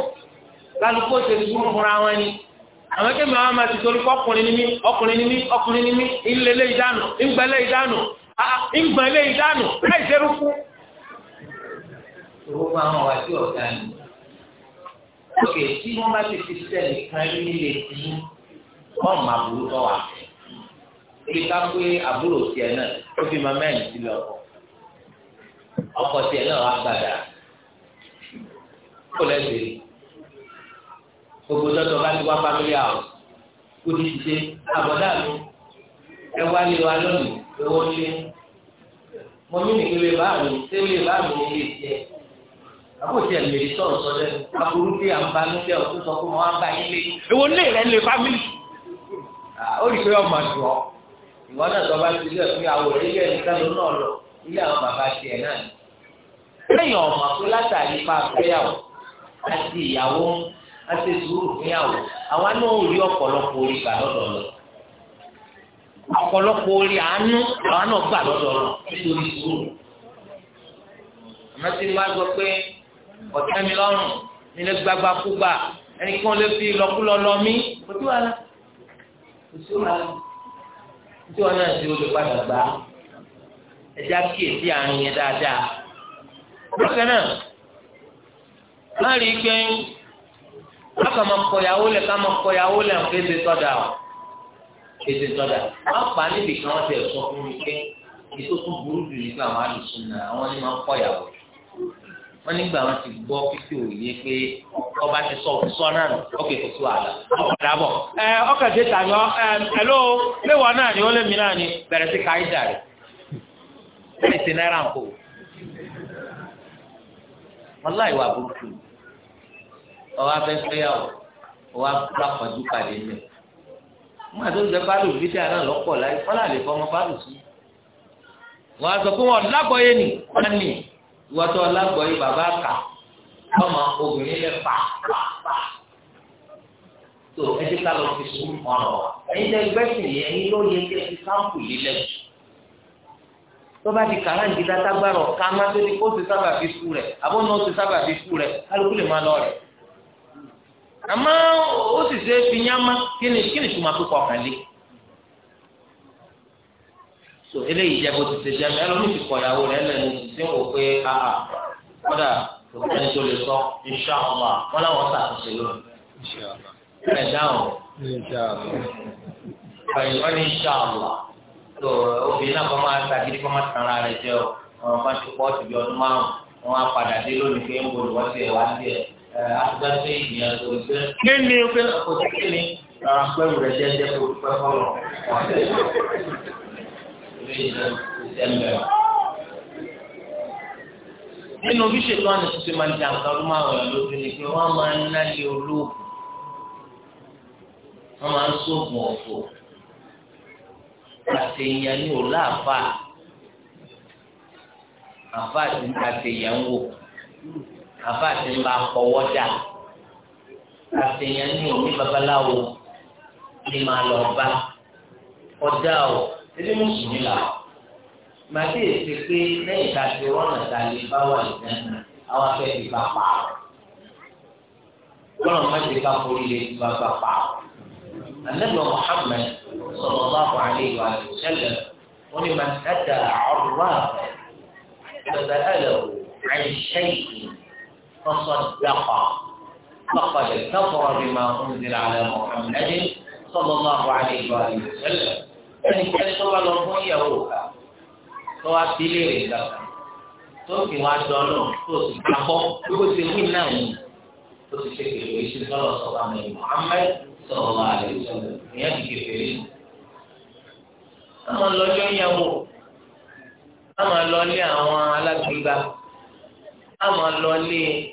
lálùkò ṣe sùn fúnra wọn ni àwọn kéèmì àwọn máa ti torí kọkùnrin ni mí ọkùnrin ni mí ọkùnrin ni mí ńlẹlẹ ìdánù ńgbẹlẹ ìdánù ìgbọ̀n ah, lé ìdánù láì ṣerú kú. gbogbo àwọn ọ̀wá tí ọ̀gá ni lókè tí wọ́n bá ti fi sẹ́ẹ̀lì kan nílé tí wọ́n máa burú tọ́ wa. ibi ká pé àbúrò tiẹ̀ náà ó fi máa mẹ́rin sílẹ̀ ọkọ̀ ọkọ̀ tiẹ̀ náà wá gbàdá kó lẹ́sẹ̀ gbogbo tọ́tọ̀ bá ti wá family house kó ti ti dé àbọ̀dá mi ẹ wá lé wa lónìí owó lé mo ní nìkan lè bá mi ṣé lè bá mi ní ilé tiẹ̀ àbò tí ẹ̀mí rí sọ̀rọ̀ sọ lẹ́nu aburú bí à ń ba ní bẹ́ẹ̀ ọ̀tún sọ fún mi wọ́n á bá yín lé owó lé rẹ̀ lè fámìlì ó rí pé ọmọ àdùn ọ ìwọ náà tó bá ti lé ẹ̀fún ìyàwó rẹ̀ ilé ẹ̀nìkan ló náà lọ ilé àwọn bàbá tiẹ̀ náà ni lẹ́yìn ọmọ pé látàrí ipa àfẹ́yàwó àti ìyàwó àti sùúrù fúnyàwó àwọn náà rí ọ̀pọ̀lọpọ̀ orí kà lọ́dọọlọ́ ọ̀pọ̀lọpọ̀ orí àánú àwọn náà gbà lọ́dọ̀ ọ̀rọ̀ nítorí sùúrù. àmọ́ tí wọ́n á gbọ́ pé ọ̀tẹ́ mi lọ́rùn nílé gbagba kúgbà ẹni kí wọ́n lè fi lọ́kúlọ́ lọ mí kò sí wàhálà kò sí wàhálà tí wọn náà ti olè padà gbà á ẹja kíyèsí àárín yẹn dáadáa. bákan náà láàrin ìgbẹ́yìn lákàmọ́ kọ̀yàwó lẹ̀ ká mọ́ kọ̀yàwó lẹ̀ ń kéde sọ́dà ọ̀ ètò ìtọ́jà wọn pa níbi kan wọn ti sọ fún mi pé ètò tó burú jù ní pé àwọn àlùsùn náà àwọn ni máa ń kọ́ ìyàwó wọn nígbà wọn ti gbọ́ fífi òye pé ọba ti sọ sọ náà nù ọkẹ kò sí wàhálà ọkọdà bọ. ẹ ọkọ ṣe tà yọ ẹ ẹlò léwà náà ni ó lé mi náà ni bẹ̀rẹ̀ sí káyí dàrí bẹ́ẹ̀ ti náírà ń kó wọn láì wà burúkú ọwọ́ abẹ́fẹ́ yà wọ́ ọwọ́ abúlé pàdé mẹ́rin wọn àti oúnjẹ bá lò fídíà náà lọ́pọ̀ láyé fọlá lè fọmọ bá lò sí. wọn á sọ pé wọn lágbọ́yé nì wọn nì ìwọ tó lágbọ́yé bàbá kà ọmọ obìnrin lè fà fà fà. tó ẹ ti ká lọ fi sùn ọ̀rọ̀ ẹ̀yin tẹ gbẹ́sìn yẹn ẹ̀yin ló yẹ kí ẹ fi káńpù yìí lẹ́yìn. tó bá di kàrá ìdí dátágbárọ̀ ká má tó di kó ti sábà fi kú rẹ̀ àbó náà ti sábà fi kú rẹ̀ kálukú lè má lọ rẹ̀ àmọ́ ó sì ṣe fi yán má kí ni kí ni tó máa tó kọ ọkàn lé so eléyìí jẹ bó ti ṣe jẹ mẹ́rin ló ti kọ ìyàwó rẹ̀ lẹ́nu tí ń wò pé àà kódà òkú ẹni tó lè sọ iṣẹ́ ọmọ wọn làwọn ṣàtúnṣe lónìí ẹ dáhùn ọyìn wọn ní iṣẹ́ ọmọ tó obìnrin náà kọ́ máa ṣàgídí kọ́ máa tàn ara rẹ̀ jẹ ọ ọmọ bá ti pọ̀ síbi ọdún márùn wọn á padà dé lónìí pé ń bolo wọ́n ti ẹ̀ wá sí ẹ̀ agbẹ́sẹ̀ ìyẹn tó ṣe. kí ni o fẹ́ kò sí kí ni rárá pẹ̀lú rẹ̀ jẹ́ jẹ́ kó pẹ́ fọlọ̀ nínú bí ṣètò àná tó ṣe máa ń dàn kan ló máa wọ̀ lójú ni pé wọ́n máa ń nálé olóògùn wọ́n máa ń sóògùn ọ̀fọ̀ àtẹ̀yàn ní òlá àfà àfà àti àtẹ̀yàn wò àfa àti ń bá kọ́wọ́ dà àtẹ̀yàn ní òní babaláwo ní máa lọ bá ọjà o ebi mùsùlùmí là màtí èsì pé lẹ́yìn tá a ti rọ́nà tá a lè bá wà lẹ́nu àwọn afẹ́ ti bá pa á lọ́nà má ti bá forí lè ti bá bá pa á anabi muhammed sallallahu alayhi wa sallam wọn ni màtí ata ọ̀rọ̀ àfẹ́ tẹ̀sán ẹ̀ lọ́wọ́ àìsẹ́yìn. وصدق فقد كفر بما أنزل على محمد صلى الله عليه وآله وسلم ẹnì kẹ́ni tó bá lọ fún ìyàwó ká tó wá sí ilé rẹ̀ gbà tó sì wá dọ́nà tó sì gbàgbọ́ bí ó ṣe wí náà yìí tó sì ṣe kèrè iṣu sọ̀rọ̀ sọ̀rọ̀ àmì Muhammad sọ̀rọ̀ wà lè sọ̀rọ̀ ìyá ti kékeré yìí. àwọn lọ́jọ́ ìyàwó àwọn lọ́lé àwọn alágbèéká àwọn lọ́lé.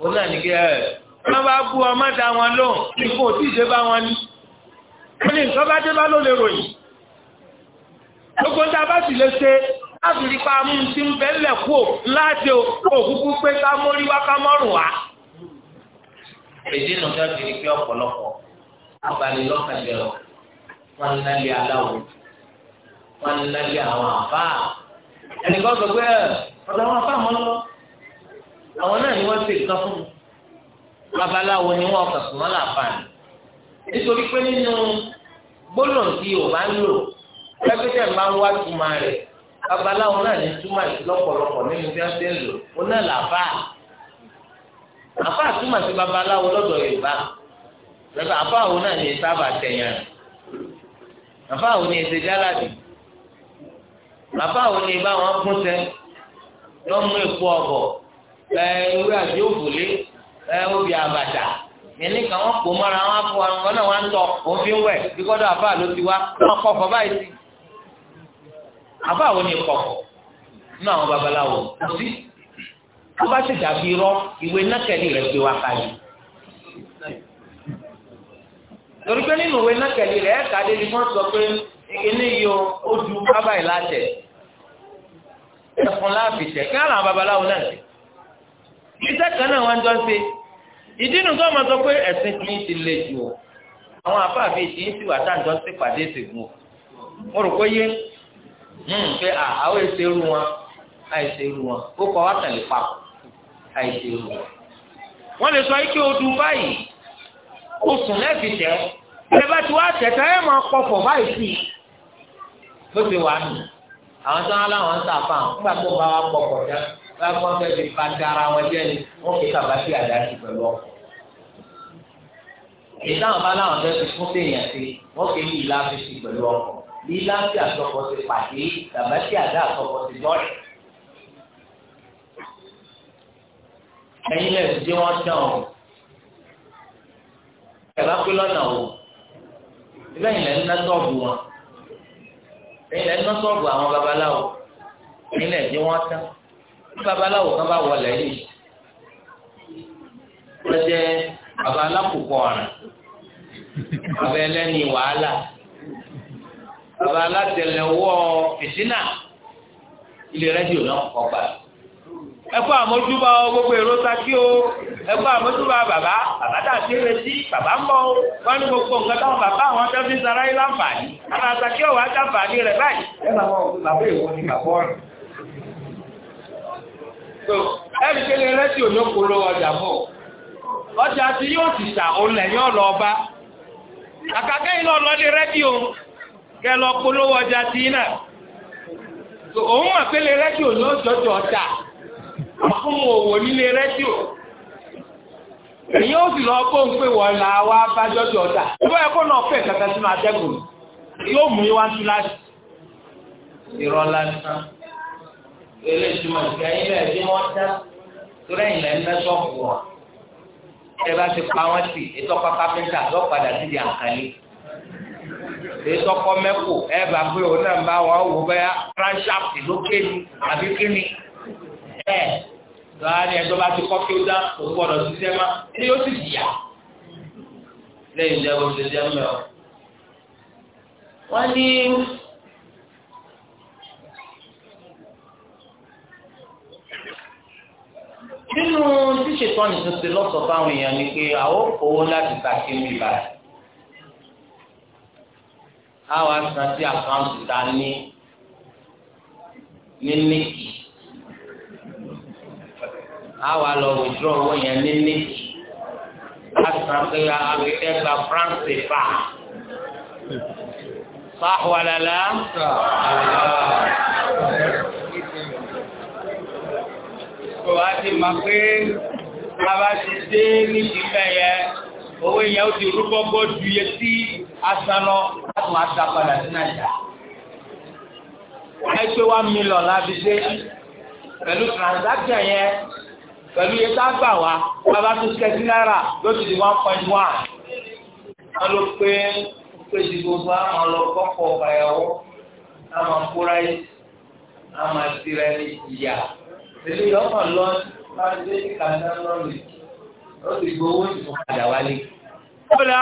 ó náà ní kí ẹ wọ́n bá bú ọmọ dá wọn lóhùn nǹkan ò tí ì dé bá wọn ní wọ́n ní nǹkan bá dé bá ló lè ròyìn gbogbo ń dábàá sì lè ṣe láti rí pa mú ti ń bẹ́lẹ̀ kú láti òkúkú pé ká mórí wá ká mọ́rùn wá. èdè nàá ti rí pé ọ̀pọ̀lọpọ̀ abalẹ̀lọ́kànjẹ̀rọ̀ wọn ń nálẹ̀ aláwọ̀ wọn ń nálẹ̀ àwọn àfáà ẹnìkan sọ pé ọ̀dọ̀ àwọn àfáà mọ́ lọ àwọn náà ni wọ́n ṣe nǹkan fún mi babaláwo ni wọ́n kàn fún wọn láǹfààní nítorí pé nínú gbólóhùn tí yorùbá ń lò pẹ́pẹ́tẹ̀ máa ń wá túmọ̀ rẹ̀ babaláwo náà ní túmọ̀ sí lọ́pọ̀lọpọ̀ nínú bí wọ́n ṣe ń lò ó náà làbá àbá túmọ̀ sí babaláwo lọ́dọ̀ yorùbá lọ́dọ̀ àbá náà ní sábà tẹ̀yàn rẹ̀ àbá òun jáládì bàbá òun ní bá wọn èkó ọ̀bọ̀ ewé àti òfòlé obì àbàtà yẹnì kan wọn kò mọ́ra wọn fún wa wọn náà wọn ń tọ òun fi ń wẹ̀ bí gbọ́dọ̀ àfa ló ti wá wọn kọ́ fọ báyìí sí àfa wo ni kọ̀ nínú àwọn babaláwo kò sí tó bá ti dàbí irọ́ ìwé nákẹ́lì rẹ̀ gbé wa kalẹ̀ torí pé nínú ìwé nákẹ́lì rẹ̀ ẹ̀ka dé ni wọ́n sọ pé ìkíní yìí o ó ju bábà ìlà tẹ̀ ẹ̀fọn láàbì tẹ̀ kí àwọn babaláwo náà tẹ̀ iṣẹ́ kan náà wọ́n jọ ń ṣe ìdí nu tó máa sọ pé ẹ̀sìn kìíní ti le jù ọ́ àwọn àfáàfi ìdíyìn sì wà táǹjọ́ ń ṣèpàdé ìṣègùn o mo rò pé yé hmm, pé àwọn èsè irú wọn àìsè irú wọn ó kọ́ wá tẹ̀lé papọ̀ àìsè irú wọn. wọ́n lè sọ ike odun báyìí oṣù lẹ́ẹ̀fì tẹ́ ẹ bá ti wá tẹ̀tẹ̀ ẹ máa pọ̀fọ̀ báyìí sí i ló ti wà nù àwọn tí wọ́n láwọn ń tà nígbà tó bá wa pọ̀fọ̀ dáná lágbọ́n fẹ́ fi ba dára wọn jẹ́ ni wọ́n fi kàbá sí àdáṣe pẹ̀lú ọkọ̀. èyí táwọn bá láwọn fẹ́ fi fún téèyàn sí wọ́n fi ní ìlà fi sí pẹ̀lú ọkọ̀ lílá sí àtọkọ ti pàdé kàbá sí àdá àtọkọ ti dọ́rẹ̀. ẹ̀yin lẹ́sìn tí wọ́n dán o ẹ̀bá pé lọ́nà o ibẹ̀ yìí lẹ́nu ná sọ́ọ̀bù wọn ẹ̀yin lẹ́nu ná sọ́ọ̀bù àwọn babaláwo ẹ̀yin lẹ́sìn tí wọ́n dán o ní babaláwo kan bá wọlé yìí wọ́n jẹ́ babaláwo kọ̀ ọ̀ràn baba ẹlẹ́ni wàhálà baba alátẹlẹwọ́ ìdínà ilé rẹ́díò náà kọ́ gbà. ẹ kú àmójúbà gbogbo èrò sakí o ẹ kú àmójúbà bàbá bàbá dà sí retí bàbá ń bọ̀ o wọ́n ní gbogbo nǹkan táwọn bàbá àwọn tẹ́fí sara yìí láǹfààní àwọn àtàkì ọ̀wọ́ àtàǹfààní rẹ̀ báyìí. ẹ máa wọ bàbá èwo ni bàbá ọ̀rọ̀. so ẹni kele rẹ́tì ònyókòló ọjà bọ̀ ọjà ti yóò ti sà òun ọ̀lọ́ ọba àkàkẹ́ yìí lọ rẹ́díò kẹ polówó ọjà ti iná. òun mà pélé rẹ́díò ní ọjọ́jọ́ ọjà fún òwò nílé rẹ́díò èyí ó sì lọ bó ń wọ́n là wá ọjà náà fẹ́ kàkà sínú yóò mú láti ìrọ̀lá nìkan. eré ìtumọ̀ nǹkan yín bẹ́ẹ̀ bí wọ́n dá torí ẹ̀yìn lẹ́nu ṣọ́ọ̀bù wọn. ẹ bá ti pa wọ́n sí ètò ọkọ̀ kápẹ́ńtà lọ́padà sí di àǹkálí. ètò ọkọ̀ mẹ́kù ẹ bá pé òun náà bá wọn wò bẹ́ẹ̀ ránṣáàpì lókè ni àbí kíni. ẹ lọ́wọ́ ẹjọ́ bá ti kọ́ kí ó dá òun gbọ́dọ̀ ṣiṣẹ́ má ẹni ó sì jìyà. lẹ́yìn ìjẹ́bù ṣe jẹ́ mẹ́ nínú ṣíṣe tán ní tuntun lọ́sọ̀ fáwọn èèyàn ni pé àwọn owó láti ta kí ní ìbàdàn àwọn asan sí àkáǹtì ta ní ní níkì àwọn alọ wùdúrọ̀ owó yẹn ní níkì asan pé àgbẹ̀dẹ́gba france fà fáwọn àlàlà kò wá ti mọ̀ pé a bá ti dé ní ìgbẹ́ yẹn owó yẹn ó ti rúgbọ́gbọ́ ju iye tí a san lọ láti wọ́n á ta padà sí nàìjíríà. ẹ pé one million láti dé pẹ̀lú transaction yẹn pẹ̀lú iye tá a gbà wá bàbá tó kẹsí náírà ló ti di one point one. wọ́n ló pé pé ti gbogbo àwọn ọlọ́kọ̀ọ̀kọ̀ ọ̀bàyàwó àwọn kúráyé àwọn àti rẹ̀ ní ìyá èyí ọkọ̀ lọ láti dé ní kàdá lọ́ọ̀lì ó sì gbowó ìfò padà wálé. ó lè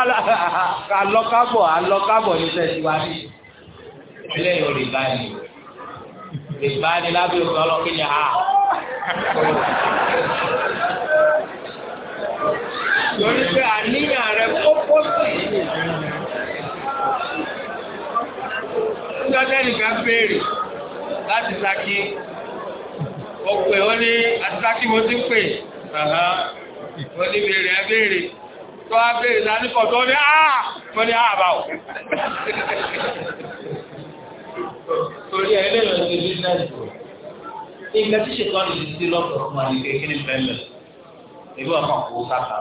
alọ́kábọ̀ alọ́kábọ̀ ní sẹ́ẹ̀tì wá ní eléyìí ò lè bá ní lè bá ní lábẹ́ òkè ọlọ́kìnyà á. lórí pé àníyàn rẹ kókó sí i. Sọ́dẹ́nì kan béèrè láti sáké ọ̀pẹ̀ ó ní àtìlákì ah! mo ti pè ó ní bèèrè ah, ẹ bèèrè tó á bèèrè lánìkọ̀ tó ní àà mọ́ ní àbá ò torí ẹ lẹ́yìn ọ̀sẹ̀ bísínẹ́sì o ìgbà tí ṣe kọ́ni ti ti lọ́tọ̀ fún wa kí ni bẹ́ẹ̀ ìbí ọkàn kò sábà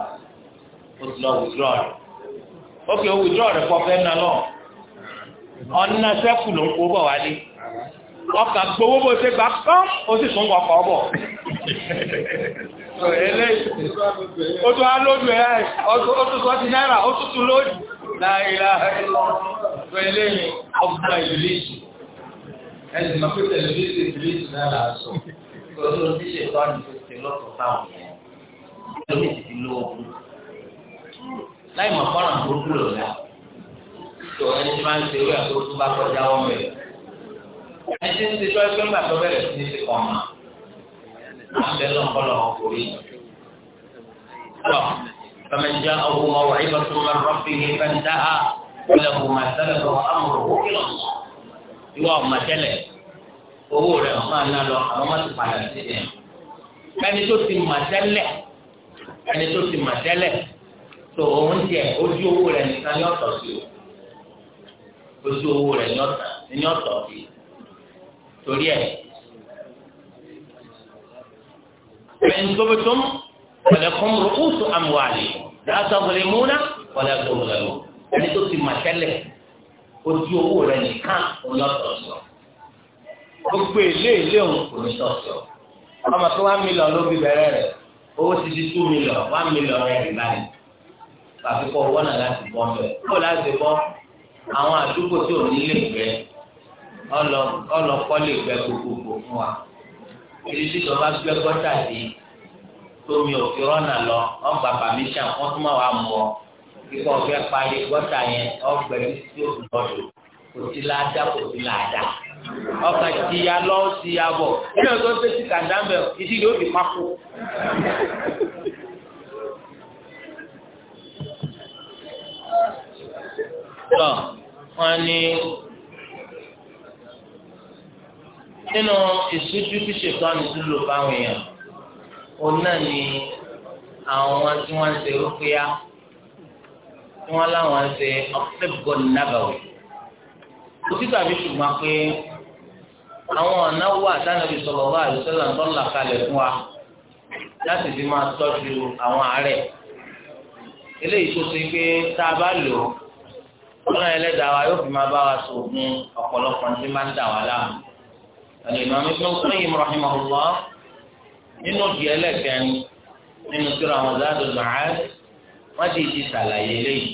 ó ti lọ withdraw rẹ̀ ó kì í withdraw rẹ̀ pọ̀ fẹ́ náà lọ ọ̀nà sẹ́kù ọkà gbowó bó ṣe gbà kán ó sì tún wọkọ̀ ọ̀bọ̀ ó tún á lójú ẹ̀ ó tún sọ ti náírà ó tún tún lójú láìlá ẹlẹ́yìn ọgbà ìrìlẹ́sì ẹ̀sìn máa pé tẹlifíṣì ìrìlẹ́sì sọ ọdún tí ṣe bá ní tó táwọn yẹn ẹtí ń ṣiṣọ́ ẹgbẹ́ ńgbà tó bẹ̀rẹ̀ sí ní ti kọ̀ ọ̀nà àbẹ̀ náà kọ́lọ̀ ọkùnrin. فمن جاءه موعظة من ربه فانتهى وله ما سلف وأمره إلى الله. يوم ما تلف owó rẹ̀ máa ná lọ àwọn má ti padà sí ẹ̀. ẹni tó ti mà tẹ́lẹ̀ ẹni tó ti mà tẹ́lẹ̀ tó òun tiẹ̀ ojú owó rẹ̀ nìkan ní sí o ojú owó rẹ̀ ní ọ̀tọ̀ sí torí ẹ̀ ẹni tó bẹ tó mú wọlé kún rúkúsù àmúwálé láti ọgbọlẹ múná wọlé tó wọlé lọ ẹni tó ti mà tẹ́lẹ̀ ojú owó rẹ̀ nìkan ọlọsọsọ gbogbo èlé èlé òun kò ní sọsọ ọmọ tó wá mílíọ̀n ló fi bẹ̀rẹ̀ rẹ̀ owó ti di tú mílíọ̀n wá mílíọ̀n rẹ̀ rìn báyìí àfikún owó náà láti bọ́ mẹ́ẹ̀ kó láti bọ́ àwọn àdúgbò tí ní lè gbẹ́ ọlọ́kọ́ lè gbẹ gbogbogbò fún wa èyí tí tó bá gbẹ gọ́tà dé tómi ò fi rọ́nà lọ ọgbà pàmíṣà wọ́n tún máa wà mú ọ kíkọ́ fẹ́ parí gọ́tà yẹn ọgbẹ́ tí ó fi lọ́dọ̀ kò sí láàdá kò sí láàdá ọkà ti ya lọ sí ya bọ̀ nínú tó ń tẹ̀sí kàdámbẹ̀ ìdí yóò fi pákó. lọ ní nínú ìṣojú tí ṣètò àmìtúlò báwọn èèyàn òun náà ni àwọn tí wọ́n ń ṣe rúkúyà tí wọ́n láwọn ń ṣe ọ̀pẹ́bùgọ́ nàbàwì òtí tàbí ṣùgbọ́n pé àwọn ọ̀nà wà sànàbí sọ̀rọ̀ wà àlùsọ̀là ń tọ́lá kalẹ̀ fún wa láti fi máa tọ́jú àwọn àárẹ̀ eléyìí tó ṣe pé tá a bá lò ó ọlọ́run ẹlẹ́dàá wa yóò fi máa bá wa sòògùn ọ̀pọ̀lọpọ̀ ní máa ń dà wá láàmú. Al-Imam Ibn Qayyim rahimahullah nínú di ẹlẹ́kẹ̀rin nínú sura àwọn Zadul Ma'ad wọ́n ti di sàlàyé léyìí.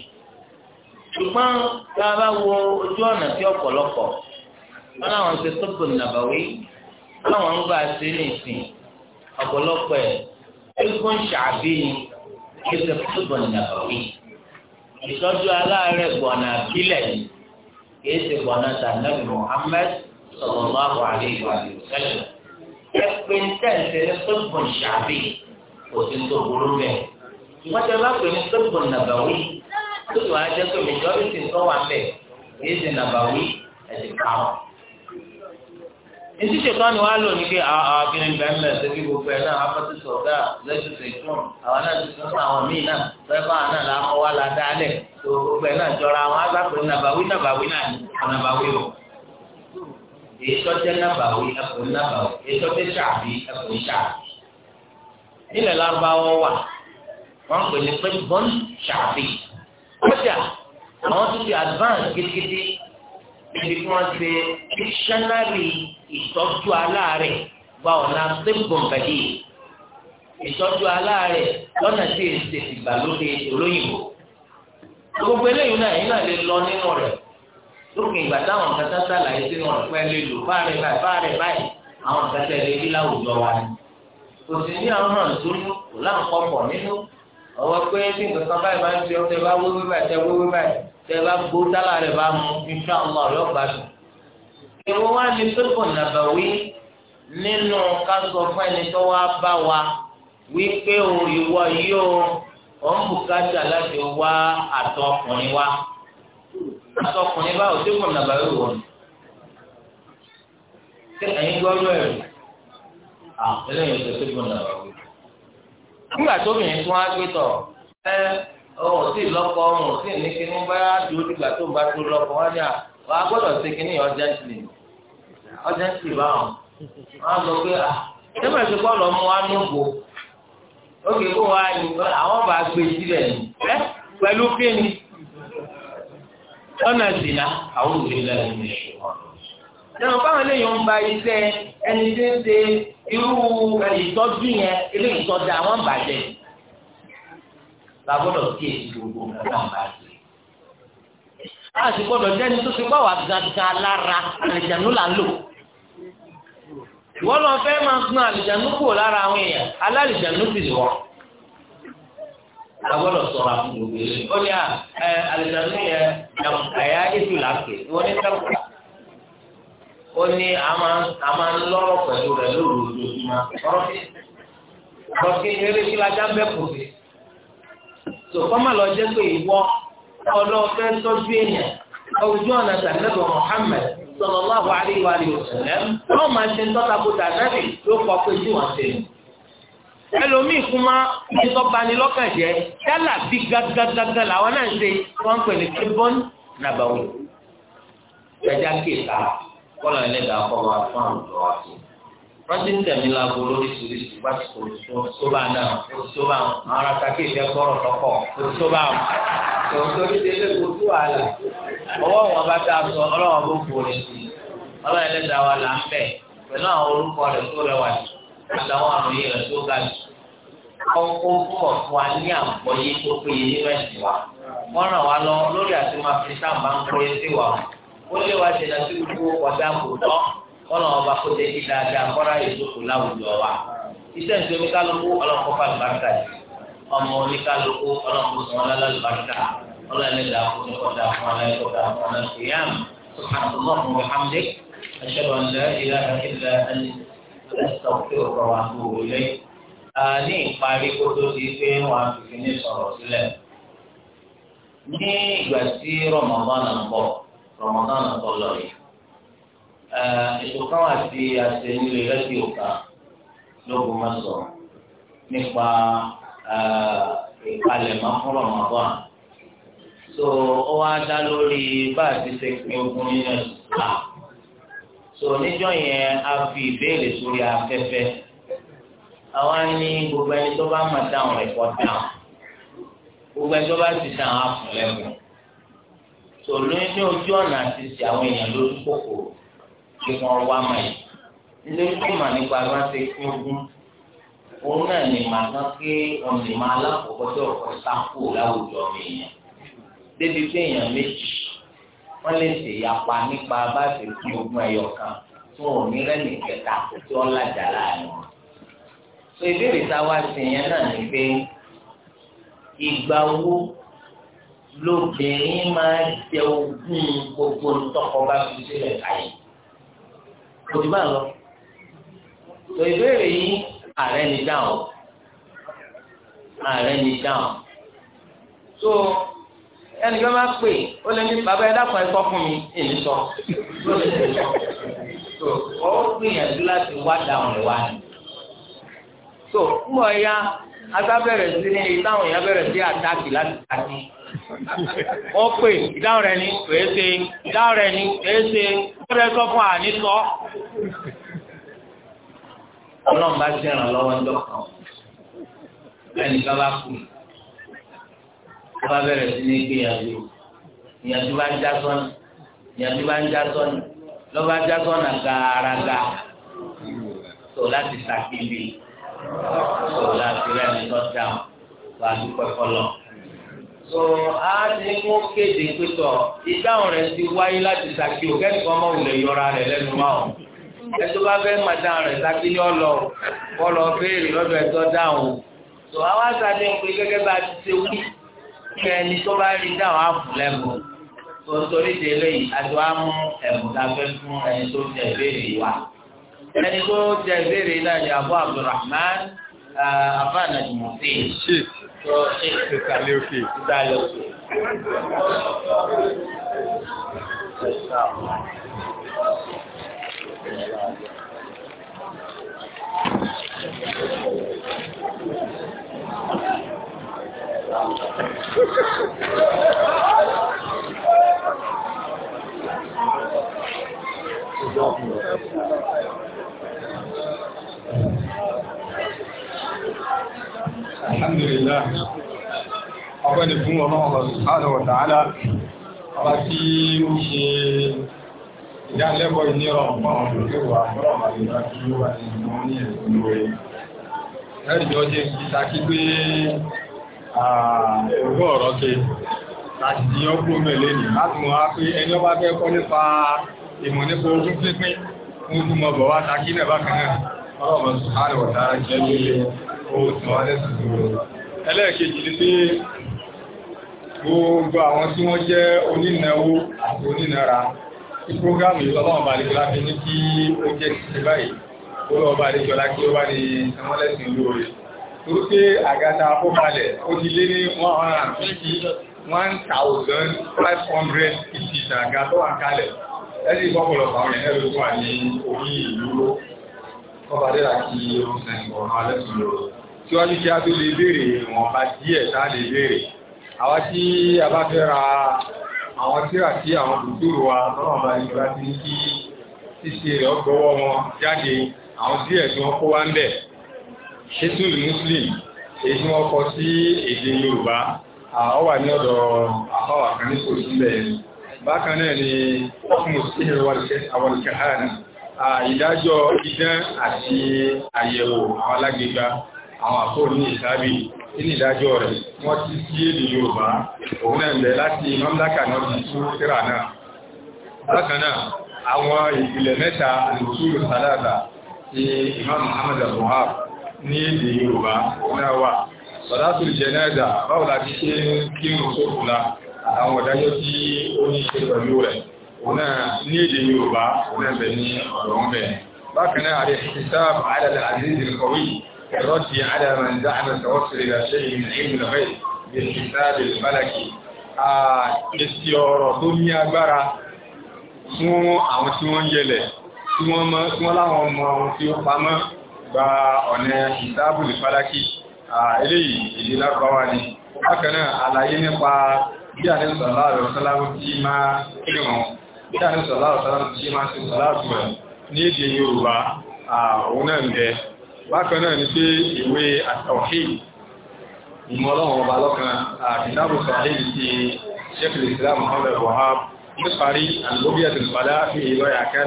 ṣùgbọ́n tá a bá wo ojú ọ̀nà tí ọ̀pọ̀lọpọ̀ wọn làwọn ti tóbi nàbàwí láwọn ń gbà sí nìsín ọ̀pọ̀lọpọ̀ ẹ̀ ẹ̀gbọ́n ṣàbí ni kí ṣe tóbi nàbàwí. ìtọ́jú aláàárẹ̀ gbọ̀nà àbílẹ̀ kì í ṣe gbọ̀nà tàbí Muhammad sallallahu alaihi wa sallam ẹ̀pẹ́ tẹ̀sẹ̀ ní sọ́gbọ̀n ṣàbí kò sí tó burú bẹ́ẹ̀ wọ́n ti bá pè ní sọ́gbọ̀n nàbàwí tó tó ajẹ́ pé mẹjọ́rìtì tó wà bẹ́ẹ̀ kì í ṣe nàbàwí ẹ̀sìn káwọn. Ètí ṣètò àná wa lò ní pé àbínrin bẹ́ẹ̀ ṣẹ́bí gbogbo ẹ̀ náà afọ́tí sọ̀dá lẹ́sùn ṣètùn àwọn náà ti tún àwọn míì náà fẹ́fẹ́ àwọn náà làwọn wá la dálẹ̀ tó gbogbo ẹ̀ náà jọra àwọn àgbàpẹ̀ nàbàwí nàbàwí náà nàbàwí o èyí tọ́jẹ́ nàbàwí ẹ̀kọ́ nàbàwí èyí tọ́jẹ́ sàbí ẹ̀kọ́ sàbí. nílẹ̀ lárúbáwọ́ wà wọ́n pè ní pé bọ́n sàbí. kọjá àwọn tó ti advance gidigidi níbi tí wọ́n ṣe dictionary ìtọ́jú aláàárẹ̀ gba ọ̀nà sẹ́gbọ̀nbẹ̀dì ìtọ́jú aláàárẹ̀ lọ́nà tí èsì ìgbàlódé olóyìnbó. gbogbo eléyìí náà yìí náà lè lọ nínú rẹ̀ lókè ìgbà táwọn nǹkan tá sàlàyé sínú ọ̀pẹ lè lò fáre báyìí fáre báyìí àwọn nǹkan tẹ̀ lè rí láwùjọ wa ni kò sì ní àwọn náà dúró kò láǹkọ̀ pọ̀ nínú ọwọ́ pé bí nǹkan kan báyìí bá ń ṣe ọ́ tẹ bá wéwé báyìí tẹ wéwé báyìí tẹ bá gbó dálà rẹ̀ bá mu iṣẹ́ ọmọ ọ̀yọ́ gbàdùn. èwo wá ní pépò nàbàwí nínú ká fún ẹni tó wá bá wa wípé o ìwọ yìí o ò bùkátà láti wá àtọkùnrin wa àtọkùnrin báwo tí kò nàbà yóò wọ̀ ni tí ẹ̀yin gbọ́dọ̀ ẹ̀rù àtẹlẹ́yìn tó tó kò nàbà yóò. nígbà tó bìnrin tí wọ́n á gbé tọ̀ ẹ ọ̀hún sí lọ́kọ ọ̀hún sí ní kí wọ́n bá dúró nígbà tó ń bá tó lọ́kọ wọ́n ní à wọ́n á gbọ́dọ̀ ṣe kí ní ọ̀jẹ̀ǹtì ọ̀jẹ̀ǹtì báwọn wọ́n á lọ pé à nígbà tó kọ́ lọ́ mú wa nùgbò ó kì í kó wa àwọn bá gbé sílẹ̀ ní pẹ̀lú kíni lọ́nà ìsìnà àwọn òbílẹ̀ nínú ìṣòro. Ìjọba báwọn eléyìí ń ba iṣẹ́ ẹni tí ń ṣe irú ìtọ́jú yẹn eléyìí tọ́ da wọ́n bàjẹ́. Làgbọ́dọ̀ kí èyí gbogbo nǹkan bàjẹ́. Láti gbọ́dọ̀ jẹ́ni tó ti bá wà gangan lára àlìjànú là ń lò. Ìwọ́n lọ fẹ́ máa gbọ́n àlìjànú kúrò lára àwọn èèyàn, alálìjànú sì wọ̀. agbọ́dọ̀ sọ̀rọ̀ àfún gbogbo yìí ya ní à yẹ ẹyà ètò wọn ní tẹlifà O ní àmà ńlọ́rọ̀ pẹ̀lú rẹ lóru ojoojúmọ́ ọ̀rọ̀ kí ọ̀rọ̀ kí eré kí lajá ń bẹ kù sí. tó kọ́mà lọ jẹ́ pé ìwọ tọ́jú ọ̀nà máa ṣe ń tọ́ta kó ẹlòmíì kún máa ní sọ́bani lọ́kàn jẹ́ yálà bí gágágágá làwọn náà ń ṣe wọ́n ń pè ní kébọ́n nàbàwọ̀ ẹja kéka kọ́lọ̀ ẹlẹ́dà kọ́ba fún àwùjọ wa sí rántí ń tẹ̀mí láago lóríṣiríṣi bá ti kò tó bá náà kò tó bá àwọn ará kakí ìfẹ́ gbọ́rọ̀ lọ́kọ̀ kò tó bá àwọn kò tó ní délé kò tó àlà ọwọ́ wọn bá tá a sọ ọlọ́wọ́n bó kú orin sí ọlọ́ọ̀ẹ́lẹ́dà wa là ń bẹ̀ pẹ̀lú àwọn orúkọ rẹ̀ tó rẹwà jù àtàwọn àròyé rẹ̀ tó ga jù kọ́kọ́ pọ̀ fún wa ní àgbọ́yé tó péye nínú ẹ̀sìn wa wọ́n ràn wá lọ lórí àti máa fi sáàmbá ń kọ́ ẹsẹ̀ wa ó lé wa ṣe lọ sí gbogbo ọ̀dà kò tọ́ wọ́n lọ́wọ́ bá kó tẹ́tí dáadáa kọ́ra ìjókòó láwùjọ wa iṣẹ́ ìṣe oníkálukú ọlọ́kọ́ fà lùbáríkà yìí ọmọ oníkálukú ọlọ́kọ́ sọ ọlọ́lá lùbáríkà ọlọ́lẹ́dà fún ọ̀dà fún ọlọ́dà fún ọlọ́dà fún ọlọ́dà نستغفرك ونتوب إليك ní ìparí kó tó di pé wọn á fi kíní sọ̀rọ̀ sílẹ̀ ní ìgbà tí Ramadan ń bọ̀ Ramadan ń bọ̀ lọ yìí ètò kan wà tí a ṣe kan lóògùn máa sọ̀rọ̀ nípa ìpalẹ̀mọ́ fún Ramadan so ó wá dá lórí bá a ti ṣe pé ogun nínú ìsìlámù so níjọ́ yẹn a fi ìbéèrè sórí afẹ́fẹ́ àwọn á ní gbogbo ẹni tó bá mọ̀ dáhùn rẹ̀ dáhùn gbogbo ẹni tó bá ti dáhùn á fún so lóyún ojú ọ̀nà àti ti àwọn èèyàn lójú kòkòrò kí wọ́n wá mọ̀ yìí nítorí pé màá nípa bí wọ́n ti pín ogún òun náà ní màá tán pé ọ̀nìmọ̀ alákọ̀ọ́kọ́ tó ọ̀kọ́ sáfù láwùjọ mi yẹn débi pé èèyàn méjì wọ́n lè ṣe ìyapa nípa bá ṣe fi ogún ẹyọ kan tí wọn ní rẹ́nì kẹta tí wọ́n lájà láàrin wọn. so ìbéèrè tá a wá sí yẹn náà ni pé ìgbà wo lóbìnrin máa jẹ ogún gbogbo ntọ́kọ bá fi sílẹ̀ káyé kò tí bá lọ. tó ìbéèrè yìí ààrẹ ni dáhùn ààrẹ ni dáhùn. so ẹnì kan máa pè ó lè ní bàbá ẹ dákun ẹ sọ fún mi èmi sọ ló lè tẹ sọ tó ọ gbìyànjú láti wá dáhùn rẹ wá ni. tó mbọ ya asábẹ̀rẹ̀ sí ní ìdáhùn yẹn bẹ̀rẹ̀ sí àtàkì láti àti. wọ́n pè ìdáhùn rẹ ní kèé ṣe ìdáhùn rẹ ní kèé ṣe bàbá ẹ sọ fún àní sọ. ọlọ́run bá ṣe ìrànlọ́wọ́ ń dọ̀kan ẹnì kan bá kú yìí wọ́n bá bẹ̀rẹ̀ sí ní gbìyànjú ìyànjú bá ń já sọ́nà ìyànjú bá ń já sọ́nà lọ́ba já sọ́nà gàràgà tó láti sàkíbi tó láti rẹ̀ ní lọ́dàm tó a dúpẹ́ fọlọ́. tó a ti mú kéde pétọ̀ ìdáhùn rẹ̀ ti wáyé láti sàkí o kẹ́sìkọ́ ọmọ òun lè yọra rẹ̀ lẹ́nu wa o ẹtọ́ bá fẹ́ máa dáhùn rẹ̀ sàkí ní ọlọ kọlọ béèrè lọ́dọ̀ ẹ̀tọ́ dáhùn tó a wá sáré ń pè bá ti ṣe wí kí ẹni tó bá rí dáhùn àpò lẹ́bùn nítorí délé yìí àti wàá mú ẹ̀bùn láfẹ́ fún ẹni tó jẹ ìbéèrè wa ẹni tó jẹ ìbéèrè náà ni Abu Abdulrahman afa nàìjíríà tó ṣe ìtàlẹ́ òkè ìtàlẹ́ òkè. Thank you. Alhamdulillah. Ọpẹ́ ni fún ọlọ́wọ́ Subhanahu wa ta'ala, ọba tí ó ṣe ìdánilẹ́kọ̀ọ́ ìnira ọ̀pọ̀ àwọn olùgbéwà ọlọ́wọ́ àgbà pé ogún ọ̀rọ̀ ṣe láti di ọkùn mẹ́lẹ̀ ní láti mọ̀ wá pé ẹni ọba fẹ́ kọ́ nípa ìmọ̀ nípa ogún pínpín fún fún ọbọ̀ wá takí náà bákan náà ọlọ́mọ sùhánì wọ̀tá jẹ́ nílé ohun tí wọ́n lẹ́sùn sí wọn. ẹlẹ́ẹ̀kejì ni pé gbogbo àwọn tí wọ́n jẹ́ onínàwó àti onínara tí prógámù yìí lọ́wọ́ ọba àdéjọlá fi ní kí ó jẹ́ torí pé àgàtà àkókalẹ̀ ó ti lé ní one hundred and fifty one thousand five hundred fifty àga tó wà kalẹ̀ ẹ̀sì ìfọ́pọ̀lọpọ̀ àwọn ẹ̀rọ tó wà ní orí ìlú kọ́bàdẹ́là kí ó ń sẹ́yìn ọ̀nà alẹ́sùn lòrò síwájú kí a tó lè béèrè ìwọ̀nba díẹ̀ tá lè béèrè àwọn tí a bá fẹ́ ra àwọn tíra tí àwọn kùtùrù wa lọ́wọ́n bá nígbà tí kí ṣíṣe rẹ̀ àwọn díẹ̀ tí wọ́n kó wá ń bẹ̀ Hisnul Muslim èyí tí wọ́n kọ sí èdè Yorùbá ó wà ní ọ̀dọ̀ àfáwà kan ní kò sílẹ̀ bákan náà ni ọkùnrin sílẹ̀ àwọlùkẹ́hàn ìdájọ́ idán àti àyẹ̀wò àwọn alágbègbà àwọn àkóò ní ìsáàbì nínú ìdájọ́ rẹ̀ wọ́n ti sí èdè Yorùbá òun náà lẹ̀ láti mamlaka náà ti tú tíra náà bákan náà àwọn ìpìlẹ̀ mẹ́ta àlùsúrù Imam Muhammad al-Buhari ní èdè Yorùbá náà wà sọ̀dátù jẹ́nẹ́dà báwo la ti ṣe kí n sókù la àwọn ọ̀dájọ́ tí ó ní ṣe pẹ̀lú rẹ̀ náà ní èdè Yorùbá mẹ́bẹ̀ ní ọ̀rọ̀ mẹ́ bákan náà àrẹ ìsáàb àdàdà àdìsí ìkọ̀wé ẹ̀rọ ti àdàmà ìdáhàmà sọ̀wọ́sọ̀rẹ̀ ìràṣẹ́ tí wọ́n láwọn ọmọ tí ó pamọ́ gba ọ̀nà ìdábùlì fálákì eléyìí èdè lárúbáwá ni bákan náà àlàyé nípa bí àdínsọ̀lá àrẹ̀sọ́láwó tí máa kírun bí àdínsọ̀lá àrẹ̀sọ́láwó tí máa ti sọ̀láàtù rẹ̀ ní èdè Yorùbá òun náà ń bẹ bákan náà ni pé ìwé àtọ̀hí ìmọ̀lọ́wọ̀n ọba lọ́kan àdínábù sọ̀hí ti sẹ́fìlì ìsìlámù ọ̀rẹ̀ wọ̀háb níparí àlùbọ́bíyàtì ìpàdá fi ìlọ́yà kẹ́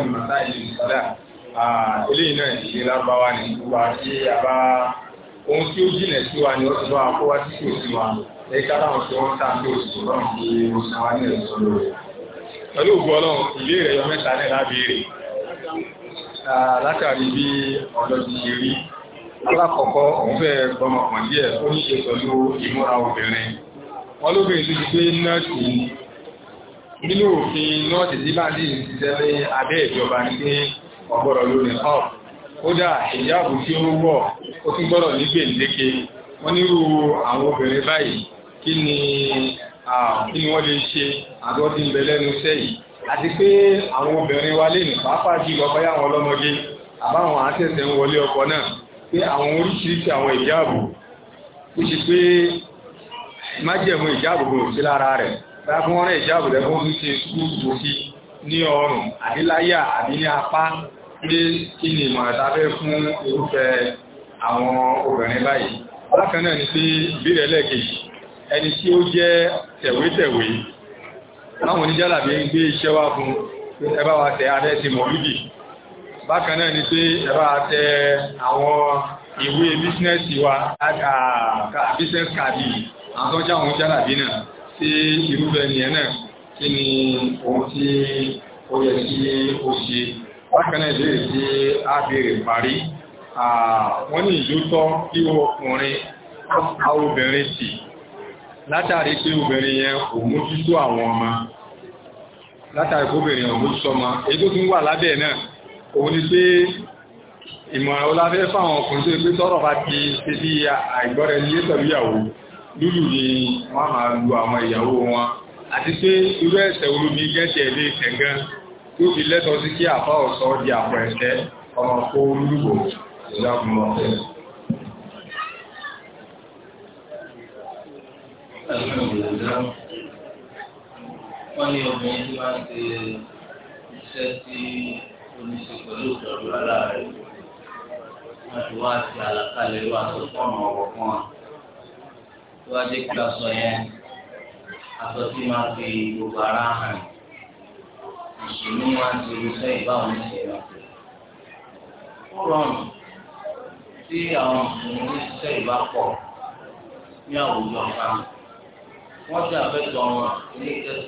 eléyìí náà ìdílé lábáwá ní ìwà tí a bá ohun tí ó jìnà sí wa ni ó ti bá kó wá sí kò sí wa ẹ̀ka láwọn tí wọ́n tà ní oṣù náà ní oṣù wa ní ẹ̀sọ́ lórí. pẹ̀lú ògbó ọlọ́run ìbéèrè ẹ̀yọ mẹ́ta náà lábéèrè látàrí bí ọ̀dọ́ ti ṣe rí alákọ̀ọ́kọ́ òun fẹ́ gbọmọkàn díẹ̀ ó ní ṣe pẹ̀lú ìmúra obìnrin wọn lóbìnrin tó ti pé nọ́ọ̀sì nínú òfin nọ́ọ̀sì tí bá ń dì ní abẹ́ ìjọba ní pé ọgbọ́dọ̀ lórí ọ̀p kódà ìyáàbù tí ó wọ̀ ó tún gbọ́dọ̀ ní gbèǹdéke wọ́n nírú àwọn obìnrin báyìí kí ni kí ni wọ́n lè ṣe àgọ́ tí ń bẹ lẹ́nu iṣẹ́ yìí àti pé àwọn obìnrin wa lè ní pàápàá jùlọ báyà wọn lọ́mọdé àbáwọn àtẹ̀sẹ̀ ń wọlé ọkọ náà pé àwọn oríṣiríṣi àwọn ìjáàbù ó ṣe pé májẹ̀mú ìjáàbù kò sí lára rẹ̀ bá fún wọn rẹ̀ ìjáàbù rẹ̀ fún ṣe sùúrù sí ní ọrùn àbí láyà àbí ní apá pé kí ni ìmọ̀ràn tá fẹ́ fún irúfẹ́ àwọn obìnrin báyìí bákan náà ni pé ìbéèrè ẹlẹ́ẹ̀kejì ẹni tí ó jẹ́ tẹ̀wétẹ̀wé láwọn oníjálàbí ń gbé iṣẹ́ wá fún ẹ bá wa tẹ mọ̀lúdì bákan náà ni pé ẹ wa tẹ àwọn ìwé bísínẹ́sì wa bísínẹ́sì káàdì àwọn tó ń jẹ́ àwọn oníjálàbí náà sí bákan náà ìbéèrè tí a béèrè parí wọ́n ní ìlú tọ́ kí ọkùnrin a obìnrin tì látàrí pé obìnrin yẹn kò mójútó àwọn ọmọ látàrí pé obìnrin yẹn kò mójútó ọmọ èyí tó tún wà lábẹ́ náà òun ni pé ìmọ̀ràn oláfẹ́ fáwọn ọkùnrin tó pé tọ́rọ̀ bá ti ṣe bí tó fi lẹ́tọ̀ sí kí àfá ọ̀sọ́ di àpọ̀ ẹ̀ṣẹ́ ọmọ kó lúgbò ìjágunmọ̀ Wọ́n ní obìnrin tí máa ń ṣe iṣẹ́ tí oníṣe pẹ̀lú ìtọ́jú aláàrẹ̀. Wọ́n ti wá sí àlàkalẹ̀ ló aṣọ fọ́ọ̀mù ọ̀wọ̀ fún wa. Tó wá dé kí aṣọ yẹn, aṣọ tí máa fi gbogbo ara hàn mùsùlùmí máa ń ṣe irúṣẹ́ ìbáwọn oníṣẹ́ ìbáṣe. ó rọrùn tí àwọn mùsùlùmí oníṣẹ́ ìbá pọ̀ ní àwùjọ kan wọ́n ṣe àfẹ́tọ̀ wọn ilé kan.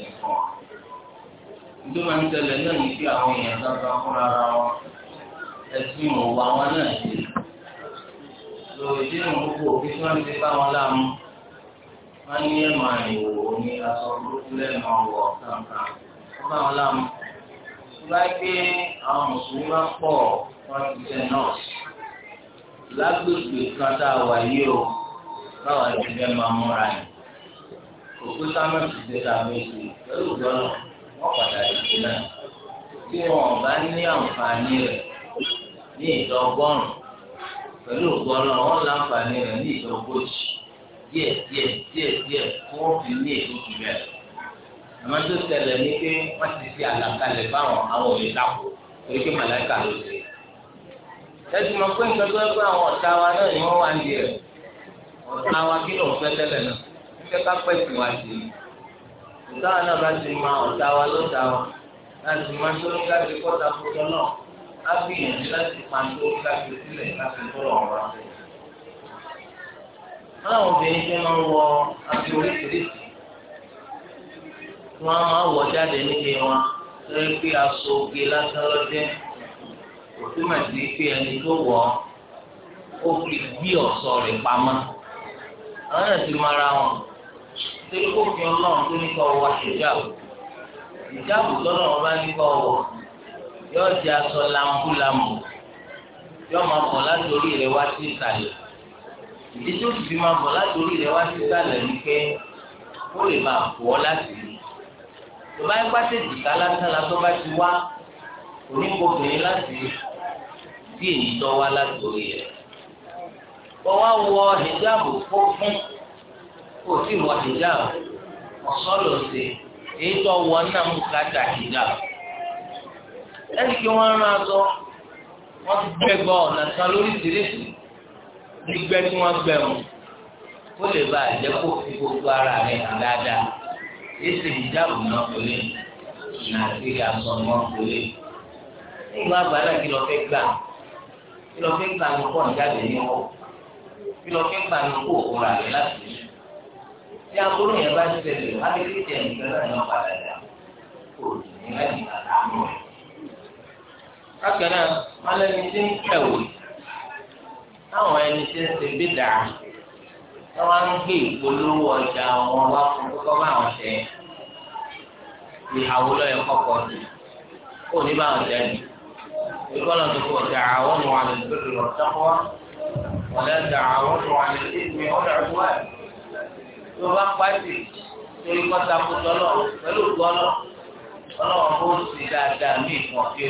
ìjọ máa ń tẹ̀lé náà ní kí àwọn èèyàn dáadáa fúnra ra wọn ẹ̀sìn òwò àwọn náà ṣe. lòdì ìdí gbogbo òbí tí wọ́n ti bá wọn láàmú wọ́n ní ẹ̀ máa ìwò ní aṣọ burúkú lẹ́nu ọ̀wọ̀ kankan. wọ́n bá wọn láàmú lágbé àwọn mùsùlùmí máa pọ̀ wọ́n ti ṣe nọ́ọ̀sì lágbègbè kan tá a wà yìí o báwa ti fẹ́ máa múra ni òkú sámẹ́ ti ṣe ta méjì pẹ̀lú ìjọ́nà wọ́n padà ìdí náà tí wọn ò bá ní àǹfààní rẹ̀ ní ìdọ́gọ́rùn pẹ̀lú ìgbọ́nà wọn láǹfààní rẹ̀ ní ìdọ́gọ́jì díẹ̀ díẹ̀ díẹ̀ díẹ̀ fún òfin ní ètò ìbẹ̀rẹ̀ àmọ́ tó ṣẹlẹ̀ ní pé wọ́n ti fi àlàkalẹ̀ fáwọn àwọn òye dàpọ̀ torí pé màláìka ló ṣe. ẹ̀sùn mọ̀ pé nǹkan tó ń gbọ́ àwọn ọ̀tá wa náà ni wọ́n wá ń di rẹ̀ ọ̀tá wa kí ló ń fẹ́ tẹ́lẹ̀ náà fífẹ́ ká pẹ́ sí wa sí i. ọ̀tá wa náà bá ti mọ ọ̀tá wa ló dá wa láti mọ tó ń ká ti kọ́ta fúnjọ náà á gbìyànjú láti pa tó ń ká sílẹ̀ láti kúrò ọ̀rọ̀ àwọn obìnrin tí wọ́n máa wọ̀ jáde nílé wọn lórí pé aṣọ oge lásán lọ́jẹ́ kò túmọ̀ sí pé ẹni tó wọ̀ ó fi bí ọ̀ṣọ́ rẹ̀ pamọ́ àwọn náà ti mara wọn torí kó fi ọlọ́run tó ní kọ́ wọ ìjáàbù ìjáàbù lọ́nà wọn bá ní kọ́ wọ yóò di aṣọ lambúlambù yóò máa bọ̀ láti orí rẹ̀ wá sí ìsàlẹ̀ ìdí tó sì fi máa bọ̀ láti orí rẹ̀ wá sí ìsàlẹ̀ ni pé ó lè máa bọ̀ láti rí tó bá yẹ pàṣẹ jìká lásán la tó bá ti wá oníkóbìnrin láti bí èyí tó wá láti orí rẹ̀ wọ́n wá wọ hijab fún kò sí wọ hijab ọ̀sán ló ṣe èyí tó wọ náà mú kájà hijab ẹni kí wọ́n rán aṣọ wọ́n ti gbẹ́gbọ́ ọ̀nà kan lóríṣiríṣi gbígbẹ́ tí wọ́n gbẹ̀mù kó lè bá àjẹkù fi gbogbo ara rẹ̀ dáadáa èsì ìjáàbù náà kò lè nàìjírí aṣọ náà kò lè nígbà àgbàlá kí lọ fẹ́ gbà kí lọ fẹ́ gbà ní pọ́n jáde ní ọkọ̀ kí lọ fẹ́ gbà ní kó òkú rà rẹ̀ láti rí tí agbóró yẹn bá ṣẹlẹ̀ wá lè rí jẹ nǹkan náà ní ọ̀padà dà kò ní láti bàtà mú rẹ̀. bákan malẹ́ni tí ń kẹ̀wé táwọn ẹni tí ń ṣe bí dàá wọn wá ń gbé ìpolówó ọjà wọn wá fún kókó bá wọn ṣe ìhàwó lọ́yọ̀ kọ̀kọ́ sí kó ní bá wọn ṣe ni ìkọlọ̀ tó kọ̀ tẹ̀ àwọn ọmọ àlè lórí ọ̀sánwó wọn lẹ́ tẹ̀ àwọn ọmọ àlè lórí ọ̀dọ̀dúwà tó bá pàṣẹ torí kọ́ta kó tọ́lọ̀ pẹ̀lú gbọ́lọ̀ ọlọ́wọ́ bó ti dáadáa ní ìfọ̀n tí ó ti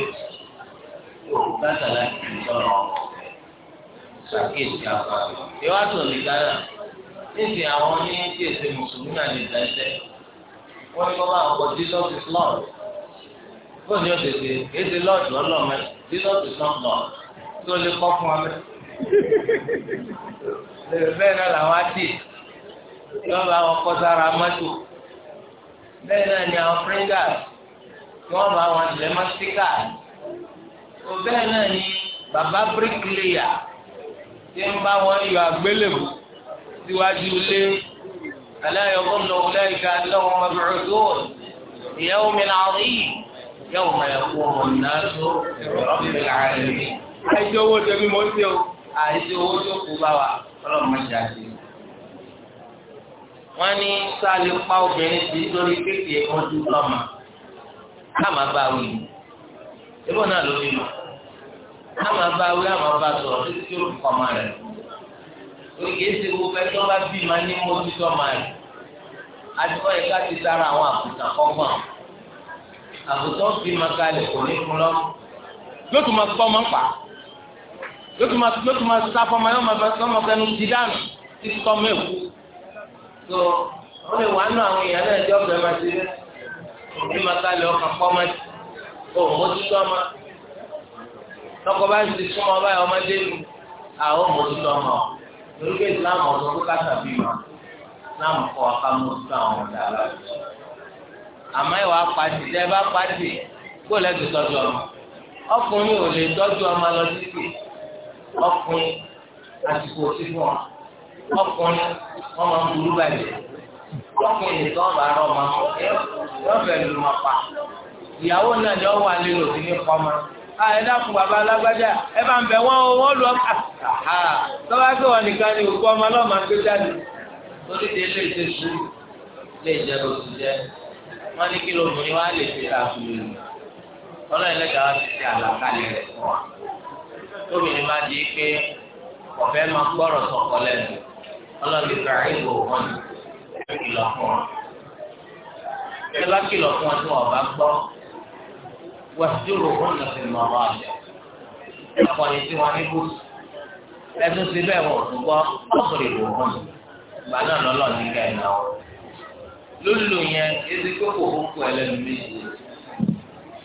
yóò bá tàlá ìfọ̀n tọ́lọ̀ ọ̀sẹ̀ ṣàkíyèsí níbi àwọn ní kí èsè mùsùlùmí náà lè dá ẹsẹ̀ wọ́n bá ọkọ̀ jesus is lord fún ní ọ̀sẹ̀ ṣe èsè lord lọ́lọ́mọ jesus is not lord tí ó lè kọ́ fún wa bẹ́ẹ̀. bẹ́ẹ̀ náà làwọn á dì lọ́ba ọkọ̀ sára mọ́tò bẹ́ẹ̀ náà ni àwọn fringers tí wọ́n bá wọn lẹ́ mọ́ síkà bẹ́ẹ̀ náà ni bàbá bricklayer tí ń bá wọn yọ àgbélébùú síwájú ilé aláyọ̀kọ́ lọ wọlé ká lọ́wọ́ ọmọbìnrin tó ìyàwó mi náà rí yàwó mayàkú ọmọ náà tó rọ́bì láàrin mi. àìsí owó tẹ̀mí mọ́ sí o àìsí owó tó kú bá wa ọlọ́run má ṣe àṣeyọ. wọ́n ní sáàlì pa obìnrin sí lórí kékeré mọ́jú lọ́mà káàmà bá wí ìbọn náà ló ní lọ káàmà bá wí àmà bá sọ̀rọ̀ títí tí kọ́ ọmọ rẹ̀ fún oge ṣe gbogbo ẹjọ́ bá bí ma ní mójútó máa yìí adúgbò yìí ká ti sára àwọn àbùtàn kọ́gbọ̀n àbùtàn bí ma kalẹ̀ kò ní fún lọ. yóò tún máa gbọ́ máa ń pa yóò tún máa yóò tún máa sá fọmọ yóò máa fẹ́ ọmọ fẹ́nu ti dànù tí tọ́ mẹ́wù. tó wọ́n lè wàá nù àwọn èèyàn náà ẹjọ́ bẹ̀rẹ̀ máa ti rẹ̀ bí ma kalẹ̀ ọkàn pọ́ máa ti kò mójútó máa lọ́kọ̀ bá ń ti súnmọ́ báyọ̀ ọmọdé lu àwọn mójútó máa torí pé islam ọ̀sán tó ká tàbí ma islam kọ́ akámọ́sí àwọn ọ̀dà aláàbò àmọ́ ìwà pàṣẹ tẹ́ bá pàṣẹ kó lẹ́sìn tọ́jú ọmọ ọkùnrin ò lè tọ́jú ọmọ lọ títì ọkùnrin àsìkò sí fún ọ ọkùnrin wọn máa ń burú bàjẹ́ ọkùnrin nìkan bá rọ ọmọ ẹ yọ fẹ́ lu ọmọ pa ìyàwó náà ni ọ wà lérò sí ní kọ́mọ. Ah, ẹ dákun bàbá alágbájá ẹ ah, bá ń bẹ wọn o wọn lọ tọ́wá pé wọn nìkan ni òkú ọmọ náà máa jáde lórí ti ilé ìṣe sùn lè jẹ ló ti jẹ wọn ní kí lóbìnrin wa lè fi ra fún ọlọ́run lẹ́gàá ti ṣe àlàkalẹ̀ rẹ̀ fún wa máa di pé ọ̀fẹ́ máa gbọ́rọ̀ lẹ́nu wàsídìrò hàn fi mọ̀ ọ́ àjẹ. akọni tí wọn ní bùsù ẹtú sí bẹ́ẹ̀ wọ̀ gbọ́ ọ̀pọ̀lọpọ̀ ìbò hàn ìgbà náà lọ́lọ́ ní ilé ẹ̀nà wọn. lólu yẹn èsì pé kò kókó ẹlẹ́nu méjì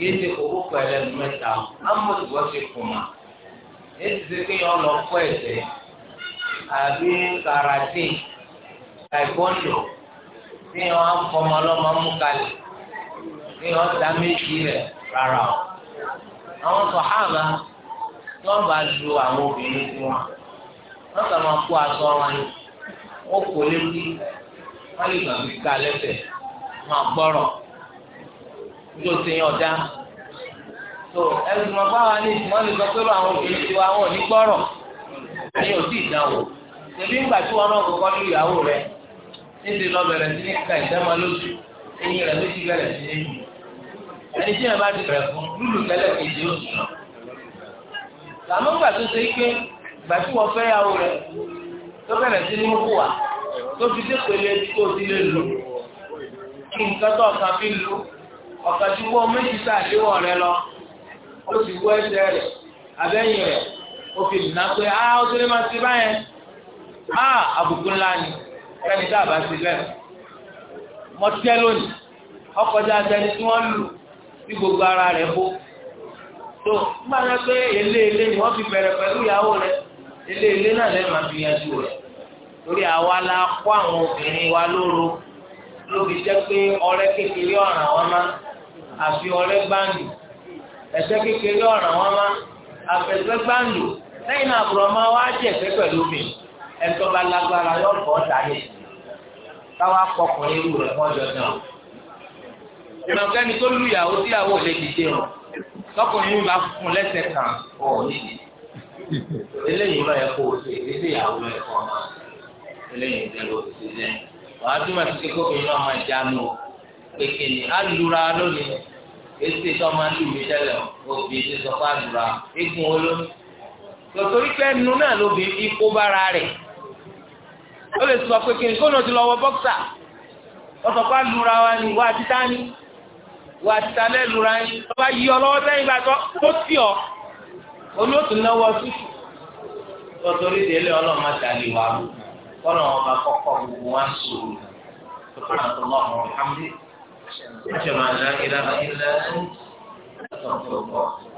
èsì kò kókó ẹlẹ́nu mẹ́ta amọ̀tìwọ́ ti kù mà èsì pé yọ lọ kọ́ ẹ̀sẹ̀ àbí karate taekwondo tí wọn fọmọ mú kalẹ̀ tí wọn dá méjì rẹ̀. rárá o àwọn sọ̀hábà wọ́n bá ju àwọn obìnrin sí wọn wọ́n kà máa kó aṣọ wọn ni wọ́n kò létí wọ́n lè gbà fi ká lẹ́sẹ̀ máa gbọ́rọ̀ yóò ti yàn dá so ẹ̀sùn máa bá wa ní ìsìnwọ́n lè sọ pé lọ àwọn obìnrin wọn ò ní gbọ́rọ̀ ò tí náà kọ́kọ́ ní ẹni tí yẹn bá ti bẹ̀rẹ̀ fún lùlù tẹ́lẹ̀ kejì ó sùn. àmọ́ gbà tó ṣe pé gbà tí wọ́n fẹ́ yàwó rẹ̀ tó bẹ̀rẹ̀ sí ní mú wà tó fi dé pèlè tí kò sí lè lò kí nǹkan tó ọ̀kan fi lò ọ̀kan tí wọ́n méjì sàdéwọ̀ rẹ lọ ó sì wọ ẹsẹ̀ rẹ̀ abẹ́yìn rẹ̀ ó fi nà pé á ó tẹ́lẹ̀ máa ti báyẹn á àbùkù ńlá ni kẹ́ni tá a bá ti bẹ̀rẹ̀ mọ́tẹ́ lónìí ọkọ̀ dáadáa ni tí wọ́n lù bí gbogbo ara rẹ̀ bó tó gbàgbé pé ele ni wọn fi bẹ̀rẹ̀ pẹ̀lú ìyàwó Ele ele náà lẹ́nu máa fi yanjú torí àwa la kó àwọn obìnrin wa lóru lórí jẹ́ pé kékeré ọ̀ràn wọn má àfi ọrẹ gbàǹdù kékeré wọn má gbàǹdù náà àbúrò mi káwá irú náà. ìrọ̀kẹ́ni tó lu ìyàwó tí ìyàwó dìde o lọ́kùnrin bá fún lẹ́sẹ̀ kan ọ̀ nídìí eléyìí ṣe ìyàwó o eléyìí ń tẹ́lẹ̀ o ṣe wàá túmọ̀ sí pé kókòrò náà máa já lọ kéèké ni alura lónìí èsì tó máa ń lù tẹ́lẹ̀ òbí ti sọ fún tòtòrí pé náà ikú bára rẹ̀ ó lè sọ pé kó wà á ta yín ọba yí ọ lọ́wọ́ sẹ́yìn gbà tó tó tì ọ́ olóòtú náwó ọtún tọ́torí délé ọlọ́run má dàlí kọ́nà ọba kọ́kọ́ gbogbo wa ń sòrò سبحانك اللهم وبحمدك أشهد أن